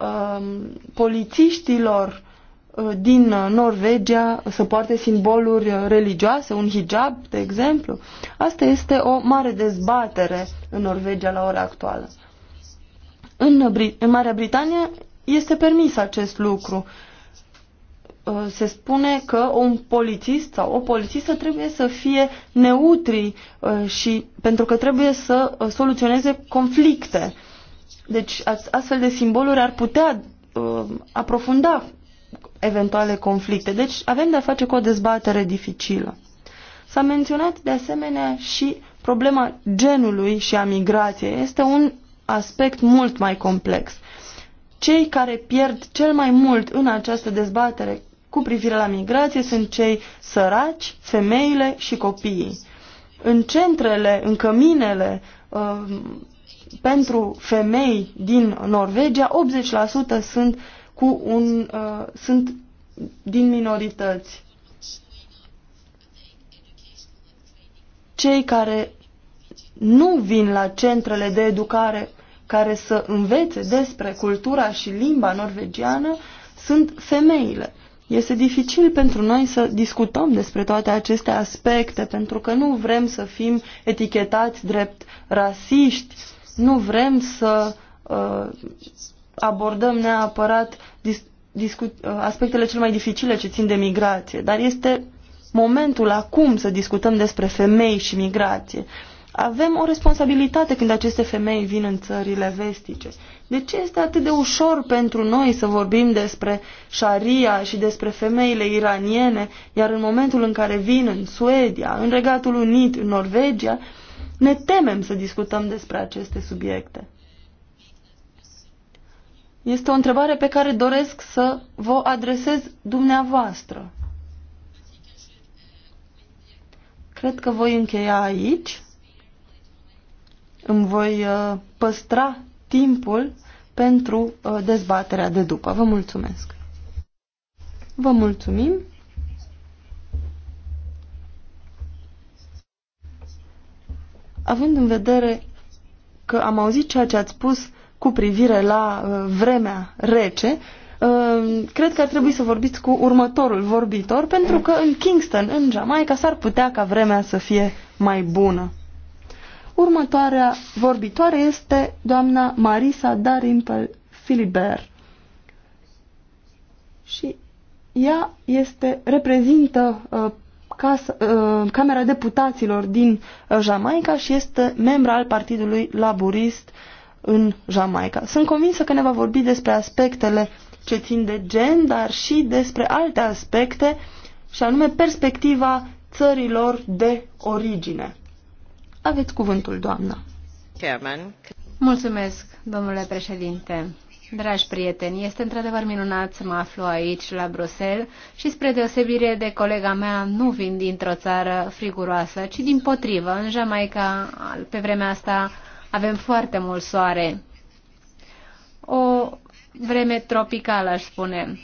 um, polițiștilor uh, din uh, Norvegia să poarte simboluri uh, religioase, un hijab, de exemplu. Asta este o mare dezbatere în Norvegia la ora actuală. În, Brit- în Marea Britanie este permis acest lucru Uh, se spune că un polițist sau o polițistă trebuie să fie neutri uh, și pentru că trebuie să uh, soluționeze conflicte. Deci astfel de simboluri ar putea aprofunda eventuale conflicte. Deci avem de-a face cu o dezbatere dificilă. S-a menționat de asemenea și problema genului și a migrației. Este un aspect mult mai complex. Cei care pierd cel mai mult în această dezbatere cu privire la migrație sunt cei săraci, femeile și copiii. În centrele, în căminele uh, pentru femei din Norvegia, 80% sunt, cu un, uh, sunt din minorități. Cei care nu vin la centrele de educare care să învețe despre cultura și limba norvegiană sunt femeile. Este dificil pentru noi să discutăm despre toate aceste aspecte, pentru că nu vrem să fim etichetați drept rasiști, nu vrem să uh, abordăm neapărat dis discu uh, aspectele cel mai dificile ce țin de migrație, dar este momentul acum să discutăm despre femei și migrație. Avem o responsabilitate când aceste femei vin în țările vestice. De ce este atât de ușor pentru noi să vorbim despre șaria și despre femeile iraniene, iar în momentul în care vin în Suedia, în Regatul Unit, în Norvegia, ne temem să discutăm despre aceste subiecte? Este o întrebare pe care doresc să vă adresez dumneavoastră. Cred că voi încheia aici. Îmi voi uh, păstra timpul pentru uh, dezbaterea de după. Vă mulțumesc! Vă mulțumim! Având în vedere că am auzit ceea ce ați spus cu privire la uh, vremea rece, uh, cred că ar trebui să vorbiți cu următorul vorbitor, pentru că în Kingston, în Jamaica, s-ar putea ca vremea să fie mai bună. Următoarea vorbitoare este doamna Marisa Darimpel Filiber. Și ea este, reprezintă uh, casa, uh, Camera Deputaților din uh, Jamaica și este membra al Partidului Laburist în Jamaica. Sunt convinsă că ne va vorbi despre aspectele ce țin de gen, dar și despre alte aspecte, și anume perspectiva țărilor de origine. Aveți cuvântul, doamnă. Mulțumesc, domnule președinte. Dragi prieteni, este într-adevăr minunat să mă aflu aici, la Bruxelles, și spre deosebire de colega mea, nu vin dintr-o țară friguroasă, ci din potrivă. În Jamaica, pe vremea asta, avem foarte mult soare. O vreme tropicală, aș spune.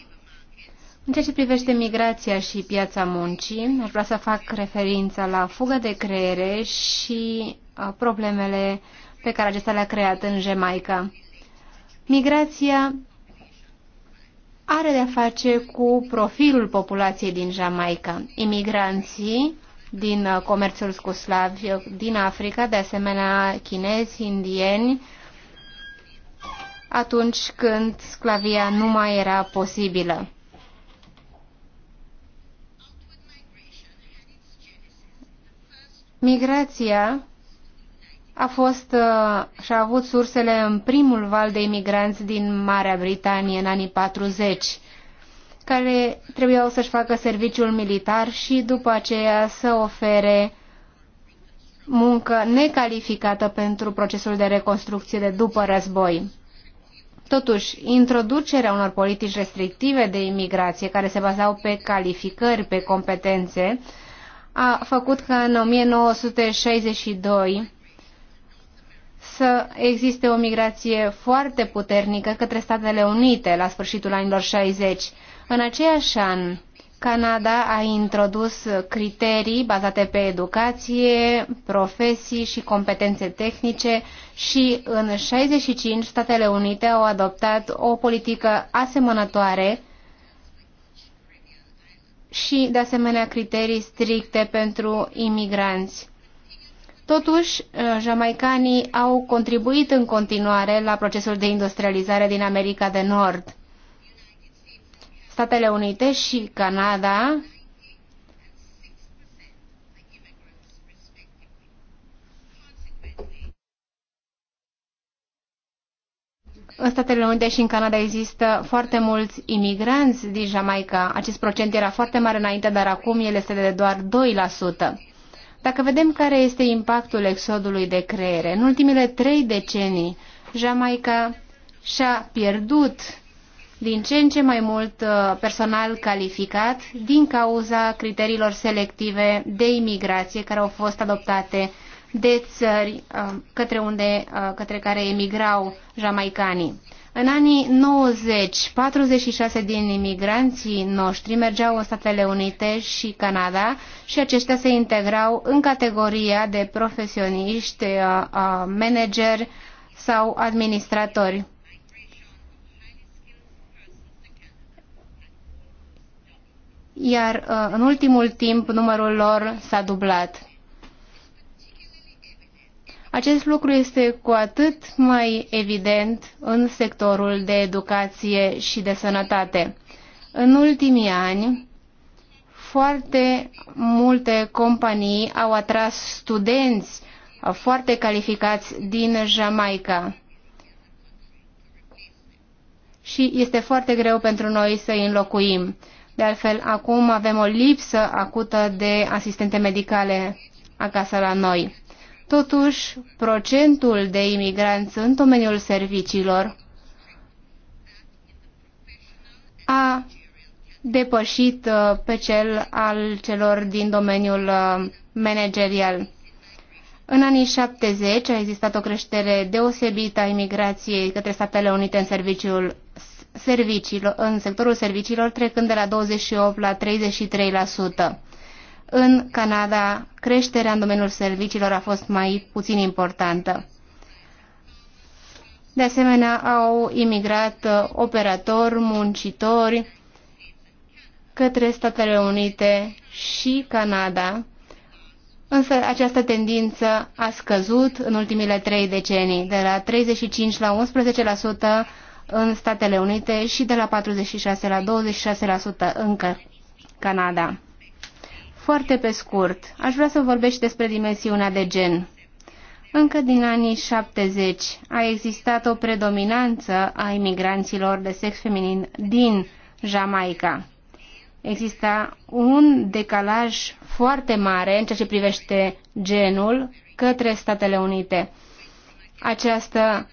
În ceea ce privește migrația și piața muncii, aș vrea să fac referința la fuga de creiere și uh, problemele pe care acesta le-a creat în Jamaica. Migrația are de-a face cu profilul populației din Jamaica. Imigranții din uh, comerțul cu slavi uh, din Africa, de asemenea chinezi, indieni, atunci când sclavia nu mai era posibilă. Migrația a fost uh, și a avut sursele în primul val de imigranți din Marea Britanie în anii 40, care trebuiau să-și facă serviciul militar și după aceea să ofere muncă necalificată pentru procesul de reconstrucție de după război. Totuși, introducerea unor politici restrictive de imigrație care se bazau pe calificări, pe competențe, a făcut ca în 1962 să existe o migrație foarte puternică către Statele Unite la sfârșitul anilor 60. În aceeași an, Canada a introdus criterii bazate pe educație, profesii și competențe tehnice și în 65 Statele Unite au adoptat o politică asemănătoare și, de asemenea, criterii stricte pentru imigranți. Totuși, uh, jamaicanii au contribuit în continuare la procesul de industrializare din America de Nord. Statele Unite și Canada În Statele Unite și în Canada există foarte mulți imigranți din Jamaica. Acest procent era foarte mare înainte, dar acum el este de doar 2%. Dacă vedem care este impactul exodului de creiere, în ultimele trei decenii, Jamaica și-a pierdut din ce în ce mai mult uh, personal calificat din cauza criteriilor selective de imigrație care au fost adoptate de țări uh, către, unde, uh, către care emigrau jamaicanii. În anii 90, 46 din imigranții noștri mergeau în Statele Unite și Canada și aceștia se integrau în categoria de profesioniști, uh, manageri sau administratori. Iar în ultimul timp numărul lor s-a dublat. Acest lucru este cu atât mai evident în sectorul de educație și de sănătate. În ultimii ani, foarte multe companii au atras studenți foarte calificați din Jamaica. Și este foarte greu pentru noi să îi înlocuim. De altfel, acum avem o lipsă acută de asistente medicale acasă la noi. Totuși, procentul de imigranți în domeniul serviciilor a depășit uh, pe cel al celor din domeniul uh, managerial. În anii 70 a existat o creștere deosebită a imigrației către Statele Unite în serviciul serviciilor, în sectorul serviciilor, trecând de la 28 la 33%. În Canada, creșterea în domeniul serviciilor a fost mai puțin importantă. De asemenea, au imigrat uh, operatori, muncitori către Statele Unite și Canada, însă această tendință a scăzut în ultimile trei decenii, de la 35 la 11% în Statele Unite și de la 46 la 26% în Canada. Foarte pe scurt, aș vrea să vorbesc despre dimensiunea de gen. Încă din anii 70 a existat o predominanță a imigranților de sex feminin din Jamaica. Exista un decalaj foarte mare în ceea ce privește genul către Statele Unite. Această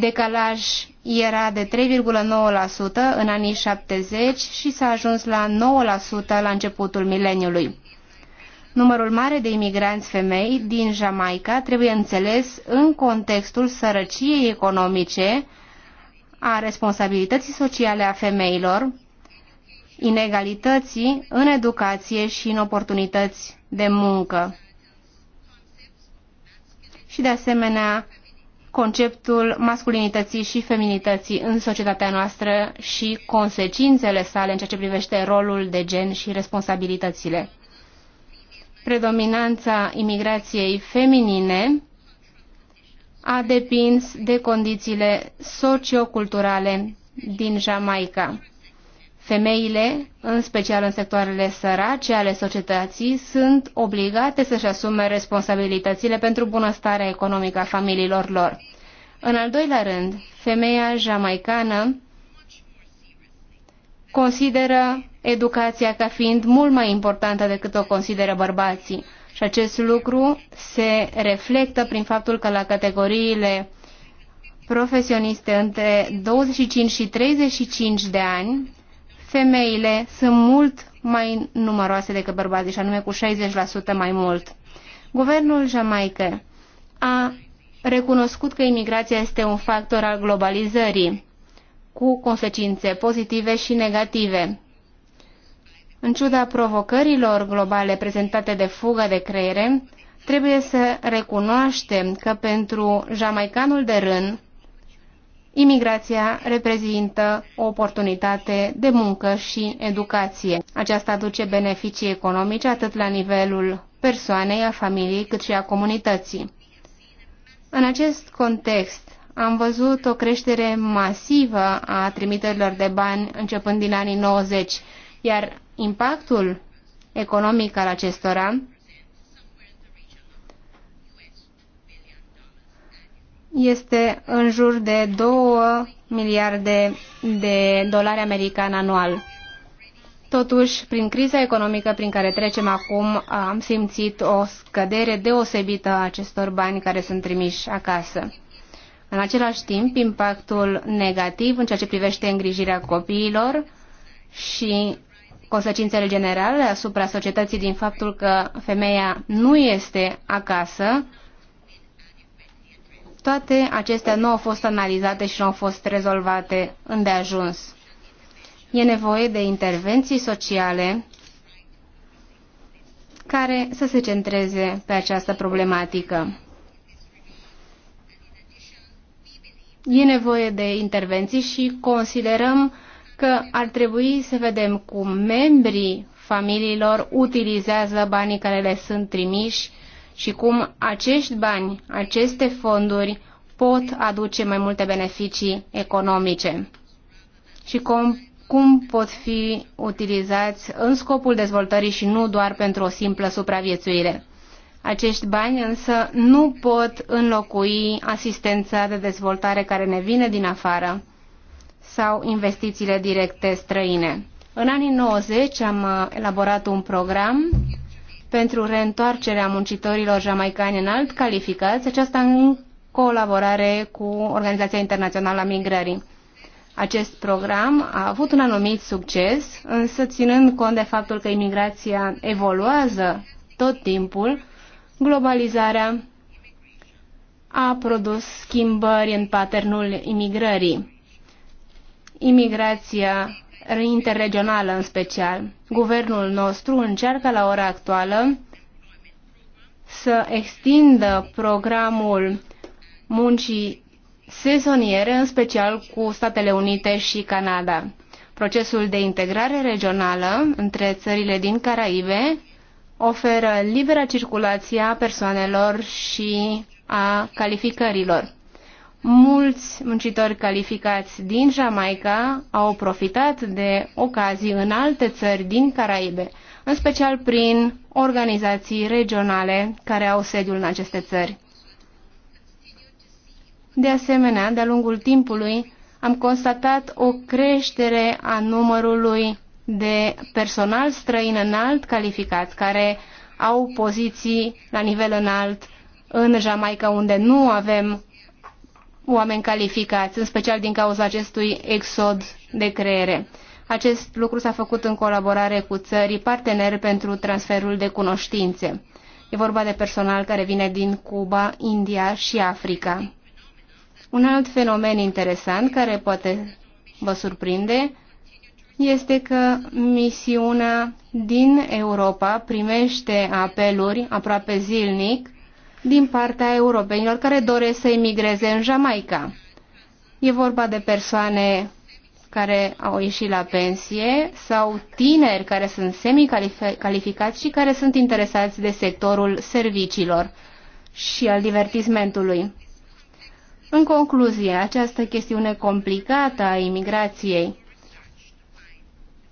decalaj era de 3,9% în anii 70 și s-a ajuns la 9% la începutul mileniului. Numărul mare de imigranți femei din Jamaica trebuie înțeles în contextul sărăciei economice, a responsabilității sociale a femeilor, inegalității în educație și în oportunități de muncă. Și de asemenea, conceptul masculinității și feminității în societatea noastră și consecințele sale în ceea ce privește rolul de gen și responsabilitățile. Predominanța imigrației feminine a depins de condițiile socioculturale din Jamaica. Femeile, în special în sectoarele sărace ale societății, sunt obligate să-și asume responsabilitățile pentru bunăstarea economică a familiilor lor. În al doilea rând, femeia jamaicană consideră educația ca fiind mult mai importantă decât o consideră bărbații. Și acest lucru se reflectă prin faptul că la categoriile profesioniste între 25 și 35 de ani, femeile sunt mult mai numeroase decât bărbații, și anume cu 60% mai mult. Guvernul Jamaica a recunoscut că imigrația este un factor al globalizării, cu consecințe pozitive și negative. În ciuda provocărilor globale prezentate de fuga de creiere, trebuie să recunoaștem că pentru jamaicanul de rând, Imigrația reprezintă o oportunitate de muncă și educație. Aceasta aduce beneficii economice atât la nivelul persoanei, a familiei, cât și a comunității. În acest context, am văzut o creștere masivă a trimiterilor de bani începând din anii 90, iar impactul economic al acestora este în jur de 2 miliarde de dolari americani anual. Totuși, prin criza economică prin care trecem acum, am simțit o scădere deosebită a acestor bani care sunt trimiși acasă. În același timp, impactul negativ în ceea ce privește îngrijirea copiilor și consecințele generale asupra societății din faptul că femeia nu este acasă, toate acestea nu au fost analizate și nu au fost rezolvate îndeajuns. E nevoie de intervenții sociale care să se centreze pe această problematică. E nevoie de intervenții și considerăm că ar trebui să vedem cum membrii familiilor utilizează banii care le sunt trimiși și cum acești bani, aceste fonduri pot aduce mai multe beneficii economice și cum, cum pot fi utilizați în scopul dezvoltării și nu doar pentru o simplă supraviețuire. Acești bani însă nu pot înlocui asistența de dezvoltare care ne vine din afară sau investițiile directe străine. În anii 90 am uh, elaborat un program pentru reîntoarcerea muncitorilor jamaicani înalt calificați, aceasta în colaborare cu Organizația Internațională a Migrării. Acest program a avut un anumit succes, însă ținând cont de faptul că imigrația evoluează tot timpul, globalizarea a produs schimbări în paternul imigrării. Imigrația interregională în special. Guvernul nostru încearcă la ora actuală să extindă programul muncii sezoniere, în special cu Statele Unite și Canada. Procesul de integrare regională între țările din Caraibe oferă libera circulație a persoanelor și a calificărilor mulți muncitori calificați din Jamaica au profitat de ocazii în alte țări din Caraibe, în special prin organizații regionale care au sediul în aceste țări. De asemenea, de-a lungul timpului, am constatat o creștere a numărului de personal străin înalt calificat care au poziții la nivel înalt în Jamaica, unde nu avem oameni calificați, în special din cauza acestui exod de creere. Acest lucru s-a făcut în colaborare cu țării parteneri pentru transferul de cunoștințe. E vorba de personal care vine din Cuba, India și Africa. Un alt fenomen interesant care poate vă surprinde este că misiunea din Europa primește apeluri aproape zilnic din partea europenilor care doresc să emigreze în Jamaica. E vorba de persoane care au ieșit la pensie sau tineri care sunt semi-calificați și care sunt interesați de sectorul serviciilor și al divertismentului. În concluzie, această chestiune complicată a imigrației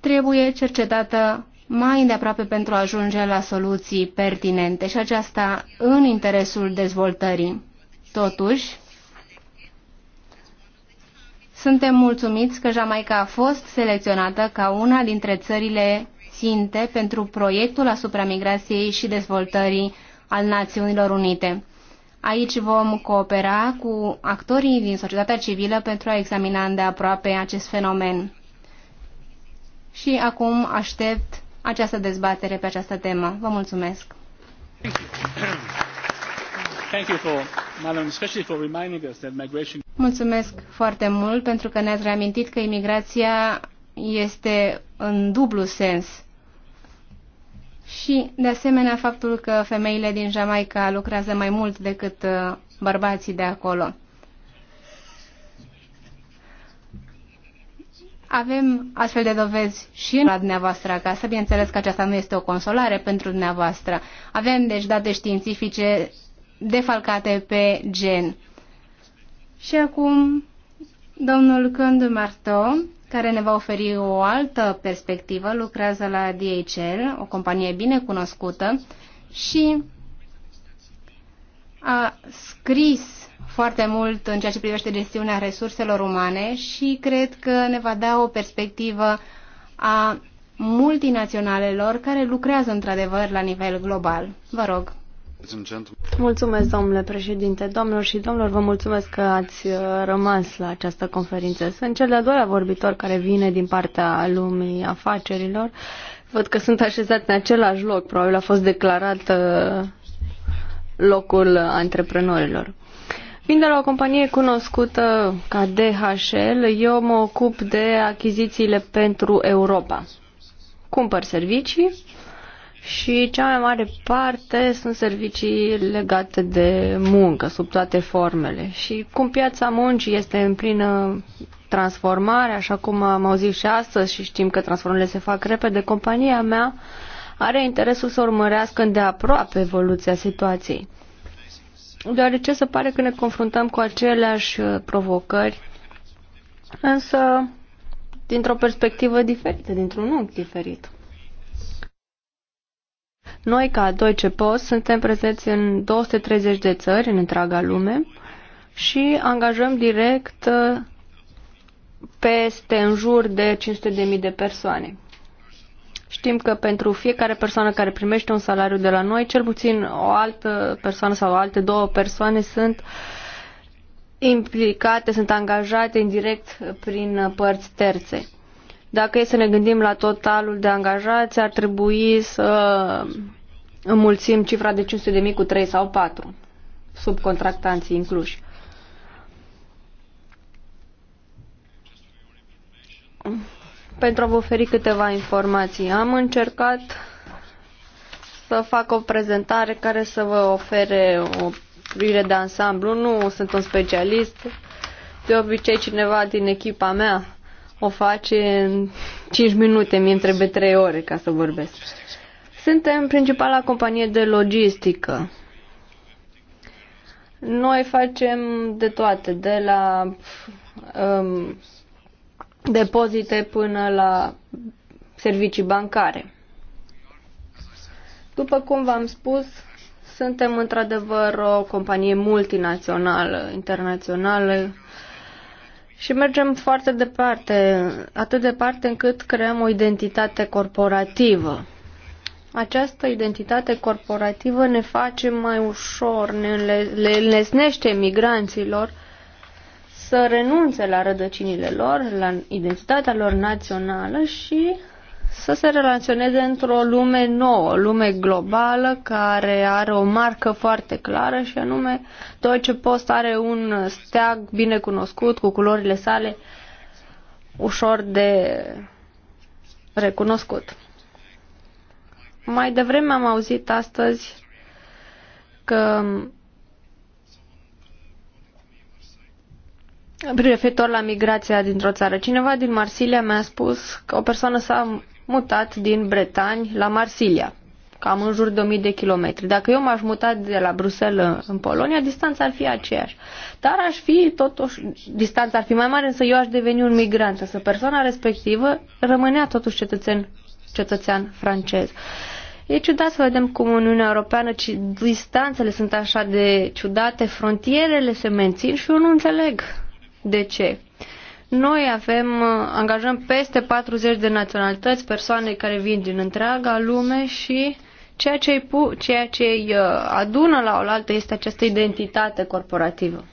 trebuie cercetată mai îndeaproape pentru a ajunge la soluții pertinente și aceasta în interesul dezvoltării. Totuși, suntem mulțumiți că Jamaica a fost selecționată ca una dintre țările ținte pentru proiectul asupra migrației și dezvoltării al Națiunilor Unite. Aici vom coopera cu actorii din societatea civilă pentru a examina îndeaproape acest fenomen. Și acum aștept această dezbatere pe această temă. Vă mulțumesc! Mulțumesc foarte mult pentru că ne-ați reamintit că imigrația este în dublu sens. Și, de asemenea, faptul că femeile din Jamaica lucrează mai mult decât uh, bărbații de acolo. Avem astfel de dovezi și la dumneavoastră acasă. Bineînțeles că aceasta nu este o consolare pentru dumneavoastră. Avem deci date științifice defalcate pe gen. Și acum domnul Cându Marto, care ne va oferi o altă perspectivă, lucrează la DHL, o companie bine cunoscută, și a scris foarte mult în ceea ce privește gestiunea resurselor umane și cred că ne va da o perspectivă a multinaționalelor care lucrează într-adevăr la nivel global. Vă rog. Mulțumesc, domnule președinte. Domnilor și domnilor, vă mulțumesc că ați uh, rămas la această conferință. Sunt cel de-al doilea vorbitor care vine din partea lumii afacerilor. Văd că sunt așezat în același loc. Probabil a fost declarat uh, locul antreprenorilor. Vin de la o companie cunoscută ca DHL, eu mă ocup de achizițiile pentru Europa. Cumpăr servicii și cea mai mare parte sunt servicii legate de muncă, sub toate formele. Și cum piața muncii este în plină transformare, așa cum am auzit și astăzi și știm că transformările se fac repede, compania mea are interesul să urmărească îndeaproape evoluția situației deoarece se pare că ne confruntăm cu aceleași uh, provocări, însă dintr-o perspectivă diferită, dintr-un unghi diferit. Noi, ca Deutsche Post, suntem prezenți în 230 de țări în întreaga lume și angajăm direct uh, peste în jur de 500.000 de persoane. Știm că pentru fiecare persoană care primește un salariu de la noi, cel puțin o altă persoană sau alte două persoane sunt implicate, sunt angajate indirect prin părți terțe. Dacă e să ne gândim la totalul de angajați, ar trebui să înmulțim cifra de 500.000 cu 3 sau 4, subcontractanții incluși pentru a vă oferi câteva informații. Am încercat să fac o prezentare care să vă ofere o privire de ansamblu. Nu sunt un specialist. De obicei cineva din echipa mea o face în 5 minute, mi trebuie 3 ore ca să vorbesc. Suntem principala companie de logistică. Noi facem de toate, de la um, depozite până la servicii bancare. După cum v-am spus, suntem într-adevăr o companie multinațională, internațională și mergem foarte departe, atât departe încât creăm o identitate corporativă. Această identitate corporativă ne face mai ușor, ne înlesnește migranților să renunțe la rădăcinile lor, la identitatea lor națională și să se relaționeze într-o lume nouă, o lume globală care are o marcă foarte clară și anume Deutsche Post are un steag bine cunoscut cu culorile sale ușor de recunoscut. Mai devreme am auzit astăzi că referitor la migrația dintr-o țară. Cineva din Marsilia mi-a spus că o persoană s-a mutat din Bretani la Marsilia, cam în jur de 1000 de kilometri. Dacă eu m-aș muta de la Bruxelles în Polonia, distanța ar fi aceeași. Dar aș fi, totuși, distanța ar fi mai mare, însă eu aș deveni un migrant, însă persoana respectivă rămânea totuși cetățen, cetățean francez. E ciudat să vedem cum Uniunea Europeană ci distanțele sunt așa de ciudate, frontierele se mențin și eu nu înțeleg de ce? Noi avem, angajăm peste 40 de naționalități, persoane care vin din întreaga lume și ceea ce îi, pu- ceea ce îi uh, adună la oaltă este această identitate corporativă.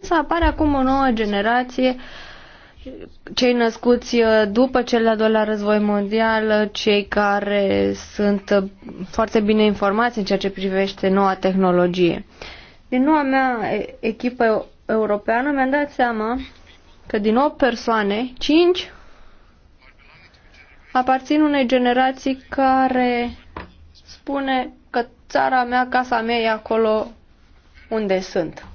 Să apare acum o nouă generație, cei născuți uh, după cel de-al doilea război mondial, uh, cei care sunt foarte bine informați în ceea ce privește noua tehnologie. Uh, din noua mea echipă europeană mi-am dat seama că din 8 persoane, 5 aparțin unei generații care spune că țara mea, casa mea e acolo unde sunt.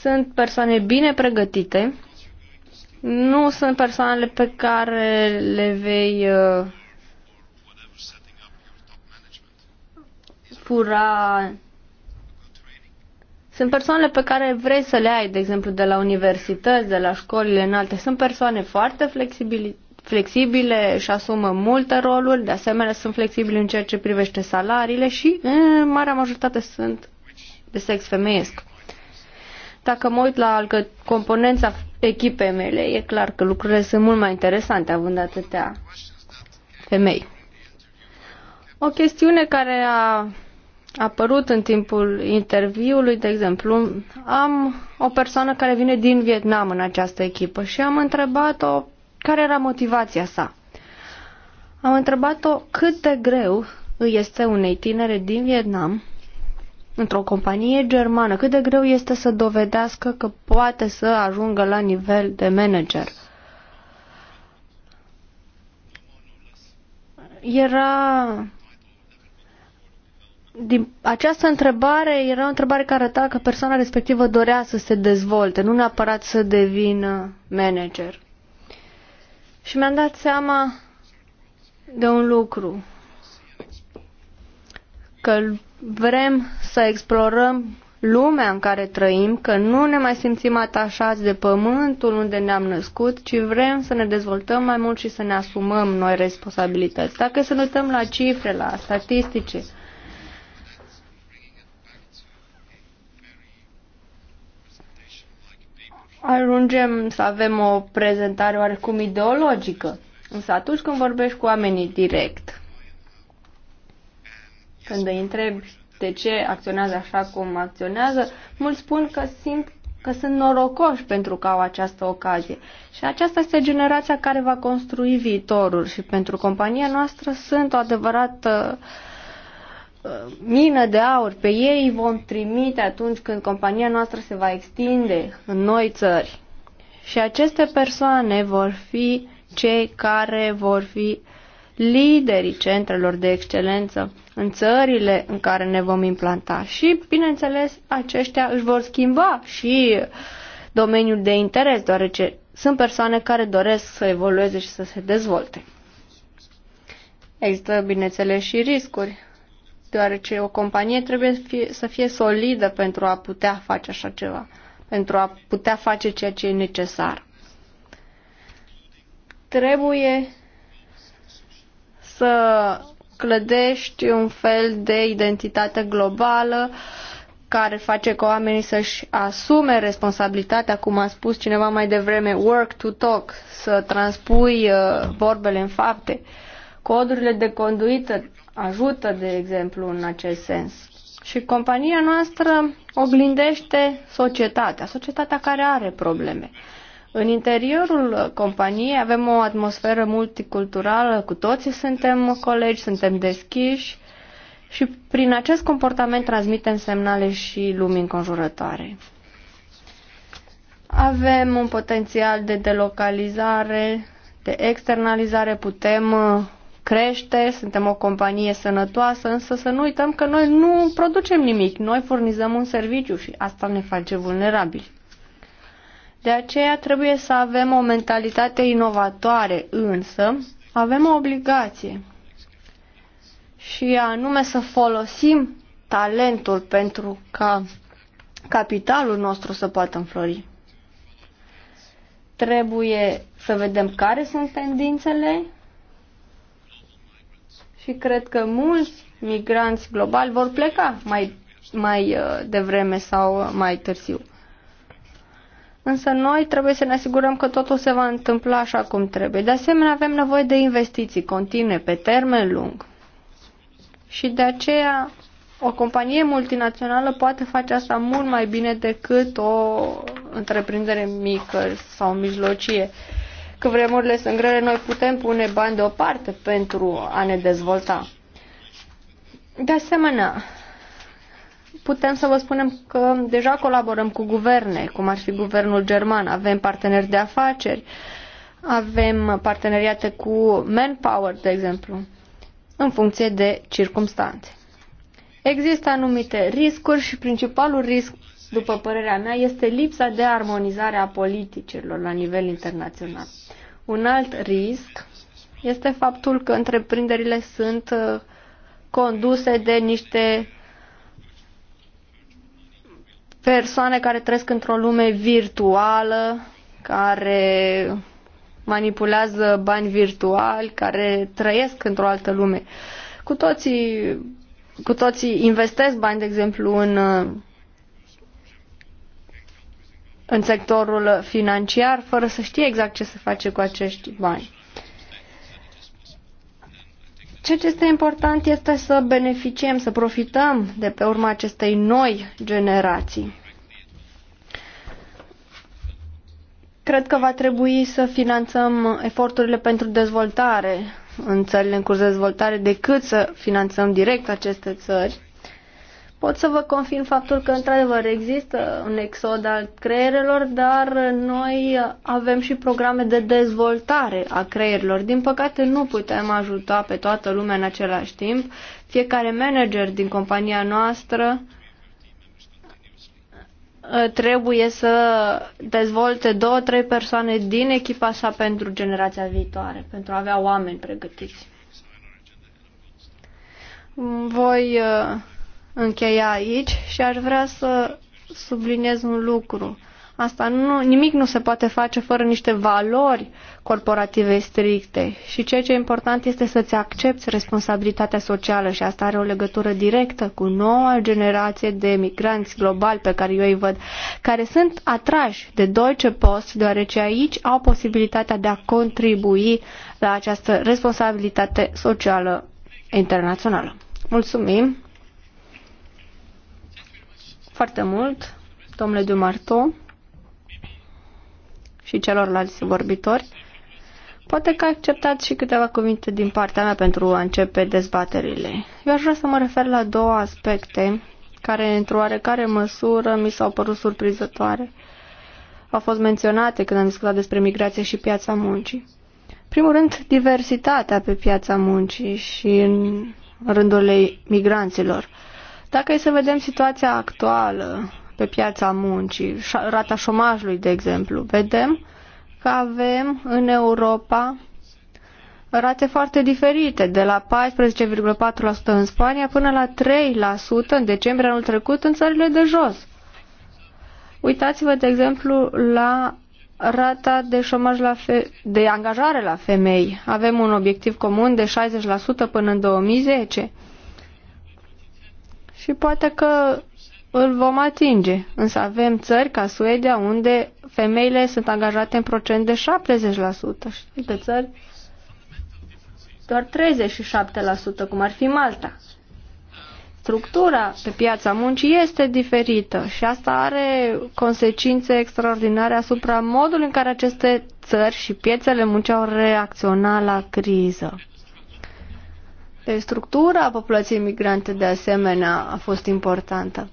Sunt persoane bine pregătite, nu sunt persoanele pe care le vei uh, fura sunt persoanele pe care vrei să le ai, de exemplu, de la universități, de la școlile înalte. Sunt persoane foarte flexibile, flexibile și asumă multe roluri, de asemenea sunt flexibile în ceea ce privește salariile și în marea majoritate sunt de sex femeiesc. Dacă mă uit la componența echipei mele, e clar că lucrurile sunt mult mai interesante având atâtea femei. O chestiune care a apărut în timpul interviului, de exemplu, am o persoană care vine din Vietnam în această echipă și am întrebat-o care era motivația sa. Am întrebat-o cât de greu îi este unei tinere din Vietnam, într-o companie germană, cât de greu este să dovedească că poate să ajungă la nivel de manager. Era din această întrebare era o întrebare care arăta că persoana respectivă dorea să se dezvolte, nu neapărat să devină manager. Și mi-am dat seama de un lucru, că vrem să explorăm lumea în care trăim, că nu ne mai simțim atașați de pământul unde ne-am născut, ci vrem să ne dezvoltăm mai mult și să ne asumăm noi responsabilități. Dacă să ne uităm la cifre, la statistice, ajungem să avem o prezentare oarecum ideologică. Însă atunci când vorbești cu oamenii direct, când îi întrebi de ce acționează așa cum acționează, mulți spun că simt că sunt norocoși pentru că au această ocazie. Și aceasta este generația care va construi viitorul și pentru compania noastră sunt o adevărată uh, Uh, mină de aur. Pe ei îi vom trimite atunci când compania noastră se va extinde în noi țări. Și aceste persoane vor fi cei care vor fi liderii centrelor de excelență în țările în care ne vom implanta. Și, bineînțeles, aceștia își vor schimba și domeniul de interes, deoarece sunt persoane care doresc să evolueze și să se dezvolte. Există, bineînțeles, și riscuri deoarece o companie trebuie fie, să fie solidă pentru a putea face așa ceva, pentru a putea face ceea ce e necesar. Trebuie să clădești un fel de identitate globală care face ca oamenii să-și asume responsabilitatea, cum a spus cineva mai devreme, work to talk, să transpui uh, vorbele în fapte. Codurile de conduită ajută, de exemplu, în acest sens. Și compania noastră oglindește societatea, societatea care are probleme. În interiorul companiei avem o atmosferă multiculturală, cu toții suntem colegi, suntem deschiși și prin acest comportament transmitem semnale și lumii înconjurătoare. Avem un potențial de delocalizare, de externalizare, putem crește, suntem o companie sănătoasă, însă să nu uităm că noi nu producem nimic, noi furnizăm un serviciu și asta ne face vulnerabili. De aceea trebuie să avem o mentalitate inovatoare, însă avem o obligație și anume să folosim talentul pentru ca capitalul nostru să poată înflori. Trebuie să vedem care sunt tendințele și cred că mulți migranți globali vor pleca mai, mai uh, devreme sau mai târziu. Însă noi trebuie să ne asigurăm că totul se va întâmpla așa cum trebuie. De asemenea, avem nevoie de investiții continue, pe termen lung. Și de aceea, o companie multinațională poate face asta mult mai bine decât o întreprindere mică sau mijlocie că vremurile sunt grele, noi putem pune bani deoparte pentru a ne dezvolta. De asemenea, putem să vă spunem că deja colaborăm cu guverne, cum ar fi guvernul german, avem parteneri de afaceri, avem parteneriate cu Manpower, de exemplu, în funcție de circumstanțe. Există anumite riscuri și principalul risc, după părerea mea, este lipsa de armonizare a politicilor la nivel internațional. Un alt risc este faptul că întreprinderile sunt uh, conduse de niște persoane care trăiesc într-o lume virtuală, care manipulează bani virtuali, care trăiesc într-o altă lume. Cu toții, cu toții investesc bani, de exemplu, în uh, în sectorul financiar fără să știe exact ce se face cu acești bani. Ceea ce este important este să beneficiem, să profităm de pe urma acestei noi generații. Cred că va trebui să finanțăm eforturile pentru dezvoltare în țările în curs de dezvoltare decât să finanțăm direct aceste țări Pot să vă confirm faptul că, într-adevăr, există un exod al creierelor, dar noi avem și programe de dezvoltare a creierilor. Din păcate, nu putem ajuta pe toată lumea în același timp. Fiecare manager din compania noastră uh, trebuie să dezvolte două, trei persoane din echipa sa pentru generația viitoare, pentru a avea oameni pregătiți. Voi uh, încheia aici și aș vrea să subliniez un lucru. Asta nu, nimic nu se poate face fără niște valori corporative stricte și ceea ce e important este să-ți accepti responsabilitatea socială și asta are o legătură directă cu noua generație de migranți globali pe care eu îi văd, care sunt atrași de Deutsche Post deoarece aici au posibilitatea de a contribui la această responsabilitate socială internațională. Mulțumim! foarte mult, domnule Dumarto și celorlalți vorbitori. Poate că acceptați și câteva cuvinte din partea mea pentru a începe dezbaterile. Eu aș vrea să mă refer la două aspecte care, într-o oarecare măsură, mi s-au părut surprizătoare. Au fost menționate când am discutat despre migrație și piața muncii. Primul rând, diversitatea pe piața muncii și în rândul migranților. Dacă e să vedem situația actuală pe piața muncii, rata șomajului, de exemplu, vedem că avem în Europa rate foarte diferite, de la 14,4% în Spania până la 3% în decembrie anul trecut în țările de jos. Uitați-vă, de exemplu, la rata de șomaj la fe- de angajare la femei. Avem un obiectiv comun de 60% până în 2010 și poate că îl vom atinge. Însă avem țări ca Suedia unde femeile sunt angajate în procent de 70% și alte țări doar 37%, cum ar fi Malta. Structura pe piața muncii este diferită și asta are consecințe extraordinare asupra modului în care aceste țări și piețele muncii au reacționat la criză structura populației migrante de asemenea a fost importantă.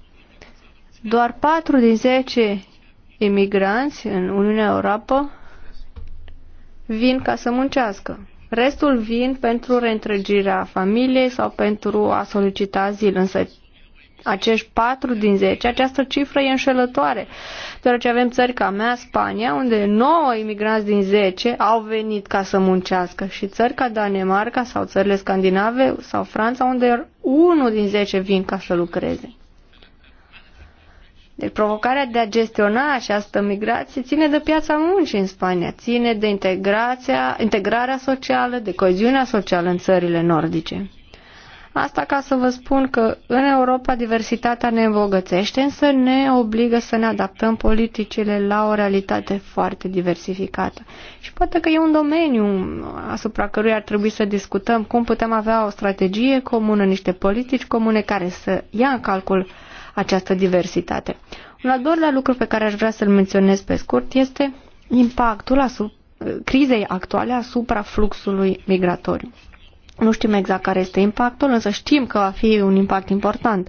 Doar 4 din 10 imigranți în Uniunea Europa vin ca să muncească. Restul vin pentru reîntregirea familiei sau pentru a solicita azil, însă acești 4 din 10, această cifră e înșelătoare, deoarece avem țări ca mea, Spania, unde 9 imigranți din 10 au venit ca să muncească și țări ca Danemarca sau țările scandinave sau Franța, unde 1 din 10 vin ca să lucreze. Deci provocarea de a gestiona această migrație ține de piața muncii în Spania, ține de integrația, integrarea socială, de coeziunea socială în țările nordice. Asta ca să vă spun că în Europa diversitatea ne îmbogățește, însă ne obligă să ne adaptăm politicile la o realitate foarte diversificată. Și poate că e un domeniu asupra căruia ar trebui să discutăm cum putem avea o strategie comună, niște politici comune care să ia în calcul această diversitate. Un al doilea lucru pe care aș vrea să-l menționez pe scurt este impactul asupra crizei actuale asupra fluxului migratoriu. Nu știm exact care este impactul, însă știm că va fi un impact important,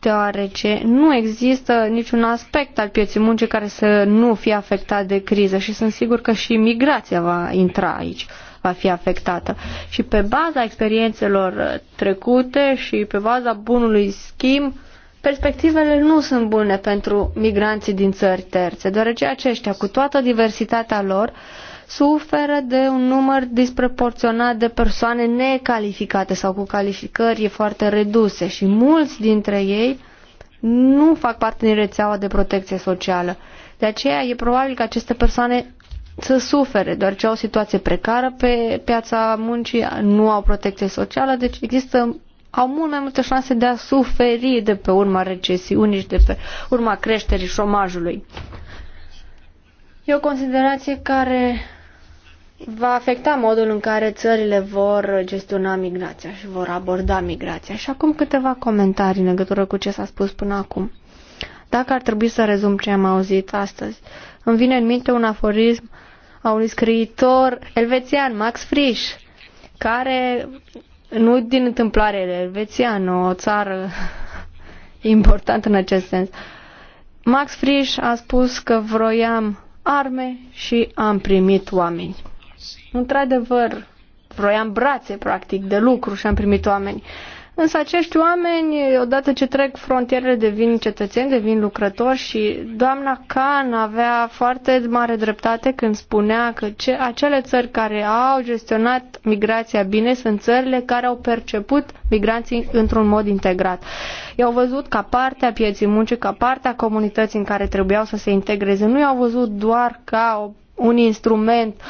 deoarece nu există niciun aspect al pieții muncii care să nu fie afectat de criză și sunt sigur că și migrația va intra aici va fi afectată. Și pe baza experiențelor trecute și pe baza bunului schimb, perspectivele nu sunt bune pentru migranții din țări terțe, deoarece aceștia, cu toată diversitatea lor, uh, suferă de un număr disproporționat de persoane necalificate sau cu calificări foarte reduse și mulți dintre ei nu fac parte din rețeaua de protecție socială. De aceea e probabil că aceste persoane să sufere, doar ce au o situație precară pe piața muncii, nu au protecție socială, deci există au mult mai multe șanse de a suferi de pe urma recesiunii și de pe urma creșterii șomajului. E o considerație care va afecta modul în care țările vor gestiona migrația și vor aborda migrația. Și acum câteva comentarii în legătură cu ce s-a spus până acum. Dacă ar trebui să rezum ce am auzit astăzi, îmi vine în minte un aforism a unui scriitor elvețian, Max Frisch, care nu din întâmplare elvețian, o țară importantă în acest sens. Max Frisch a spus că vroiam arme și am primit oameni. Într-adevăr, vroiam brațe, practic, de lucru și am primit oameni. Însă acești oameni, odată ce trec frontierele, devin cetățeni, devin lucrători și doamna Khan avea foarte mare dreptate când spunea că ce, acele țări care au gestionat migrația bine sunt țările care au perceput migranții într-un mod integrat. I-au văzut ca parte a pieții muncii, ca partea comunității în care trebuiau să se integreze. Nu i-au văzut doar ca un instrument uh,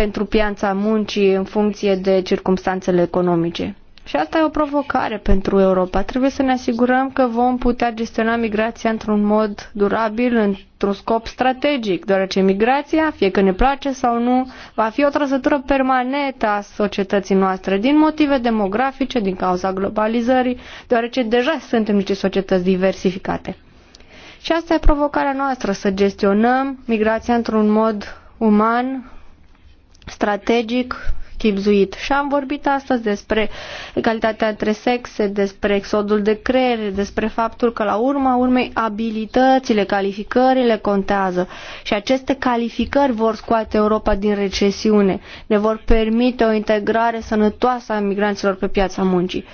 pentru piața muncii în funcție de circumstanțele economice. Și asta e o provocare pentru Europa. Trebuie să ne asigurăm că vom putea gestiona migrația într-un mod durabil, într-un scop strategic, deoarece migrația, fie că ne place sau nu, va fi o trăsătură permanentă a societății noastre din motive demografice, din cauza globalizării, deoarece deja suntem niște societăți diversificate. Și asta e provocarea noastră, să gestionăm migrația într-un mod uman, strategic chipzuit. Și am vorbit astăzi despre egalitatea între sexe, despre exodul de creier, despre faptul că la urma urmei abilitățile, calificările contează și aceste calificări vor scoate Europa din recesiune, ne vor permite o integrare sănătoasă a migranților pe piața muncii.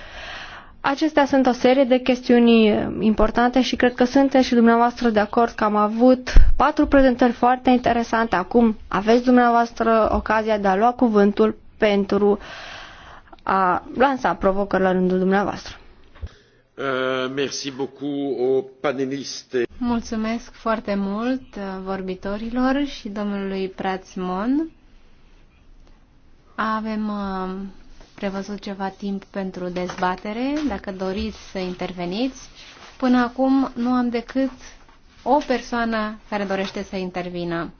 Acestea sunt o serie de chestiuni eh, importante și cred că sunteți și dumneavoastră de acord că am avut patru prezentări foarte interesante. Acum aveți dumneavoastră ocazia de a lua cuvântul pentru a lansa provocări la rândul dumneavoastră. Eh, Mulțumesc foarte mult eh, vorbitorilor și domnului Prațmon. Avem prevăzut ceva timp pentru dezbatere, dacă doriți să interveniți. Până acum nu am decât o persoană care dorește să intervină.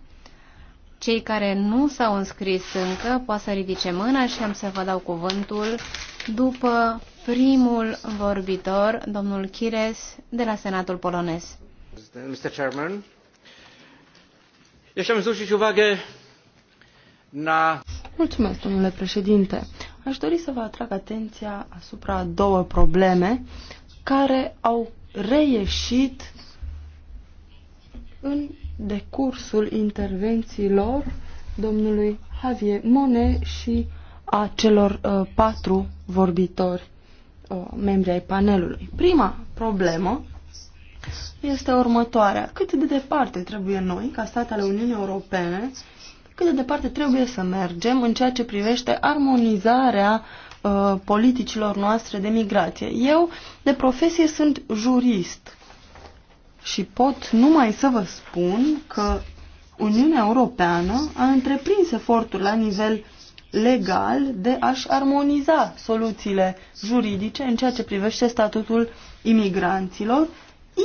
Cei care nu s-au înscris încă pot să ridice mâna și am să vă dau cuvântul după primul vorbitor, domnul Chires, de la Senatul polonez. Mr. Chairman, Mulțumesc, domnule președinte. Aș dori să vă atrag atenția asupra două probleme care au reieșit în decursul intervențiilor domnului Javier Monet și a celor uh, patru vorbitori uh, membri ai panelului. Prima problemă este următoarea. Cât de departe trebuie noi, ca statele Uniunii Europene, cât de departe trebuie să mergem în ceea ce privește armonizarea uh, politicilor noastre de migrație. Eu, de profesie, sunt jurist și pot numai să vă spun că Uniunea Europeană a întreprins eforturi la nivel legal de a-și armoniza soluțiile juridice în ceea ce privește statutul imigranților,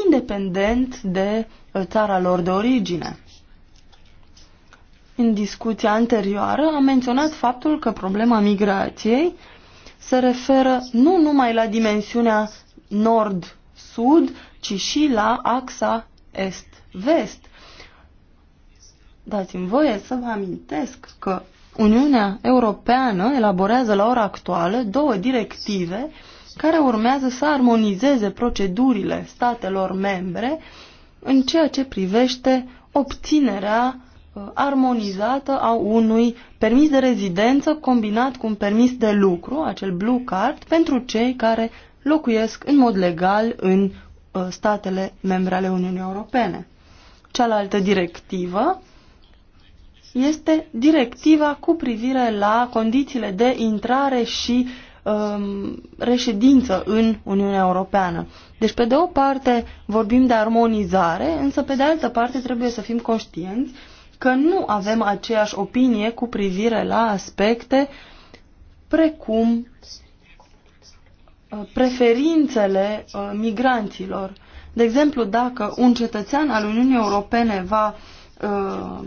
independent de uh, țara lor de origine în discuția anterioară, am menționat faptul că problema migrației se referă nu numai la dimensiunea nord-sud, ci și la axa est-vest. Dați-mi voie să vă amintesc că Uniunea Europeană elaborează la ora actuală două directive care urmează să armonizeze procedurile statelor membre în ceea ce privește obținerea Uh, armonizată a unui permis de rezidență combinat cu un permis de lucru, acel blue card, pentru cei care locuiesc în mod legal în uh, statele membre ale Uniunii Europene. Cealaltă directivă este directiva cu privire la condițiile de intrare și um, reședință în Uniunea Europeană. Deci, pe de o parte, vorbim de armonizare, însă, pe de altă parte, trebuie să fim conștienți că nu avem aceeași opinie cu privire la aspecte precum uh, preferințele uh, migranților. De exemplu, dacă un cetățean al Uniunii Europene va, uh,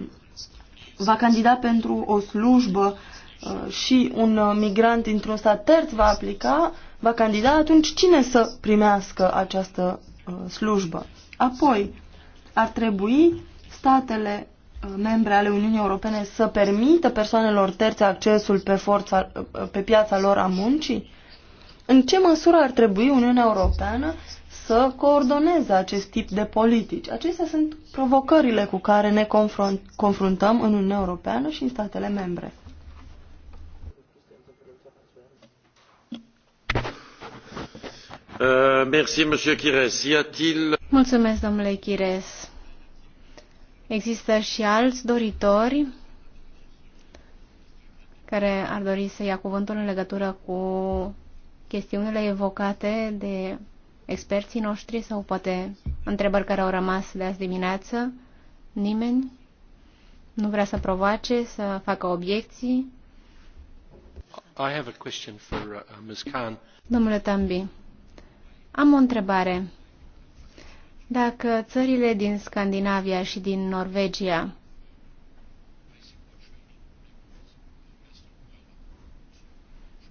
va candida pentru o slujbă și un migrant dintr-un stat terț va aplica, va candida, atunci cine să primească această slujbă? Apoi, ar trebui statele membre ale Uniunii Europene să permită persoanelor terțe accesul pe, forța, pe piața lor a muncii? În ce măsură ar trebui Uniunea Europeană să coordoneze acest tip de politici? Acestea sunt provocările cu care ne confruntăm în Uniunea Europeană și în statele membre. Uh, merci, Mulțumesc, domnule Chires. Există și alți doritori care ar dori să ia cuvântul în legătură cu chestiunile evocate de experții noștri sau poate întrebări care au rămas de azi dimineață? Nimeni? Nu vrea să provoace, să facă obiecții? I have a question for, uh, Ms. Khan. Domnule Tambi, am o întrebare. Dacă țările din Scandinavia și din Norvegia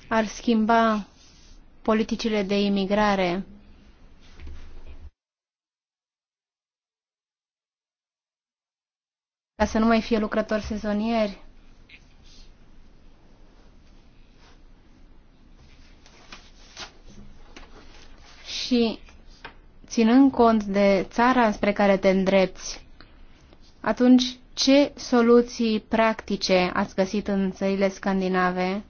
ar schimba politicile de imigrare ca să nu mai fie lucrători sezonieri? Și ținând cont de țara spre care te îndrepți, atunci ce soluții practice ați găsit în țările scandinave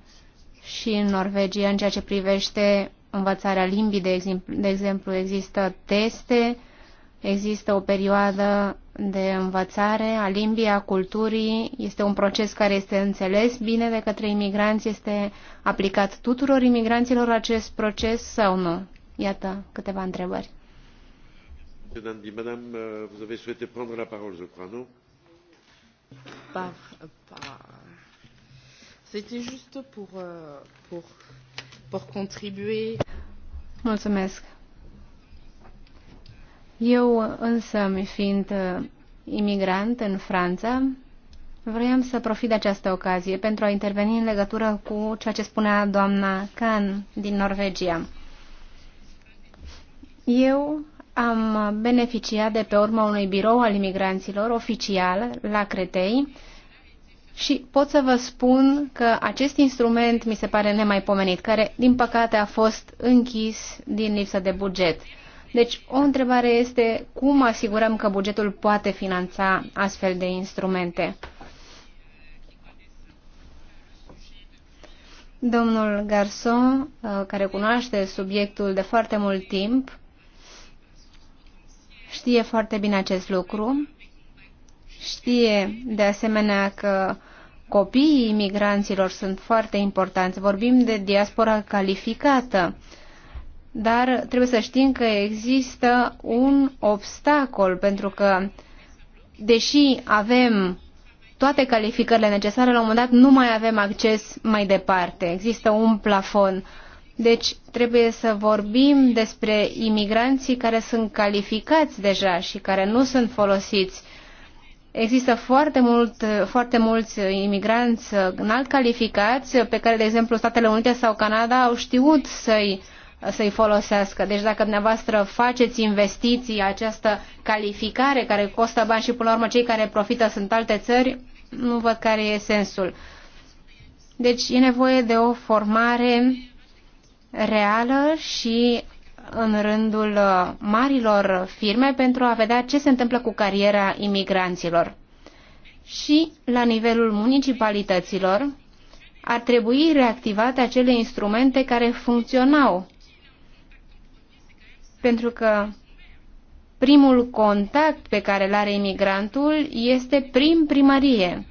și în Norvegia în ceea ce privește învățarea limbii, de exemplu, de exemplu există teste, există o perioadă de învățare a limbii, a culturii, este un proces care este înțeles bine de către imigranți, este aplicat tuturor imigranților acest proces sau nu? Iată câteva întrebări. Madame, euh, vous avez souhaité prendre la parole, je crois, non C'était juste pour, euh, contribuer. Eu însă, fiind uh, imigrant în Franța, Vroiam să profit de această ocazie pentru a interveni în legătură cu ceea ce spunea doamna Can din Norvegia. Eu am beneficiat de pe urma unui birou al imigranților oficial la Cretei și pot să vă spun că acest instrument mi se pare nemaipomenit, care din păcate a fost închis din lipsă de buget. Deci o întrebare este cum asigurăm că bugetul poate finanța astfel de instrumente. Domnul Garson, uh, care cunoaște subiectul de foarte mult timp, știe foarte bine acest lucru, știe de asemenea că copiii imigranților sunt foarte importanți. Vorbim de diaspora calificată, dar trebuie să știm că există un obstacol, pentru că, deși avem toate calificările necesare, la un moment dat nu mai avem acces mai departe. Există un plafon. Uh, deci trebuie să vorbim despre imigranții care sunt calificați deja și care nu sunt folosiți. Există foarte, mult, foarte mulți imigranți înalt calificați pe care, de exemplu, Statele Unite sau Canada au știut să-i să-i folosească. Deci dacă dumneavoastră faceți investiții, această calificare care costă bani și până la urmă cei care profită sunt alte țări, nu văd care e sensul. Deci e nevoie de o formare reală și în rândul uh, marilor firme pentru a vedea ce se întâmplă cu cariera imigranților. Și la nivelul municipalităților ar trebui reactivate acele instrumente care funcționau. Pentru că primul contact pe care îl are imigrantul este prin primărie,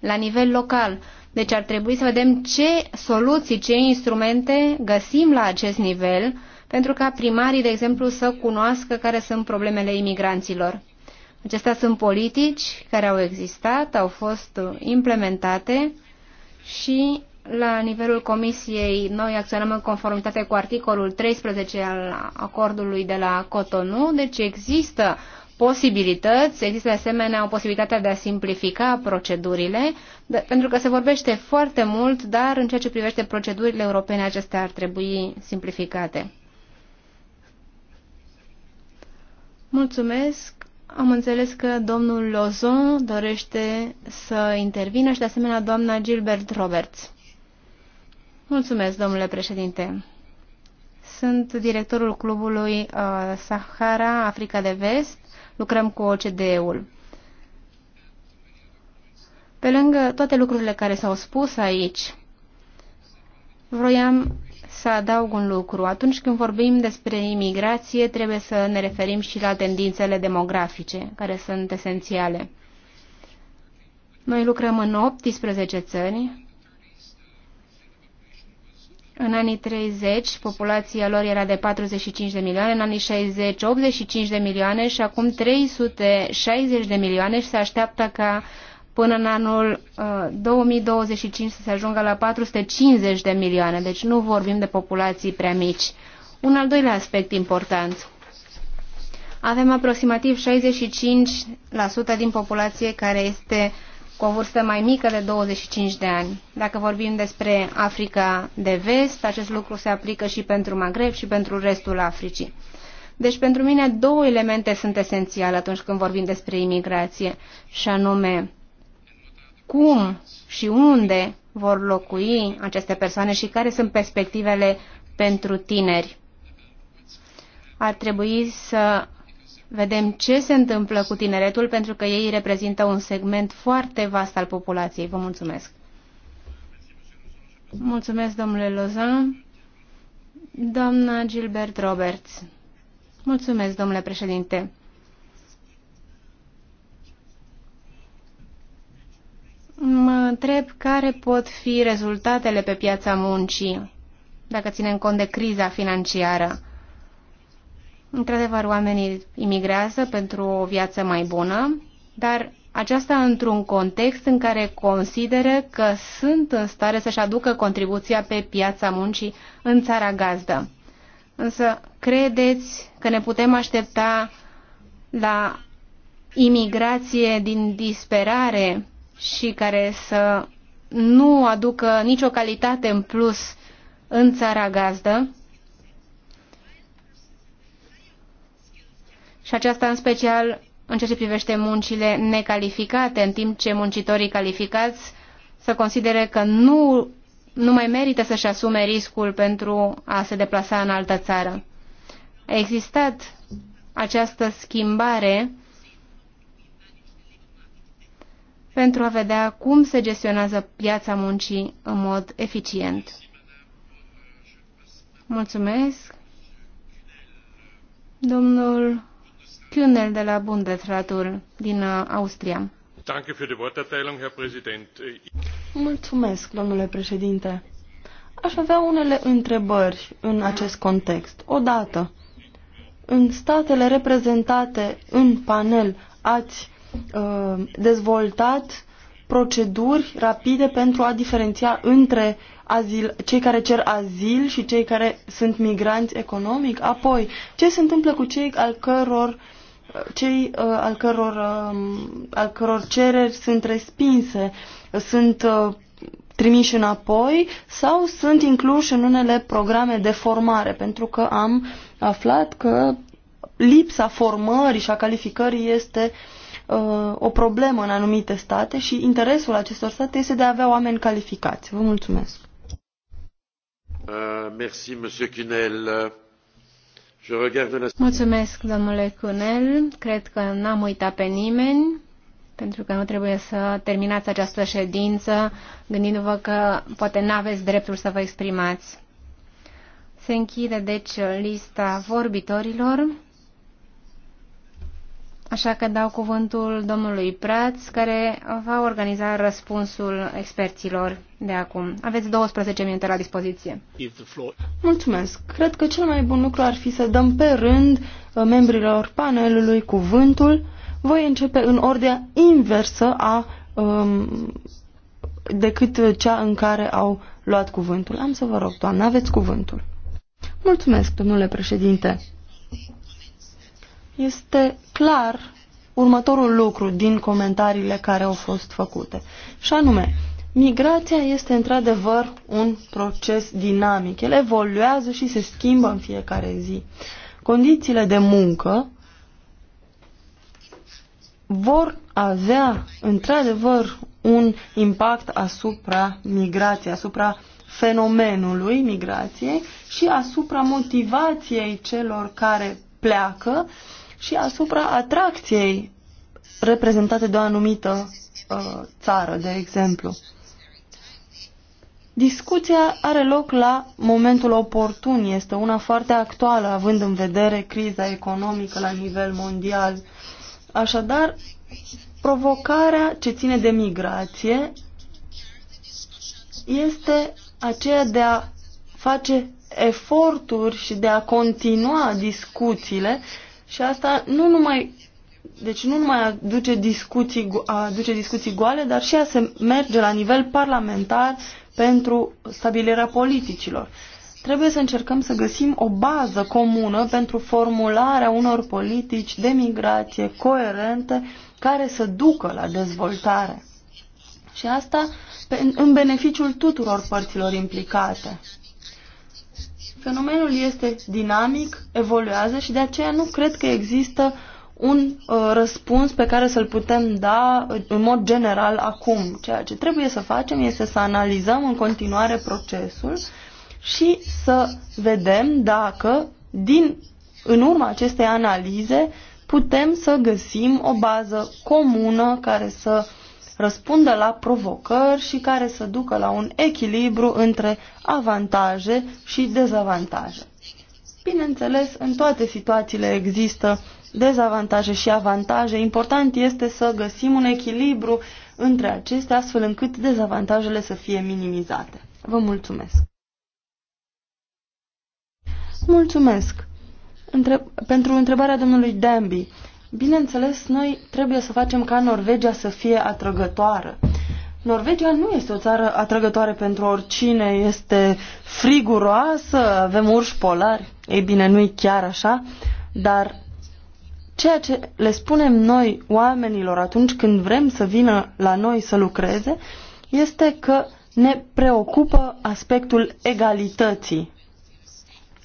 la nivel local. Deci ar trebui să vedem ce soluții, ce instrumente găsim la acest nivel pentru ca primarii, de exemplu, să cunoască care sunt problemele imigranților. Acestea sunt politici care au existat, au fost implementate și la nivelul Comisiei noi acționăm în conformitate cu articolul 13 al acordului de la Cotonou, deci există posibilități, există de asemenea o posibilitate de a simplifica procedurile, pentru că se vorbește foarte mult, dar în ceea ce privește procedurile europene, acestea ar trebui simplificate. Mulțumesc. Am înțeles că domnul Lozon dorește să intervină și de asemenea doamna Gilbert Roberts. Mulțumesc, domnule președinte. Sunt directorul clubului uh, Sahara Africa de Vest lucrăm cu OCDE-ul. Pe lângă toate lucrurile care s-au spus aici, vroiam să adaug un lucru. Atunci când vorbim despre imigrație, trebuie să ne referim și la tendințele demografice, care sunt esențiale. Noi lucrăm în 18 țări în anii 30, populația lor era de 45 de milioane, în anii 60, 85 de milioane și acum 360 de milioane și se așteaptă ca până în anul uh, 2025 să se ajungă la 450 de milioane, deci nu vorbim de populații prea mici. Un al doilea aspect important. Avem aproximativ 65% din populație care este uh, cu o vârstă mai mică de 25 de ani. Dacă vorbim despre Africa de vest, acest lucru se aplică și pentru Maghreb și pentru restul Africii. Deci pentru mine două elemente sunt esențiale atunci când vorbim despre imigrație, și anume cum și unde vor locui aceste persoane și care sunt perspectivele pentru tineri. Ar trebui să vedem ce se întâmplă cu tineretul, pentru că ei reprezintă un segment foarte vast al populației. Vă mulțumesc! Mulțumesc, domnule Lozan. Doamna Gilbert Roberts. Mulțumesc, domnule președinte. Mă întreb care pot fi rezultatele pe piața muncii, dacă ținem cont de criza financiară. Într-adevăr, oamenii imigrează pentru o viață mai bună, dar aceasta într-un context în care consideră că sunt în stare să-și aducă contribuția pe piața muncii în țara gazdă. Însă, credeți că ne putem aștepta la imigrație din disperare și care să nu aducă nicio calitate în plus în țara gazdă? Și aceasta în special în ceea ce privește muncile necalificate, în timp ce muncitorii calificați să considere că nu, nu mai merită să-și asume riscul pentru a se deplasa în altă țară. A existat această schimbare pentru a vedea cum se gestionează piața muncii în mod eficient. Mulțumesc. Domnul Kühnel de la Bundesratul din uh, Austria. Mulțumesc, domnule președinte. Aș avea unele întrebări în acest context. Odată, în statele reprezentate în panel ați uh, dezvoltat proceduri rapide pentru a diferenția între azil, cei care cer azil și cei care sunt migranți economic? Apoi, ce se întâmplă cu cei al căror uh, cei uh, al, căror, uh, al căror cereri sunt respinse, sunt uh, trimiși înapoi sau sunt incluși în unele programe de formare, pentru că am aflat că lipsa formării și a calificării este uh, o problemă în anumite state și interesul acestor state este de a avea oameni calificați. Vă mulțumesc. Uh, merci, Mulțumesc, domnule Cunel. Cred că n-am uitat pe nimeni, pentru că nu trebuie să terminați această ședință gândindu-vă că poate n-aveți dreptul să vă exprimați. Se închide, deci, lista vorbitorilor. Așa că dau cuvântul domnului Praț, care va organiza răspunsul experților de acum. Aveți 12 minute la dispoziție. Mulțumesc. Cred că cel mai bun lucru ar fi să dăm pe rând uh, membrilor panelului cuvântul. Voi începe în ordinea inversă a, um, decât cea în care au luat cuvântul. Am să vă rog, doamnă, aveți cuvântul. Mulțumesc, domnule președinte este clar următorul lucru din comentariile care au fost făcute. Și anume, migrația este într-adevăr un proces dinamic. El evoluează și se schimbă în fiecare zi. Condițiile de muncă vor avea într-adevăr un impact asupra migrației, asupra fenomenului migrației și asupra motivației celor care pleacă uh, și asupra atracției reprezentate de o anumită uh, țară, de exemplu. Discuția are loc la momentul oportun, este una foarte actuală, având în vedere criza economică la nivel mondial. Așadar, provocarea ce ține de migrație este aceea de a face eforturi și de a continua discuțiile și asta nu numai deci nu numai aduce discuții, aduce discuții goale, dar și a se merge la nivel parlamentar pentru stabilirea politicilor. Trebuie să încercăm să găsim o bază comună pentru formularea unor politici de migrație coerente care să ducă la dezvoltare. Și asta în beneficiul tuturor părților implicate. Fenomenul este dinamic, evoluează și de aceea nu cred că există un uh, răspuns pe care să-l putem da uh, în mod general acum. Ceea ce trebuie să facem este să analizăm în continuare procesul și să vedem dacă din, în urma acestei analize putem să găsim o bază comună care să uh, răspundă la provocări și care să ducă la un echilibru între avantaje și dezavantaje. Bineînțeles, în toate situațiile există dezavantaje și avantaje. Important este să găsim un echilibru între acestea, astfel încât dezavantajele să fie minimizate. Vă mulțumesc! Mulțumesc! Între... Pentru întrebarea domnului Danby, Bineînțeles, noi trebuie să facem ca Norvegia să fie atrăgătoară. Norvegia nu este o țară atrăgătoare pentru oricine, este friguroasă, avem urși polari. Ei bine, nu-i chiar așa, dar ceea ce le spunem noi oamenilor atunci când vrem să vină la noi să lucreze este că ne preocupă aspectul egalității.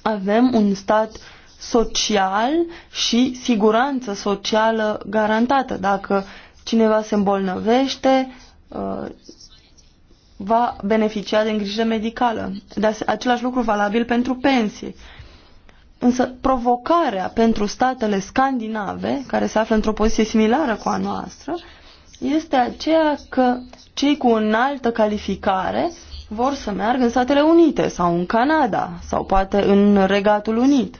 Avem un stat social și siguranță socială garantată. Dacă cineva se îmbolnăvește, uh, va beneficia de îngrijire medicală. Dar același lucru valabil pentru pensii. Însă provocarea pentru statele scandinave, care se află într-o poziție similară cu a noastră, este aceea că cei cu înaltă calificare vor să meargă în Statele Unite sau în Canada sau poate în Regatul Unit.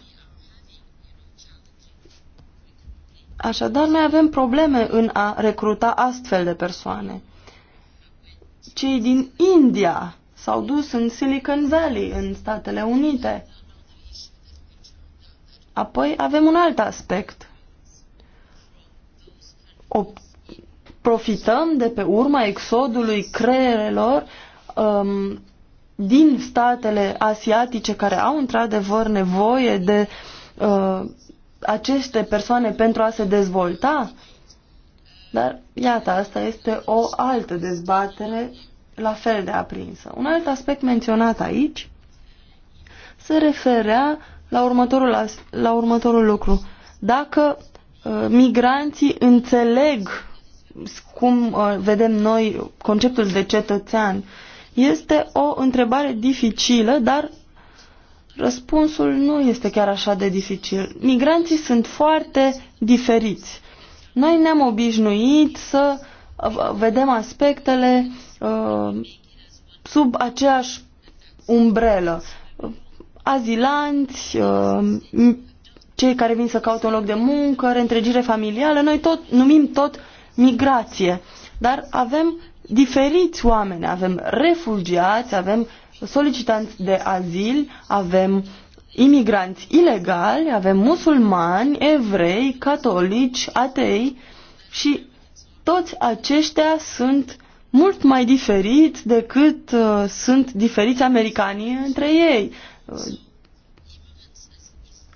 Așadar, noi avem probleme în a recruta astfel de persoane. Cei din India s-au dus în Silicon Valley, în Statele Unite. Apoi avem un alt aspect. O, profităm de pe urma exodului creierelor um, din statele asiatice care au într-adevăr nevoie de uh, aceste persoane pentru a se dezvolta? Dar, iată, asta este o altă dezbatere la fel de aprinsă. Un alt aspect menționat aici se referea la următorul, la următorul lucru. Dacă uh, migranții înțeleg cum uh, vedem noi conceptul de cetățean, este o întrebare dificilă, dar Răspunsul nu este chiar așa de dificil. Migranții sunt foarte diferiți. Noi ne-am obișnuit să uh, vedem aspectele uh, sub aceeași umbrelă. Azilanți, uh, cei care vin să caute un loc de muncă, reîntregire familială, noi tot numim tot migrație. Dar avem diferiți oameni, avem refugiați, avem solicitanți de azil, avem imigranți ilegali, avem musulmani, evrei, catolici, atei și toți aceștia sunt mult mai diferiți decât uh, sunt diferiți americanii între ei. Uh,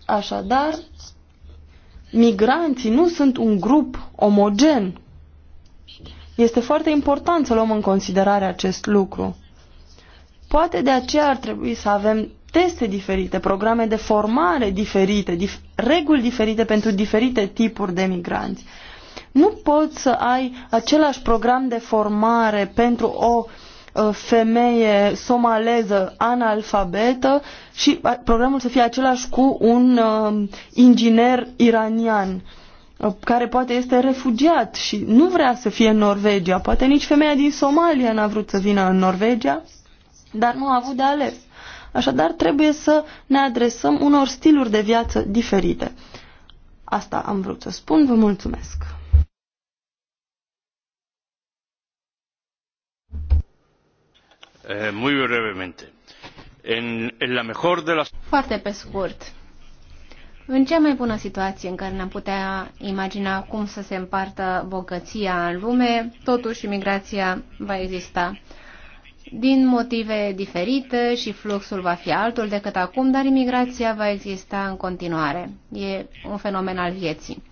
așadar, migranții nu sunt un grup omogen. Este foarte important să luăm în considerare acest lucru. Poate de aceea ar trebui să avem teste diferite, programe de formare diferite, dif reguli diferite pentru diferite tipuri de migranți. Nu poți să ai același program de formare pentru o uh, femeie somaleză analfabetă și programul să fie același cu un uh, inginer iranian uh, care poate este refugiat și nu vrea să fie în Norvegia. Poate nici femeia din Somalia n-a vrut să vină în Norvegia dar nu a avut de ales. Așadar, trebuie să ne adresăm unor stiluri de viață diferite. Asta am vrut să spun, vă mulțumesc! Eh, muy brevemente. En, en la mejor de las... Foarte pe scurt. În cea mai bună situație în care ne-am putea imagina cum să se împartă bogăția în lume, totuși imigrația va exista din motive diferite și fluxul va fi altul decât acum, dar imigrația va exista în continuare. E un fenomen al vieții.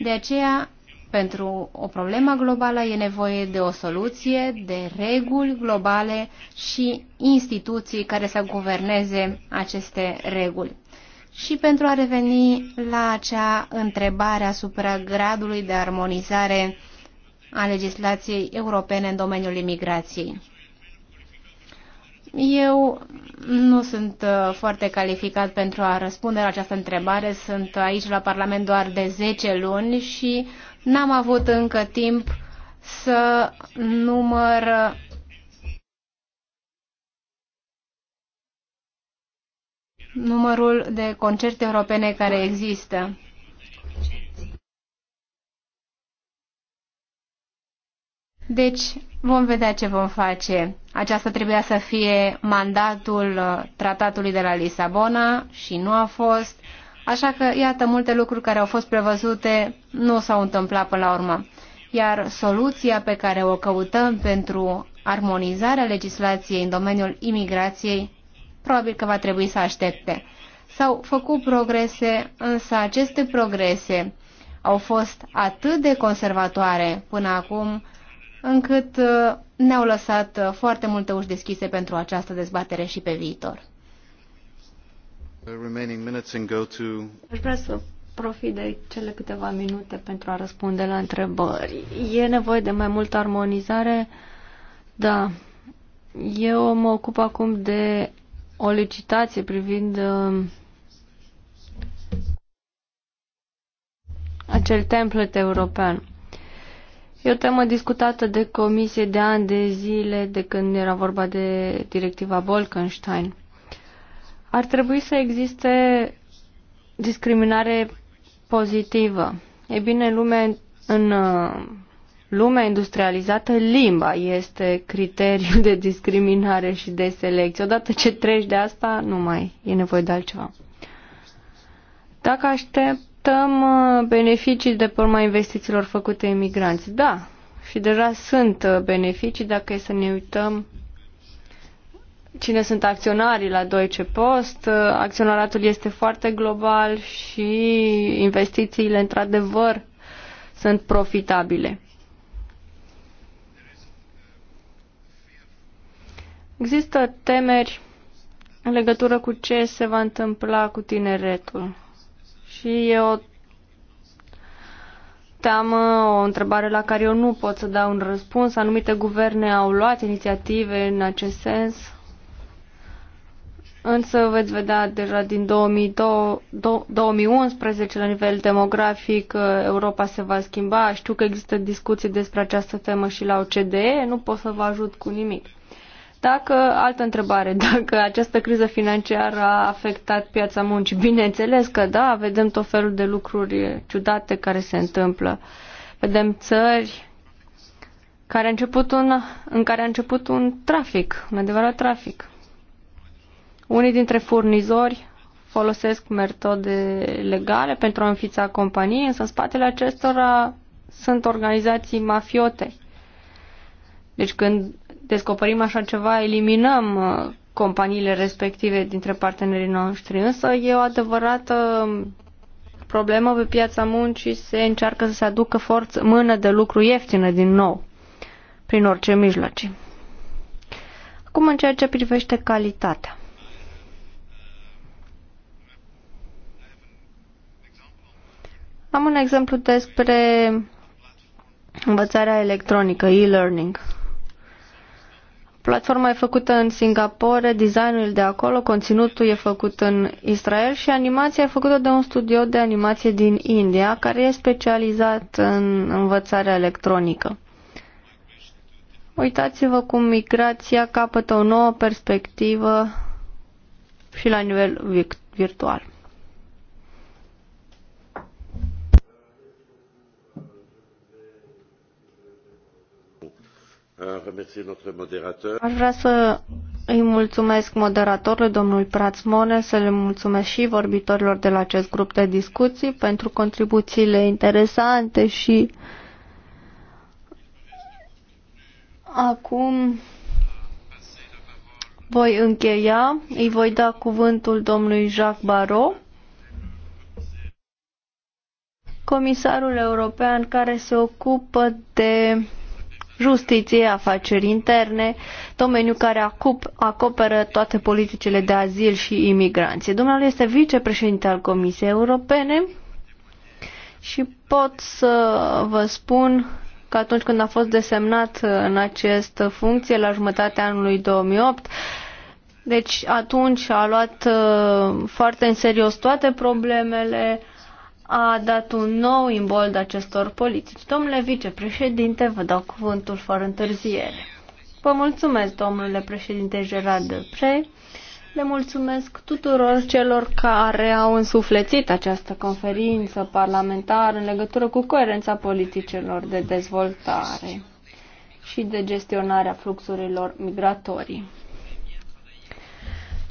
De aceea, pentru o problemă globală e nevoie de o soluție, de reguli globale și instituții care să guverneze aceste reguli. Și pentru a reveni la acea întrebare asupra gradului de armonizare a legislației europene în domeniul imigrației. Eu nu sunt uh, foarte calificat pentru a răspunde la această întrebare. Sunt aici la Parlament doar de 10 luni și n-am avut încă timp să număr numărul de concerte europene care există. Deci, Vom vedea ce vom face. Aceasta trebuia să fie mandatul uh, tratatului de la Lisabona și nu a fost. Așa că, iată, multe lucruri care au fost prevăzute nu s-au întâmplat până la urmă. Iar soluția pe care o căutăm pentru armonizarea legislației în domeniul imigrației probabil că va trebui să aștepte. S-au făcut progrese, însă aceste progrese au fost atât de conservatoare până acum încât uh, ne-au lăsat uh, foarte multe uși deschise pentru această dezbatere și pe viitor. Aș vrea să profit de cele câteva minute pentru a răspunde la întrebări. E nevoie de mai multă armonizare? Da. Eu mă ocup acum de o licitație privind uh, acel templet european. E o temă discutată de comisie de ani de zile de când era vorba de directiva Bolkenstein. Ar trebui să existe discriminare pozitivă. E bine, lume, în lumea industrializată, limba este criteriul de discriminare și de selecție. Odată ce treci de asta, nu mai e nevoie de altceva. Dacă aștept așteptăm uh, beneficii de pe urma investițiilor făcute imigranți. Da, și deja sunt uh, beneficii dacă e să ne uităm cine sunt acționarii la Deutsche Post. Uh, acționaratul este foarte global și investițiile, într-adevăr, sunt profitabile. Există temeri în legătură cu ce se va întâmpla cu tineretul. Și e o teamă, o întrebare la care eu nu pot să dau un răspuns. Anumite guverne au luat inițiative în acest sens. Însă veți vedea deja din 2002, 2011 la nivel demografic uh, Europa se va schimba. Știu că există discuții despre această temă și la OCDE. Nu pot să vă ajut cu nimic. Dacă, altă întrebare, dacă această criză financiară a afectat piața muncii, bineînțeles că da, vedem tot felul de lucruri ciudate care se întâmplă. Vedem țări care a început un, în care a început un trafic, un adevărat trafic. Unii dintre furnizori folosesc metode legale pentru a înfița companii, însă în spatele acestora sunt organizații mafiote. Deci când descoperim așa ceva, eliminăm uh, companiile respective dintre partenerii noștri. Însă e o adevărată um, problemă pe piața muncii, se încearcă să se aducă forță, mână de lucru ieftină din nou, prin orice mijloace. Acum în ceea ce privește calitatea. Am un exemplu despre învățarea electronică, e-learning. Platforma e făcută în Singapore, designul de acolo, conținutul e făcut în Israel și animația e făcută de un studio de animație din India care e specializat în învățarea electronică. Uitați-vă cum migrația capătă o nouă perspectivă și la nivel virtual. Ah, Aș vrea să îi mulțumesc moderatorului, domnul Prațmone, să le mulțumesc și vorbitorilor de la acest grup de discuții pentru contribuțiile interesante și acum voi încheia, îi voi da cuvântul domnului Jacques Barrot, comisarul european care se ocupă de justiție, afaceri interne, domeniu care acoperă toate politicile de azil și imigranție. Domnul este vicepreședinte al Comisiei Europene și pot să vă spun că atunci când a fost desemnat în această funcție la jumătatea anului 2008, deci atunci a luat uh, foarte în serios toate problemele a dat un nou imbold acestor politici. Domnule vicepreședinte, vă dau cuvântul fără întârziere. Vă mulțumesc, domnule președinte Gerard Depre. Le mulțumesc tuturor celor care au însuflețit această conferință parlamentară în legătură cu coerența politicilor de dezvoltare și de gestionarea fluxurilor migratorii.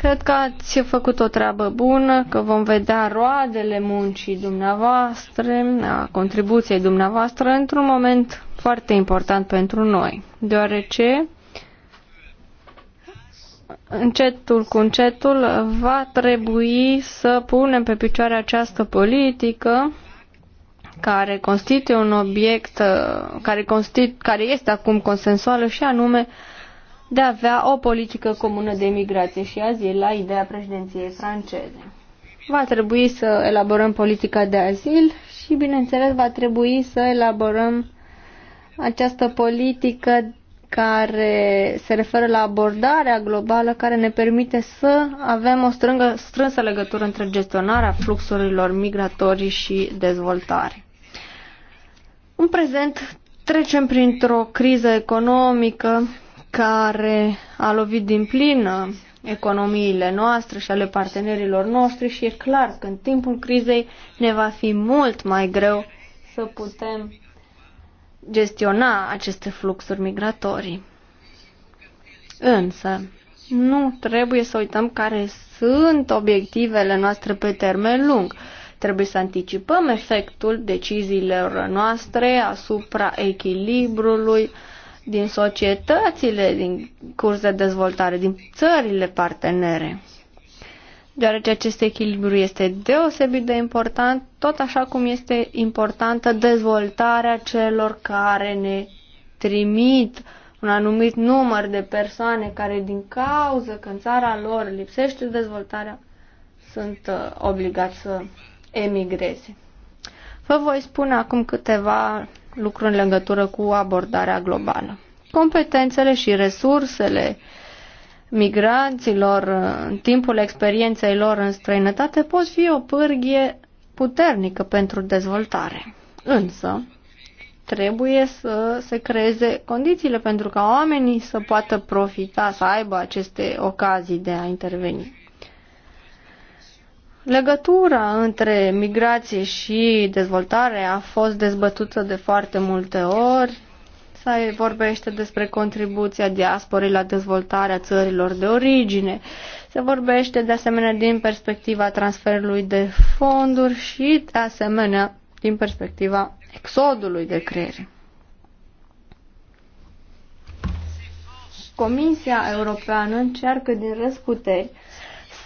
Cred că ați făcut o treabă bună, că vom vedea roadele muncii dumneavoastră, a contribuției dumneavoastră, într-un moment foarte important pentru noi, deoarece încetul cu încetul va trebui să punem pe picioare această politică care constituie un obiect care, constitu- care este acum consensuală și anume uh, de a avea o politică comună de migrație și azil la ideea președinției franceze. Va trebui să elaborăm politica de azil și, bineînțeles, va trebui să elaborăm această politică care se referă la abordarea globală care ne permite să avem o strângă, strânsă legătură între gestionarea fluxurilor migratorii și dezvoltare. În prezent trecem printr-o criză economică care a lovit din plin uh, economiile noastre și ale partenerilor noștri și e clar că în timpul crizei ne va fi mult mai greu să putem gestiona aceste fluxuri migratorii. Însă, nu trebuie să uităm care sunt obiectivele noastre pe termen lung. Trebuie să anticipăm efectul deciziilor noastre asupra echilibrului uh, din societățile din curs de dezvoltare, din țările partenere. Deoarece acest echilibru este deosebit de important, tot așa cum este importantă dezvoltarea celor care ne trimit un anumit număr de persoane care din cauză că în țara lor lipsește dezvoltarea, sunt uh, obligați să emigreze. Vă voi spune acum câteva lucru în legătură cu abordarea globală. Competențele și resursele migranților în timpul experienței lor în străinătate pot fi o pârghie puternică pentru dezvoltare. Însă, trebuie să se creeze condițiile pentru ca oamenii să poată profita, să aibă aceste ocazii de a interveni. Legătura între migrație și dezvoltare a fost dezbătută de foarte multe ori. Se vorbește despre contribuția diasporii la dezvoltarea țărilor de origine. Se vorbește de asemenea din perspectiva transferului de fonduri și de asemenea din perspectiva exodului de creier. Comisia Europeană încearcă din răsputeri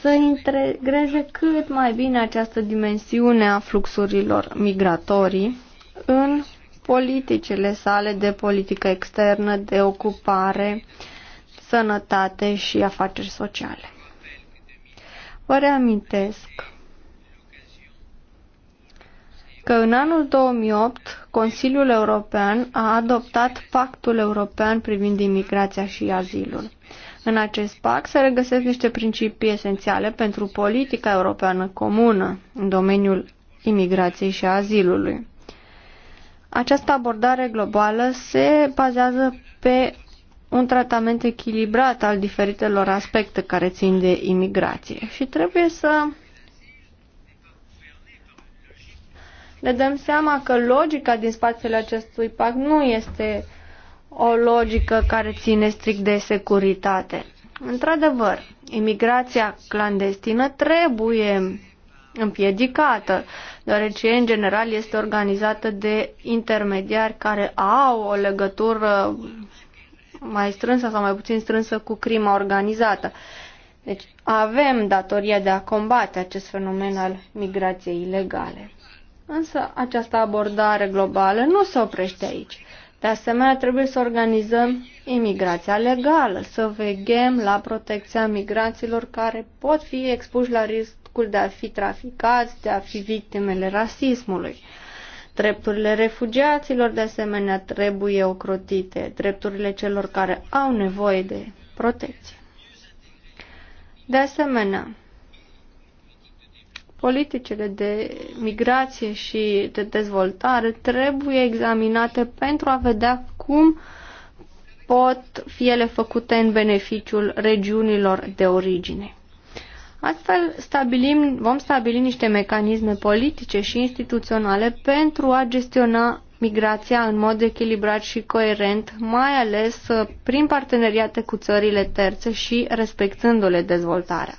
să integreze cât mai bine această dimensiune a fluxurilor migratorii în politicile sale de politică externă, de ocupare, sănătate și afaceri sociale. Vă reamintesc că în anul 2008 Consiliul European a adoptat Pactul European privind imigrația și azilul. În acest pact se regăsesc niște principii esențiale pentru politica europeană comună în domeniul imigrației și azilului. Această abordare globală se bazează pe un tratament echilibrat al diferitelor aspecte care țin de imigrație și trebuie să ne dăm seama că logica din spațiul acestui pact nu este uh, o logică care ține strict de securitate. Într-adevăr, imigrația clandestină trebuie împiedicată, deoarece în general este organizată de intermediari care au o legătură mai strânsă sau mai puțin strânsă cu crima organizată. Deci avem datoria de a combate acest fenomen al migrației ilegale. Însă această abordare globală nu se oprește aici. De asemenea, trebuie să organizăm imigrația legală, să veghem la protecția migranților care pot fi expuși la riscul de a fi traficați, de a fi victimele rasismului. Drepturile refugiaților, de asemenea, trebuie ocrotite, drepturile celor care au nevoie de protecție. De asemenea, Politicile de migrație și de dezvoltare trebuie examinate pentru a vedea cum pot fi ele făcute în beneficiul regiunilor de origine. Astfel stabilim, vom stabili niște mecanisme politice și instituționale pentru a gestiona migrația în mod echilibrat și coerent, mai ales uh, prin parteneriate cu țările terțe și respectându-le dezvoltarea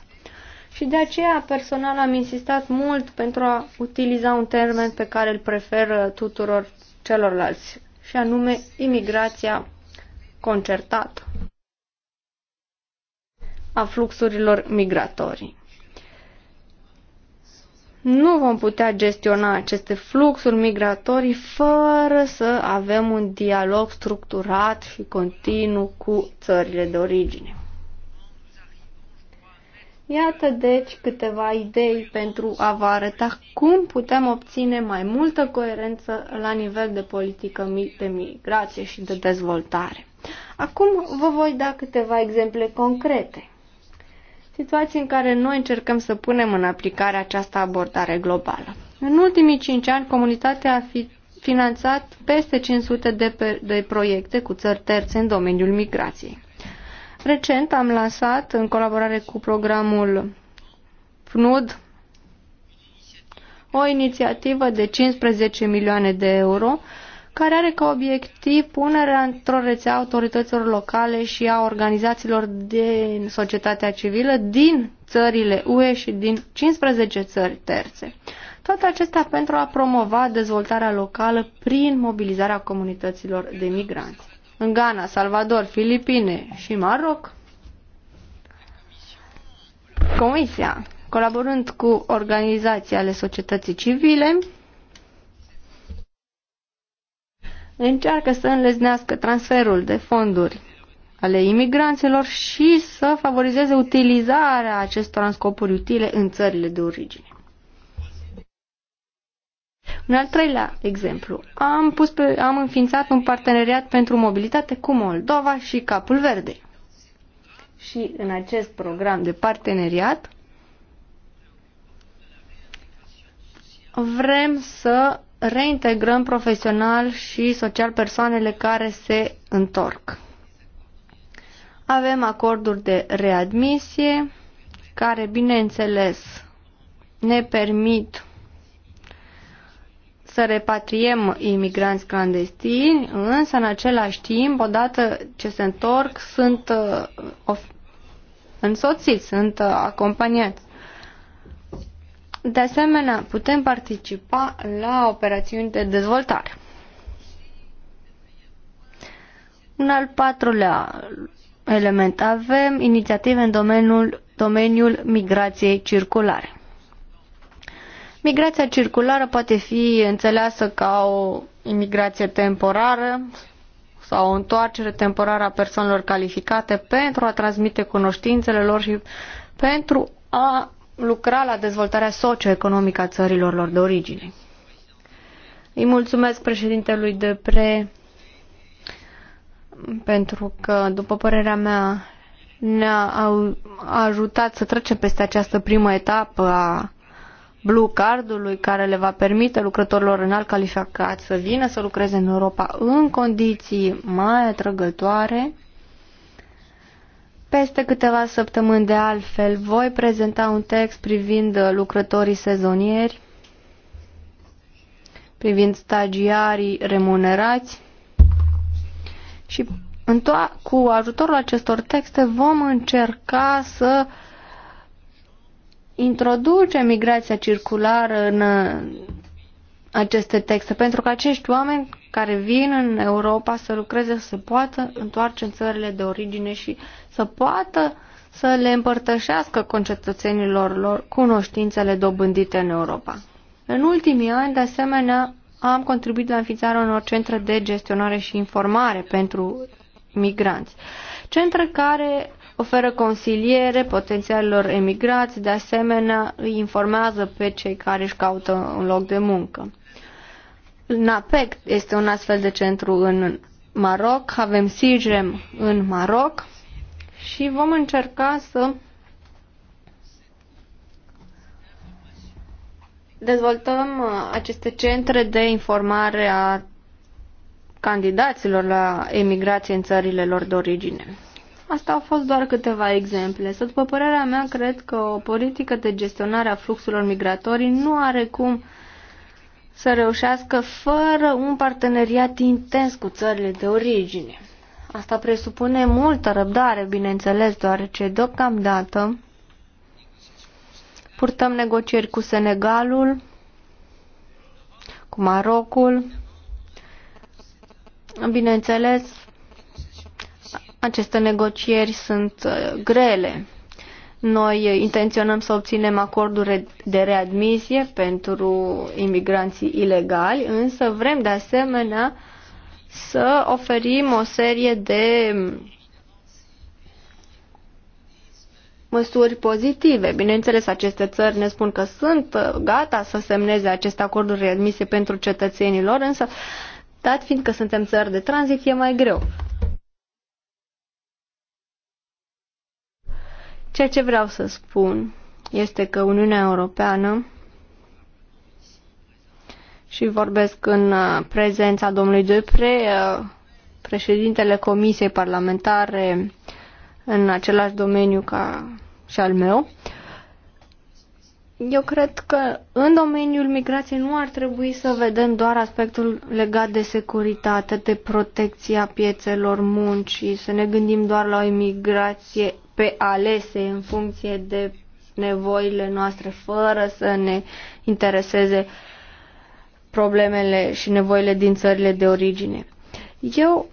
și de aceea personal am insistat mult pentru a utiliza un termen pe care îl preferă tuturor celorlalți, și anume imigrația concertată a fluxurilor migratorii. Nu vom putea gestiona aceste fluxuri migratorii fără să avem un dialog structurat și continuu cu țările de origine. Iată deci câteva idei pentru a vă arăta cum putem obține mai multă coerență la nivel de politică de migrație și de dezvoltare. Acum vă voi da câteva exemple concrete. Situații în care noi încercăm să punem în aplicare această abordare globală. În ultimii cinci ani, comunitatea a fi finanțat peste 500 de, pe, de proiecte cu țări terțe în domeniul migrației. Recent am lansat, în colaborare cu programul PNUD, o inițiativă de 15 milioane de euro care are ca obiectiv punerea într-o rețea autorităților locale și a organizațiilor din societatea civilă din țările UE și din 15 țări terțe. Toate acestea pentru a promova dezvoltarea locală prin mobilizarea comunităților de migranți în Ghana, Salvador, Filipine și Maroc. Comisia, colaborând cu organizații ale societății civile, încearcă să înleznească transferul de fonduri ale imigranților și să favorizeze utilizarea acestora în scopuri utile în țările de origine. Un al treilea exemplu. Am, pus pe, am înființat un parteneriat pentru mobilitate cu Moldova și Capul Verde. Și în acest program de parteneriat vrem să reintegrăm profesional și social persoanele care se întorc. Avem acorduri de readmisie care, bineînțeles, ne permit să repatriem imigranți clandestini, însă în același timp, odată ce se întorc, sunt uh, însoțiți, sunt uh, acompaniați. De asemenea, putem participa la operațiuni de dezvoltare. Un al patrulea element avem inițiative în domeniul, domeniul migrației circulare. Migrația circulară poate fi înțeleasă ca o imigrație temporară sau o întoarcere temporară a persoanelor calificate pentru a transmite cunoștințele lor și pentru a lucra la dezvoltarea socioeconomică a țărilor lor de origine. Îi mulțumesc președintelui de pre, pentru că, după părerea mea, ne-a ajutat să trecem peste această primă etapă a blue cardului care le va permite lucrătorilor înalt calificați să vină să lucreze în Europa în condiții mai atrăgătoare. Peste câteva săptămâni de altfel voi prezenta un text privind lucrătorii sezonieri, privind stagiarii remunerați și cu ajutorul acestor texte vom încerca să uh, introduce migrația circulară în uh, aceste texte, pentru că acești oameni care vin în Europa să lucreze, să poată întoarce în țările de origine și să poată să le împărtășească concetățenilor lor cunoștințele dobândite în Europa. În ultimii ani, de asemenea, am contribuit la înființarea unor centre de gestionare și informare pentru migranți. Centre care oferă consiliere potențialilor emigrați, de asemenea îi informează pe cei care își caută un loc de muncă. NAPEC este un astfel de centru în Maroc, avem SIGEM în Maroc și vom încerca să dezvoltăm uh, aceste centre de informare a candidaților la emigrație în țările lor de origine. Asta au fost doar câteva exemple, să după părerea mea cred că o politică de gestionare a fluxurilor migratorii nu are cum să reușească fără un parteneriat intens cu țările de origine. Asta presupune multă răbdare, bineînțeles, deoarece deocamdată purtăm negocieri cu Senegalul, cu Marocul, bineînțeles, aceste negocieri sunt uh, grele. Noi uh, intenționăm să obținem acorduri de readmisie pentru imigranții ilegali, însă vrem de asemenea să oferim o serie de măsuri pozitive. Bineînțeles, aceste țări ne spun că sunt uh, gata să semneze aceste acorduri readmise pentru cetățenilor, însă dat fiindcă suntem țări de tranzit, e mai greu. Ceea ce vreau să spun este că Uniunea Europeană și vorbesc în uh, prezența domnului Dupre, uh, președintele Comisiei Parlamentare în același domeniu ca și al meu. Eu cred că în domeniul migrației nu ar trebui să vedem doar aspectul legat de securitate, de protecția piețelor muncii, să ne gândim doar la o imigrație pe alese în funcție de nevoile noastre, fără să ne intereseze problemele și nevoile din țările de origine. Eu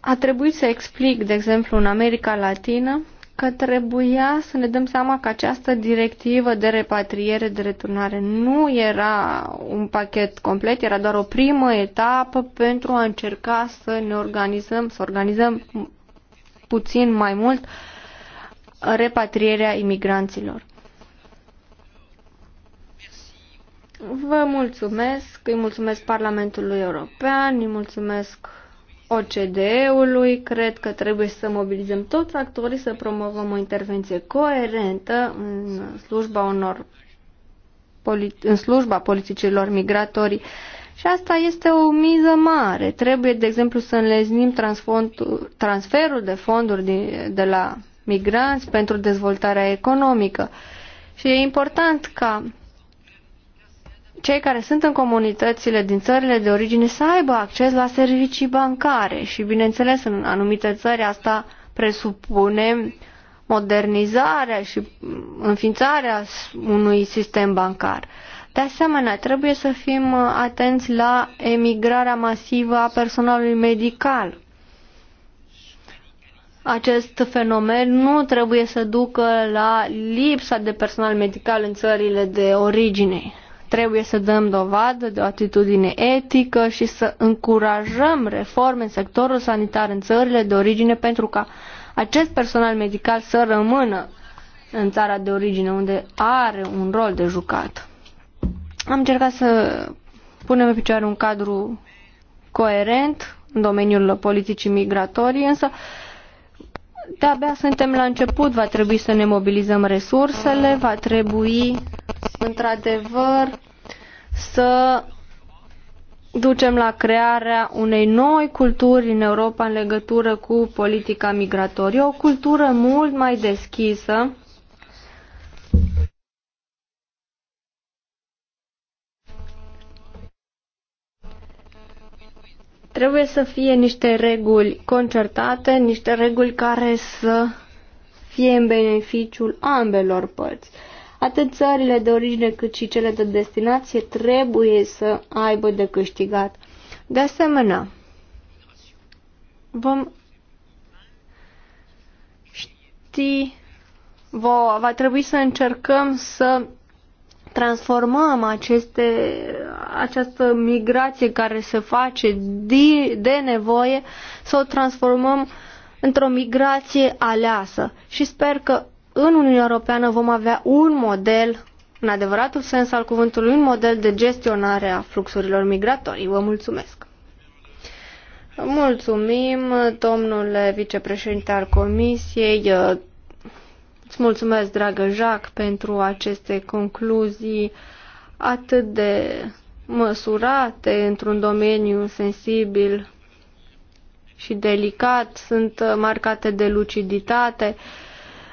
a trebuit să explic, de exemplu, în America Latină, că trebuia să ne dăm seama că această directivă de repatriere, de returnare, nu era un pachet complet, era doar o primă etapă pentru a încerca să ne organizăm, să organizăm puțin mai mult uh, repatrierea imigranților. Vă mulțumesc, îi mulțumesc Parlamentului European, îi mulțumesc OCDE-ului, cred că trebuie să mobilizăm toți actorii să promovăm o intervenție coerentă în slujba unor în slujba politicilor migratorii. Și asta este o miză mare. Trebuie, de exemplu, să înleznim transferul de fonduri de la migranți, pentru dezvoltarea economică. Și e important ca cei care sunt în comunitățile din țările de origine să aibă acces la servicii bancare și, bineînțeles, în anumite țări asta presupune modernizarea și înființarea unui sistem bancar. De asemenea, trebuie să fim atenți la emigrarea masivă a personalului medical acest fenomen nu trebuie să ducă la lipsa de personal medical în țările de origine. Trebuie să dăm dovadă de o atitudine etică și să încurajăm reforme în sectorul sanitar în țările de origine pentru ca acest personal medical să rămână în țara de origine unde are un rol de jucat. Am încercat să punem pe picioare un cadru coerent în domeniul politicii migratorii, însă uh, de-abia suntem la început, va trebui să ne mobilizăm resursele, va trebui într-adevăr să ducem la crearea unei noi culturi în Europa în legătură cu politica migratorie, o cultură mult mai deschisă Trebuie să fie niște reguli concertate, niște reguli care să fie în beneficiul ambelor părți. Atât țările de origine cât și cele de destinație trebuie să aibă de câștigat. De asemenea, vom ști, va, va trebui să încercăm să transformăm aceste, această migrație care se face de, de nevoie, să o transformăm într-o migrație aleasă. Și sper că în Uniunea Europeană vom avea un model, în adevăratul sens al cuvântului, un model de gestionare a fluxurilor migratorii. Vă mulțumesc! Mulțumim, domnule vicepreședinte al Comisiei. Îți mulțumesc, dragă Jacques, pentru aceste concluzii atât de măsurate într-un domeniu sensibil și delicat, sunt marcate de luciditate.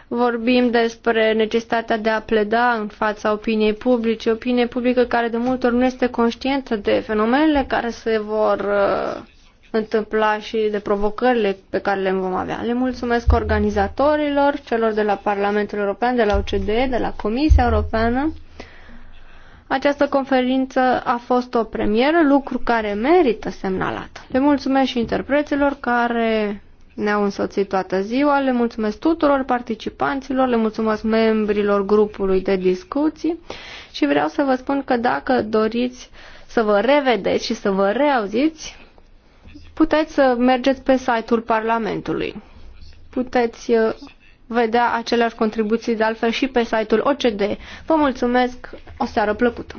Vorbim despre necesitatea de a pleda în fața opiniei publice, opinie publică care de multe ori nu este conștientă de fenomenele care se vor uh, întâmpla și de provocările pe care le vom avea. Le mulțumesc organizatorilor, celor de la Parlamentul European, de la OCDE, de la Comisia Europeană. Această conferință a fost o premieră, lucru care merită semnalat. Le mulțumesc și interpreților care ne-au însoțit toată ziua, le mulțumesc tuturor participanților, le mulțumesc membrilor grupului de discuții și vreau să vă spun că dacă doriți să vă revedeți și să vă reauziți, puteți să uh, mergeți pe site-ul Parlamentului. Puteți uh, vedea aceleași contribuții de altfel și pe site-ul OCD. Vă mulțumesc, o seară plăcută!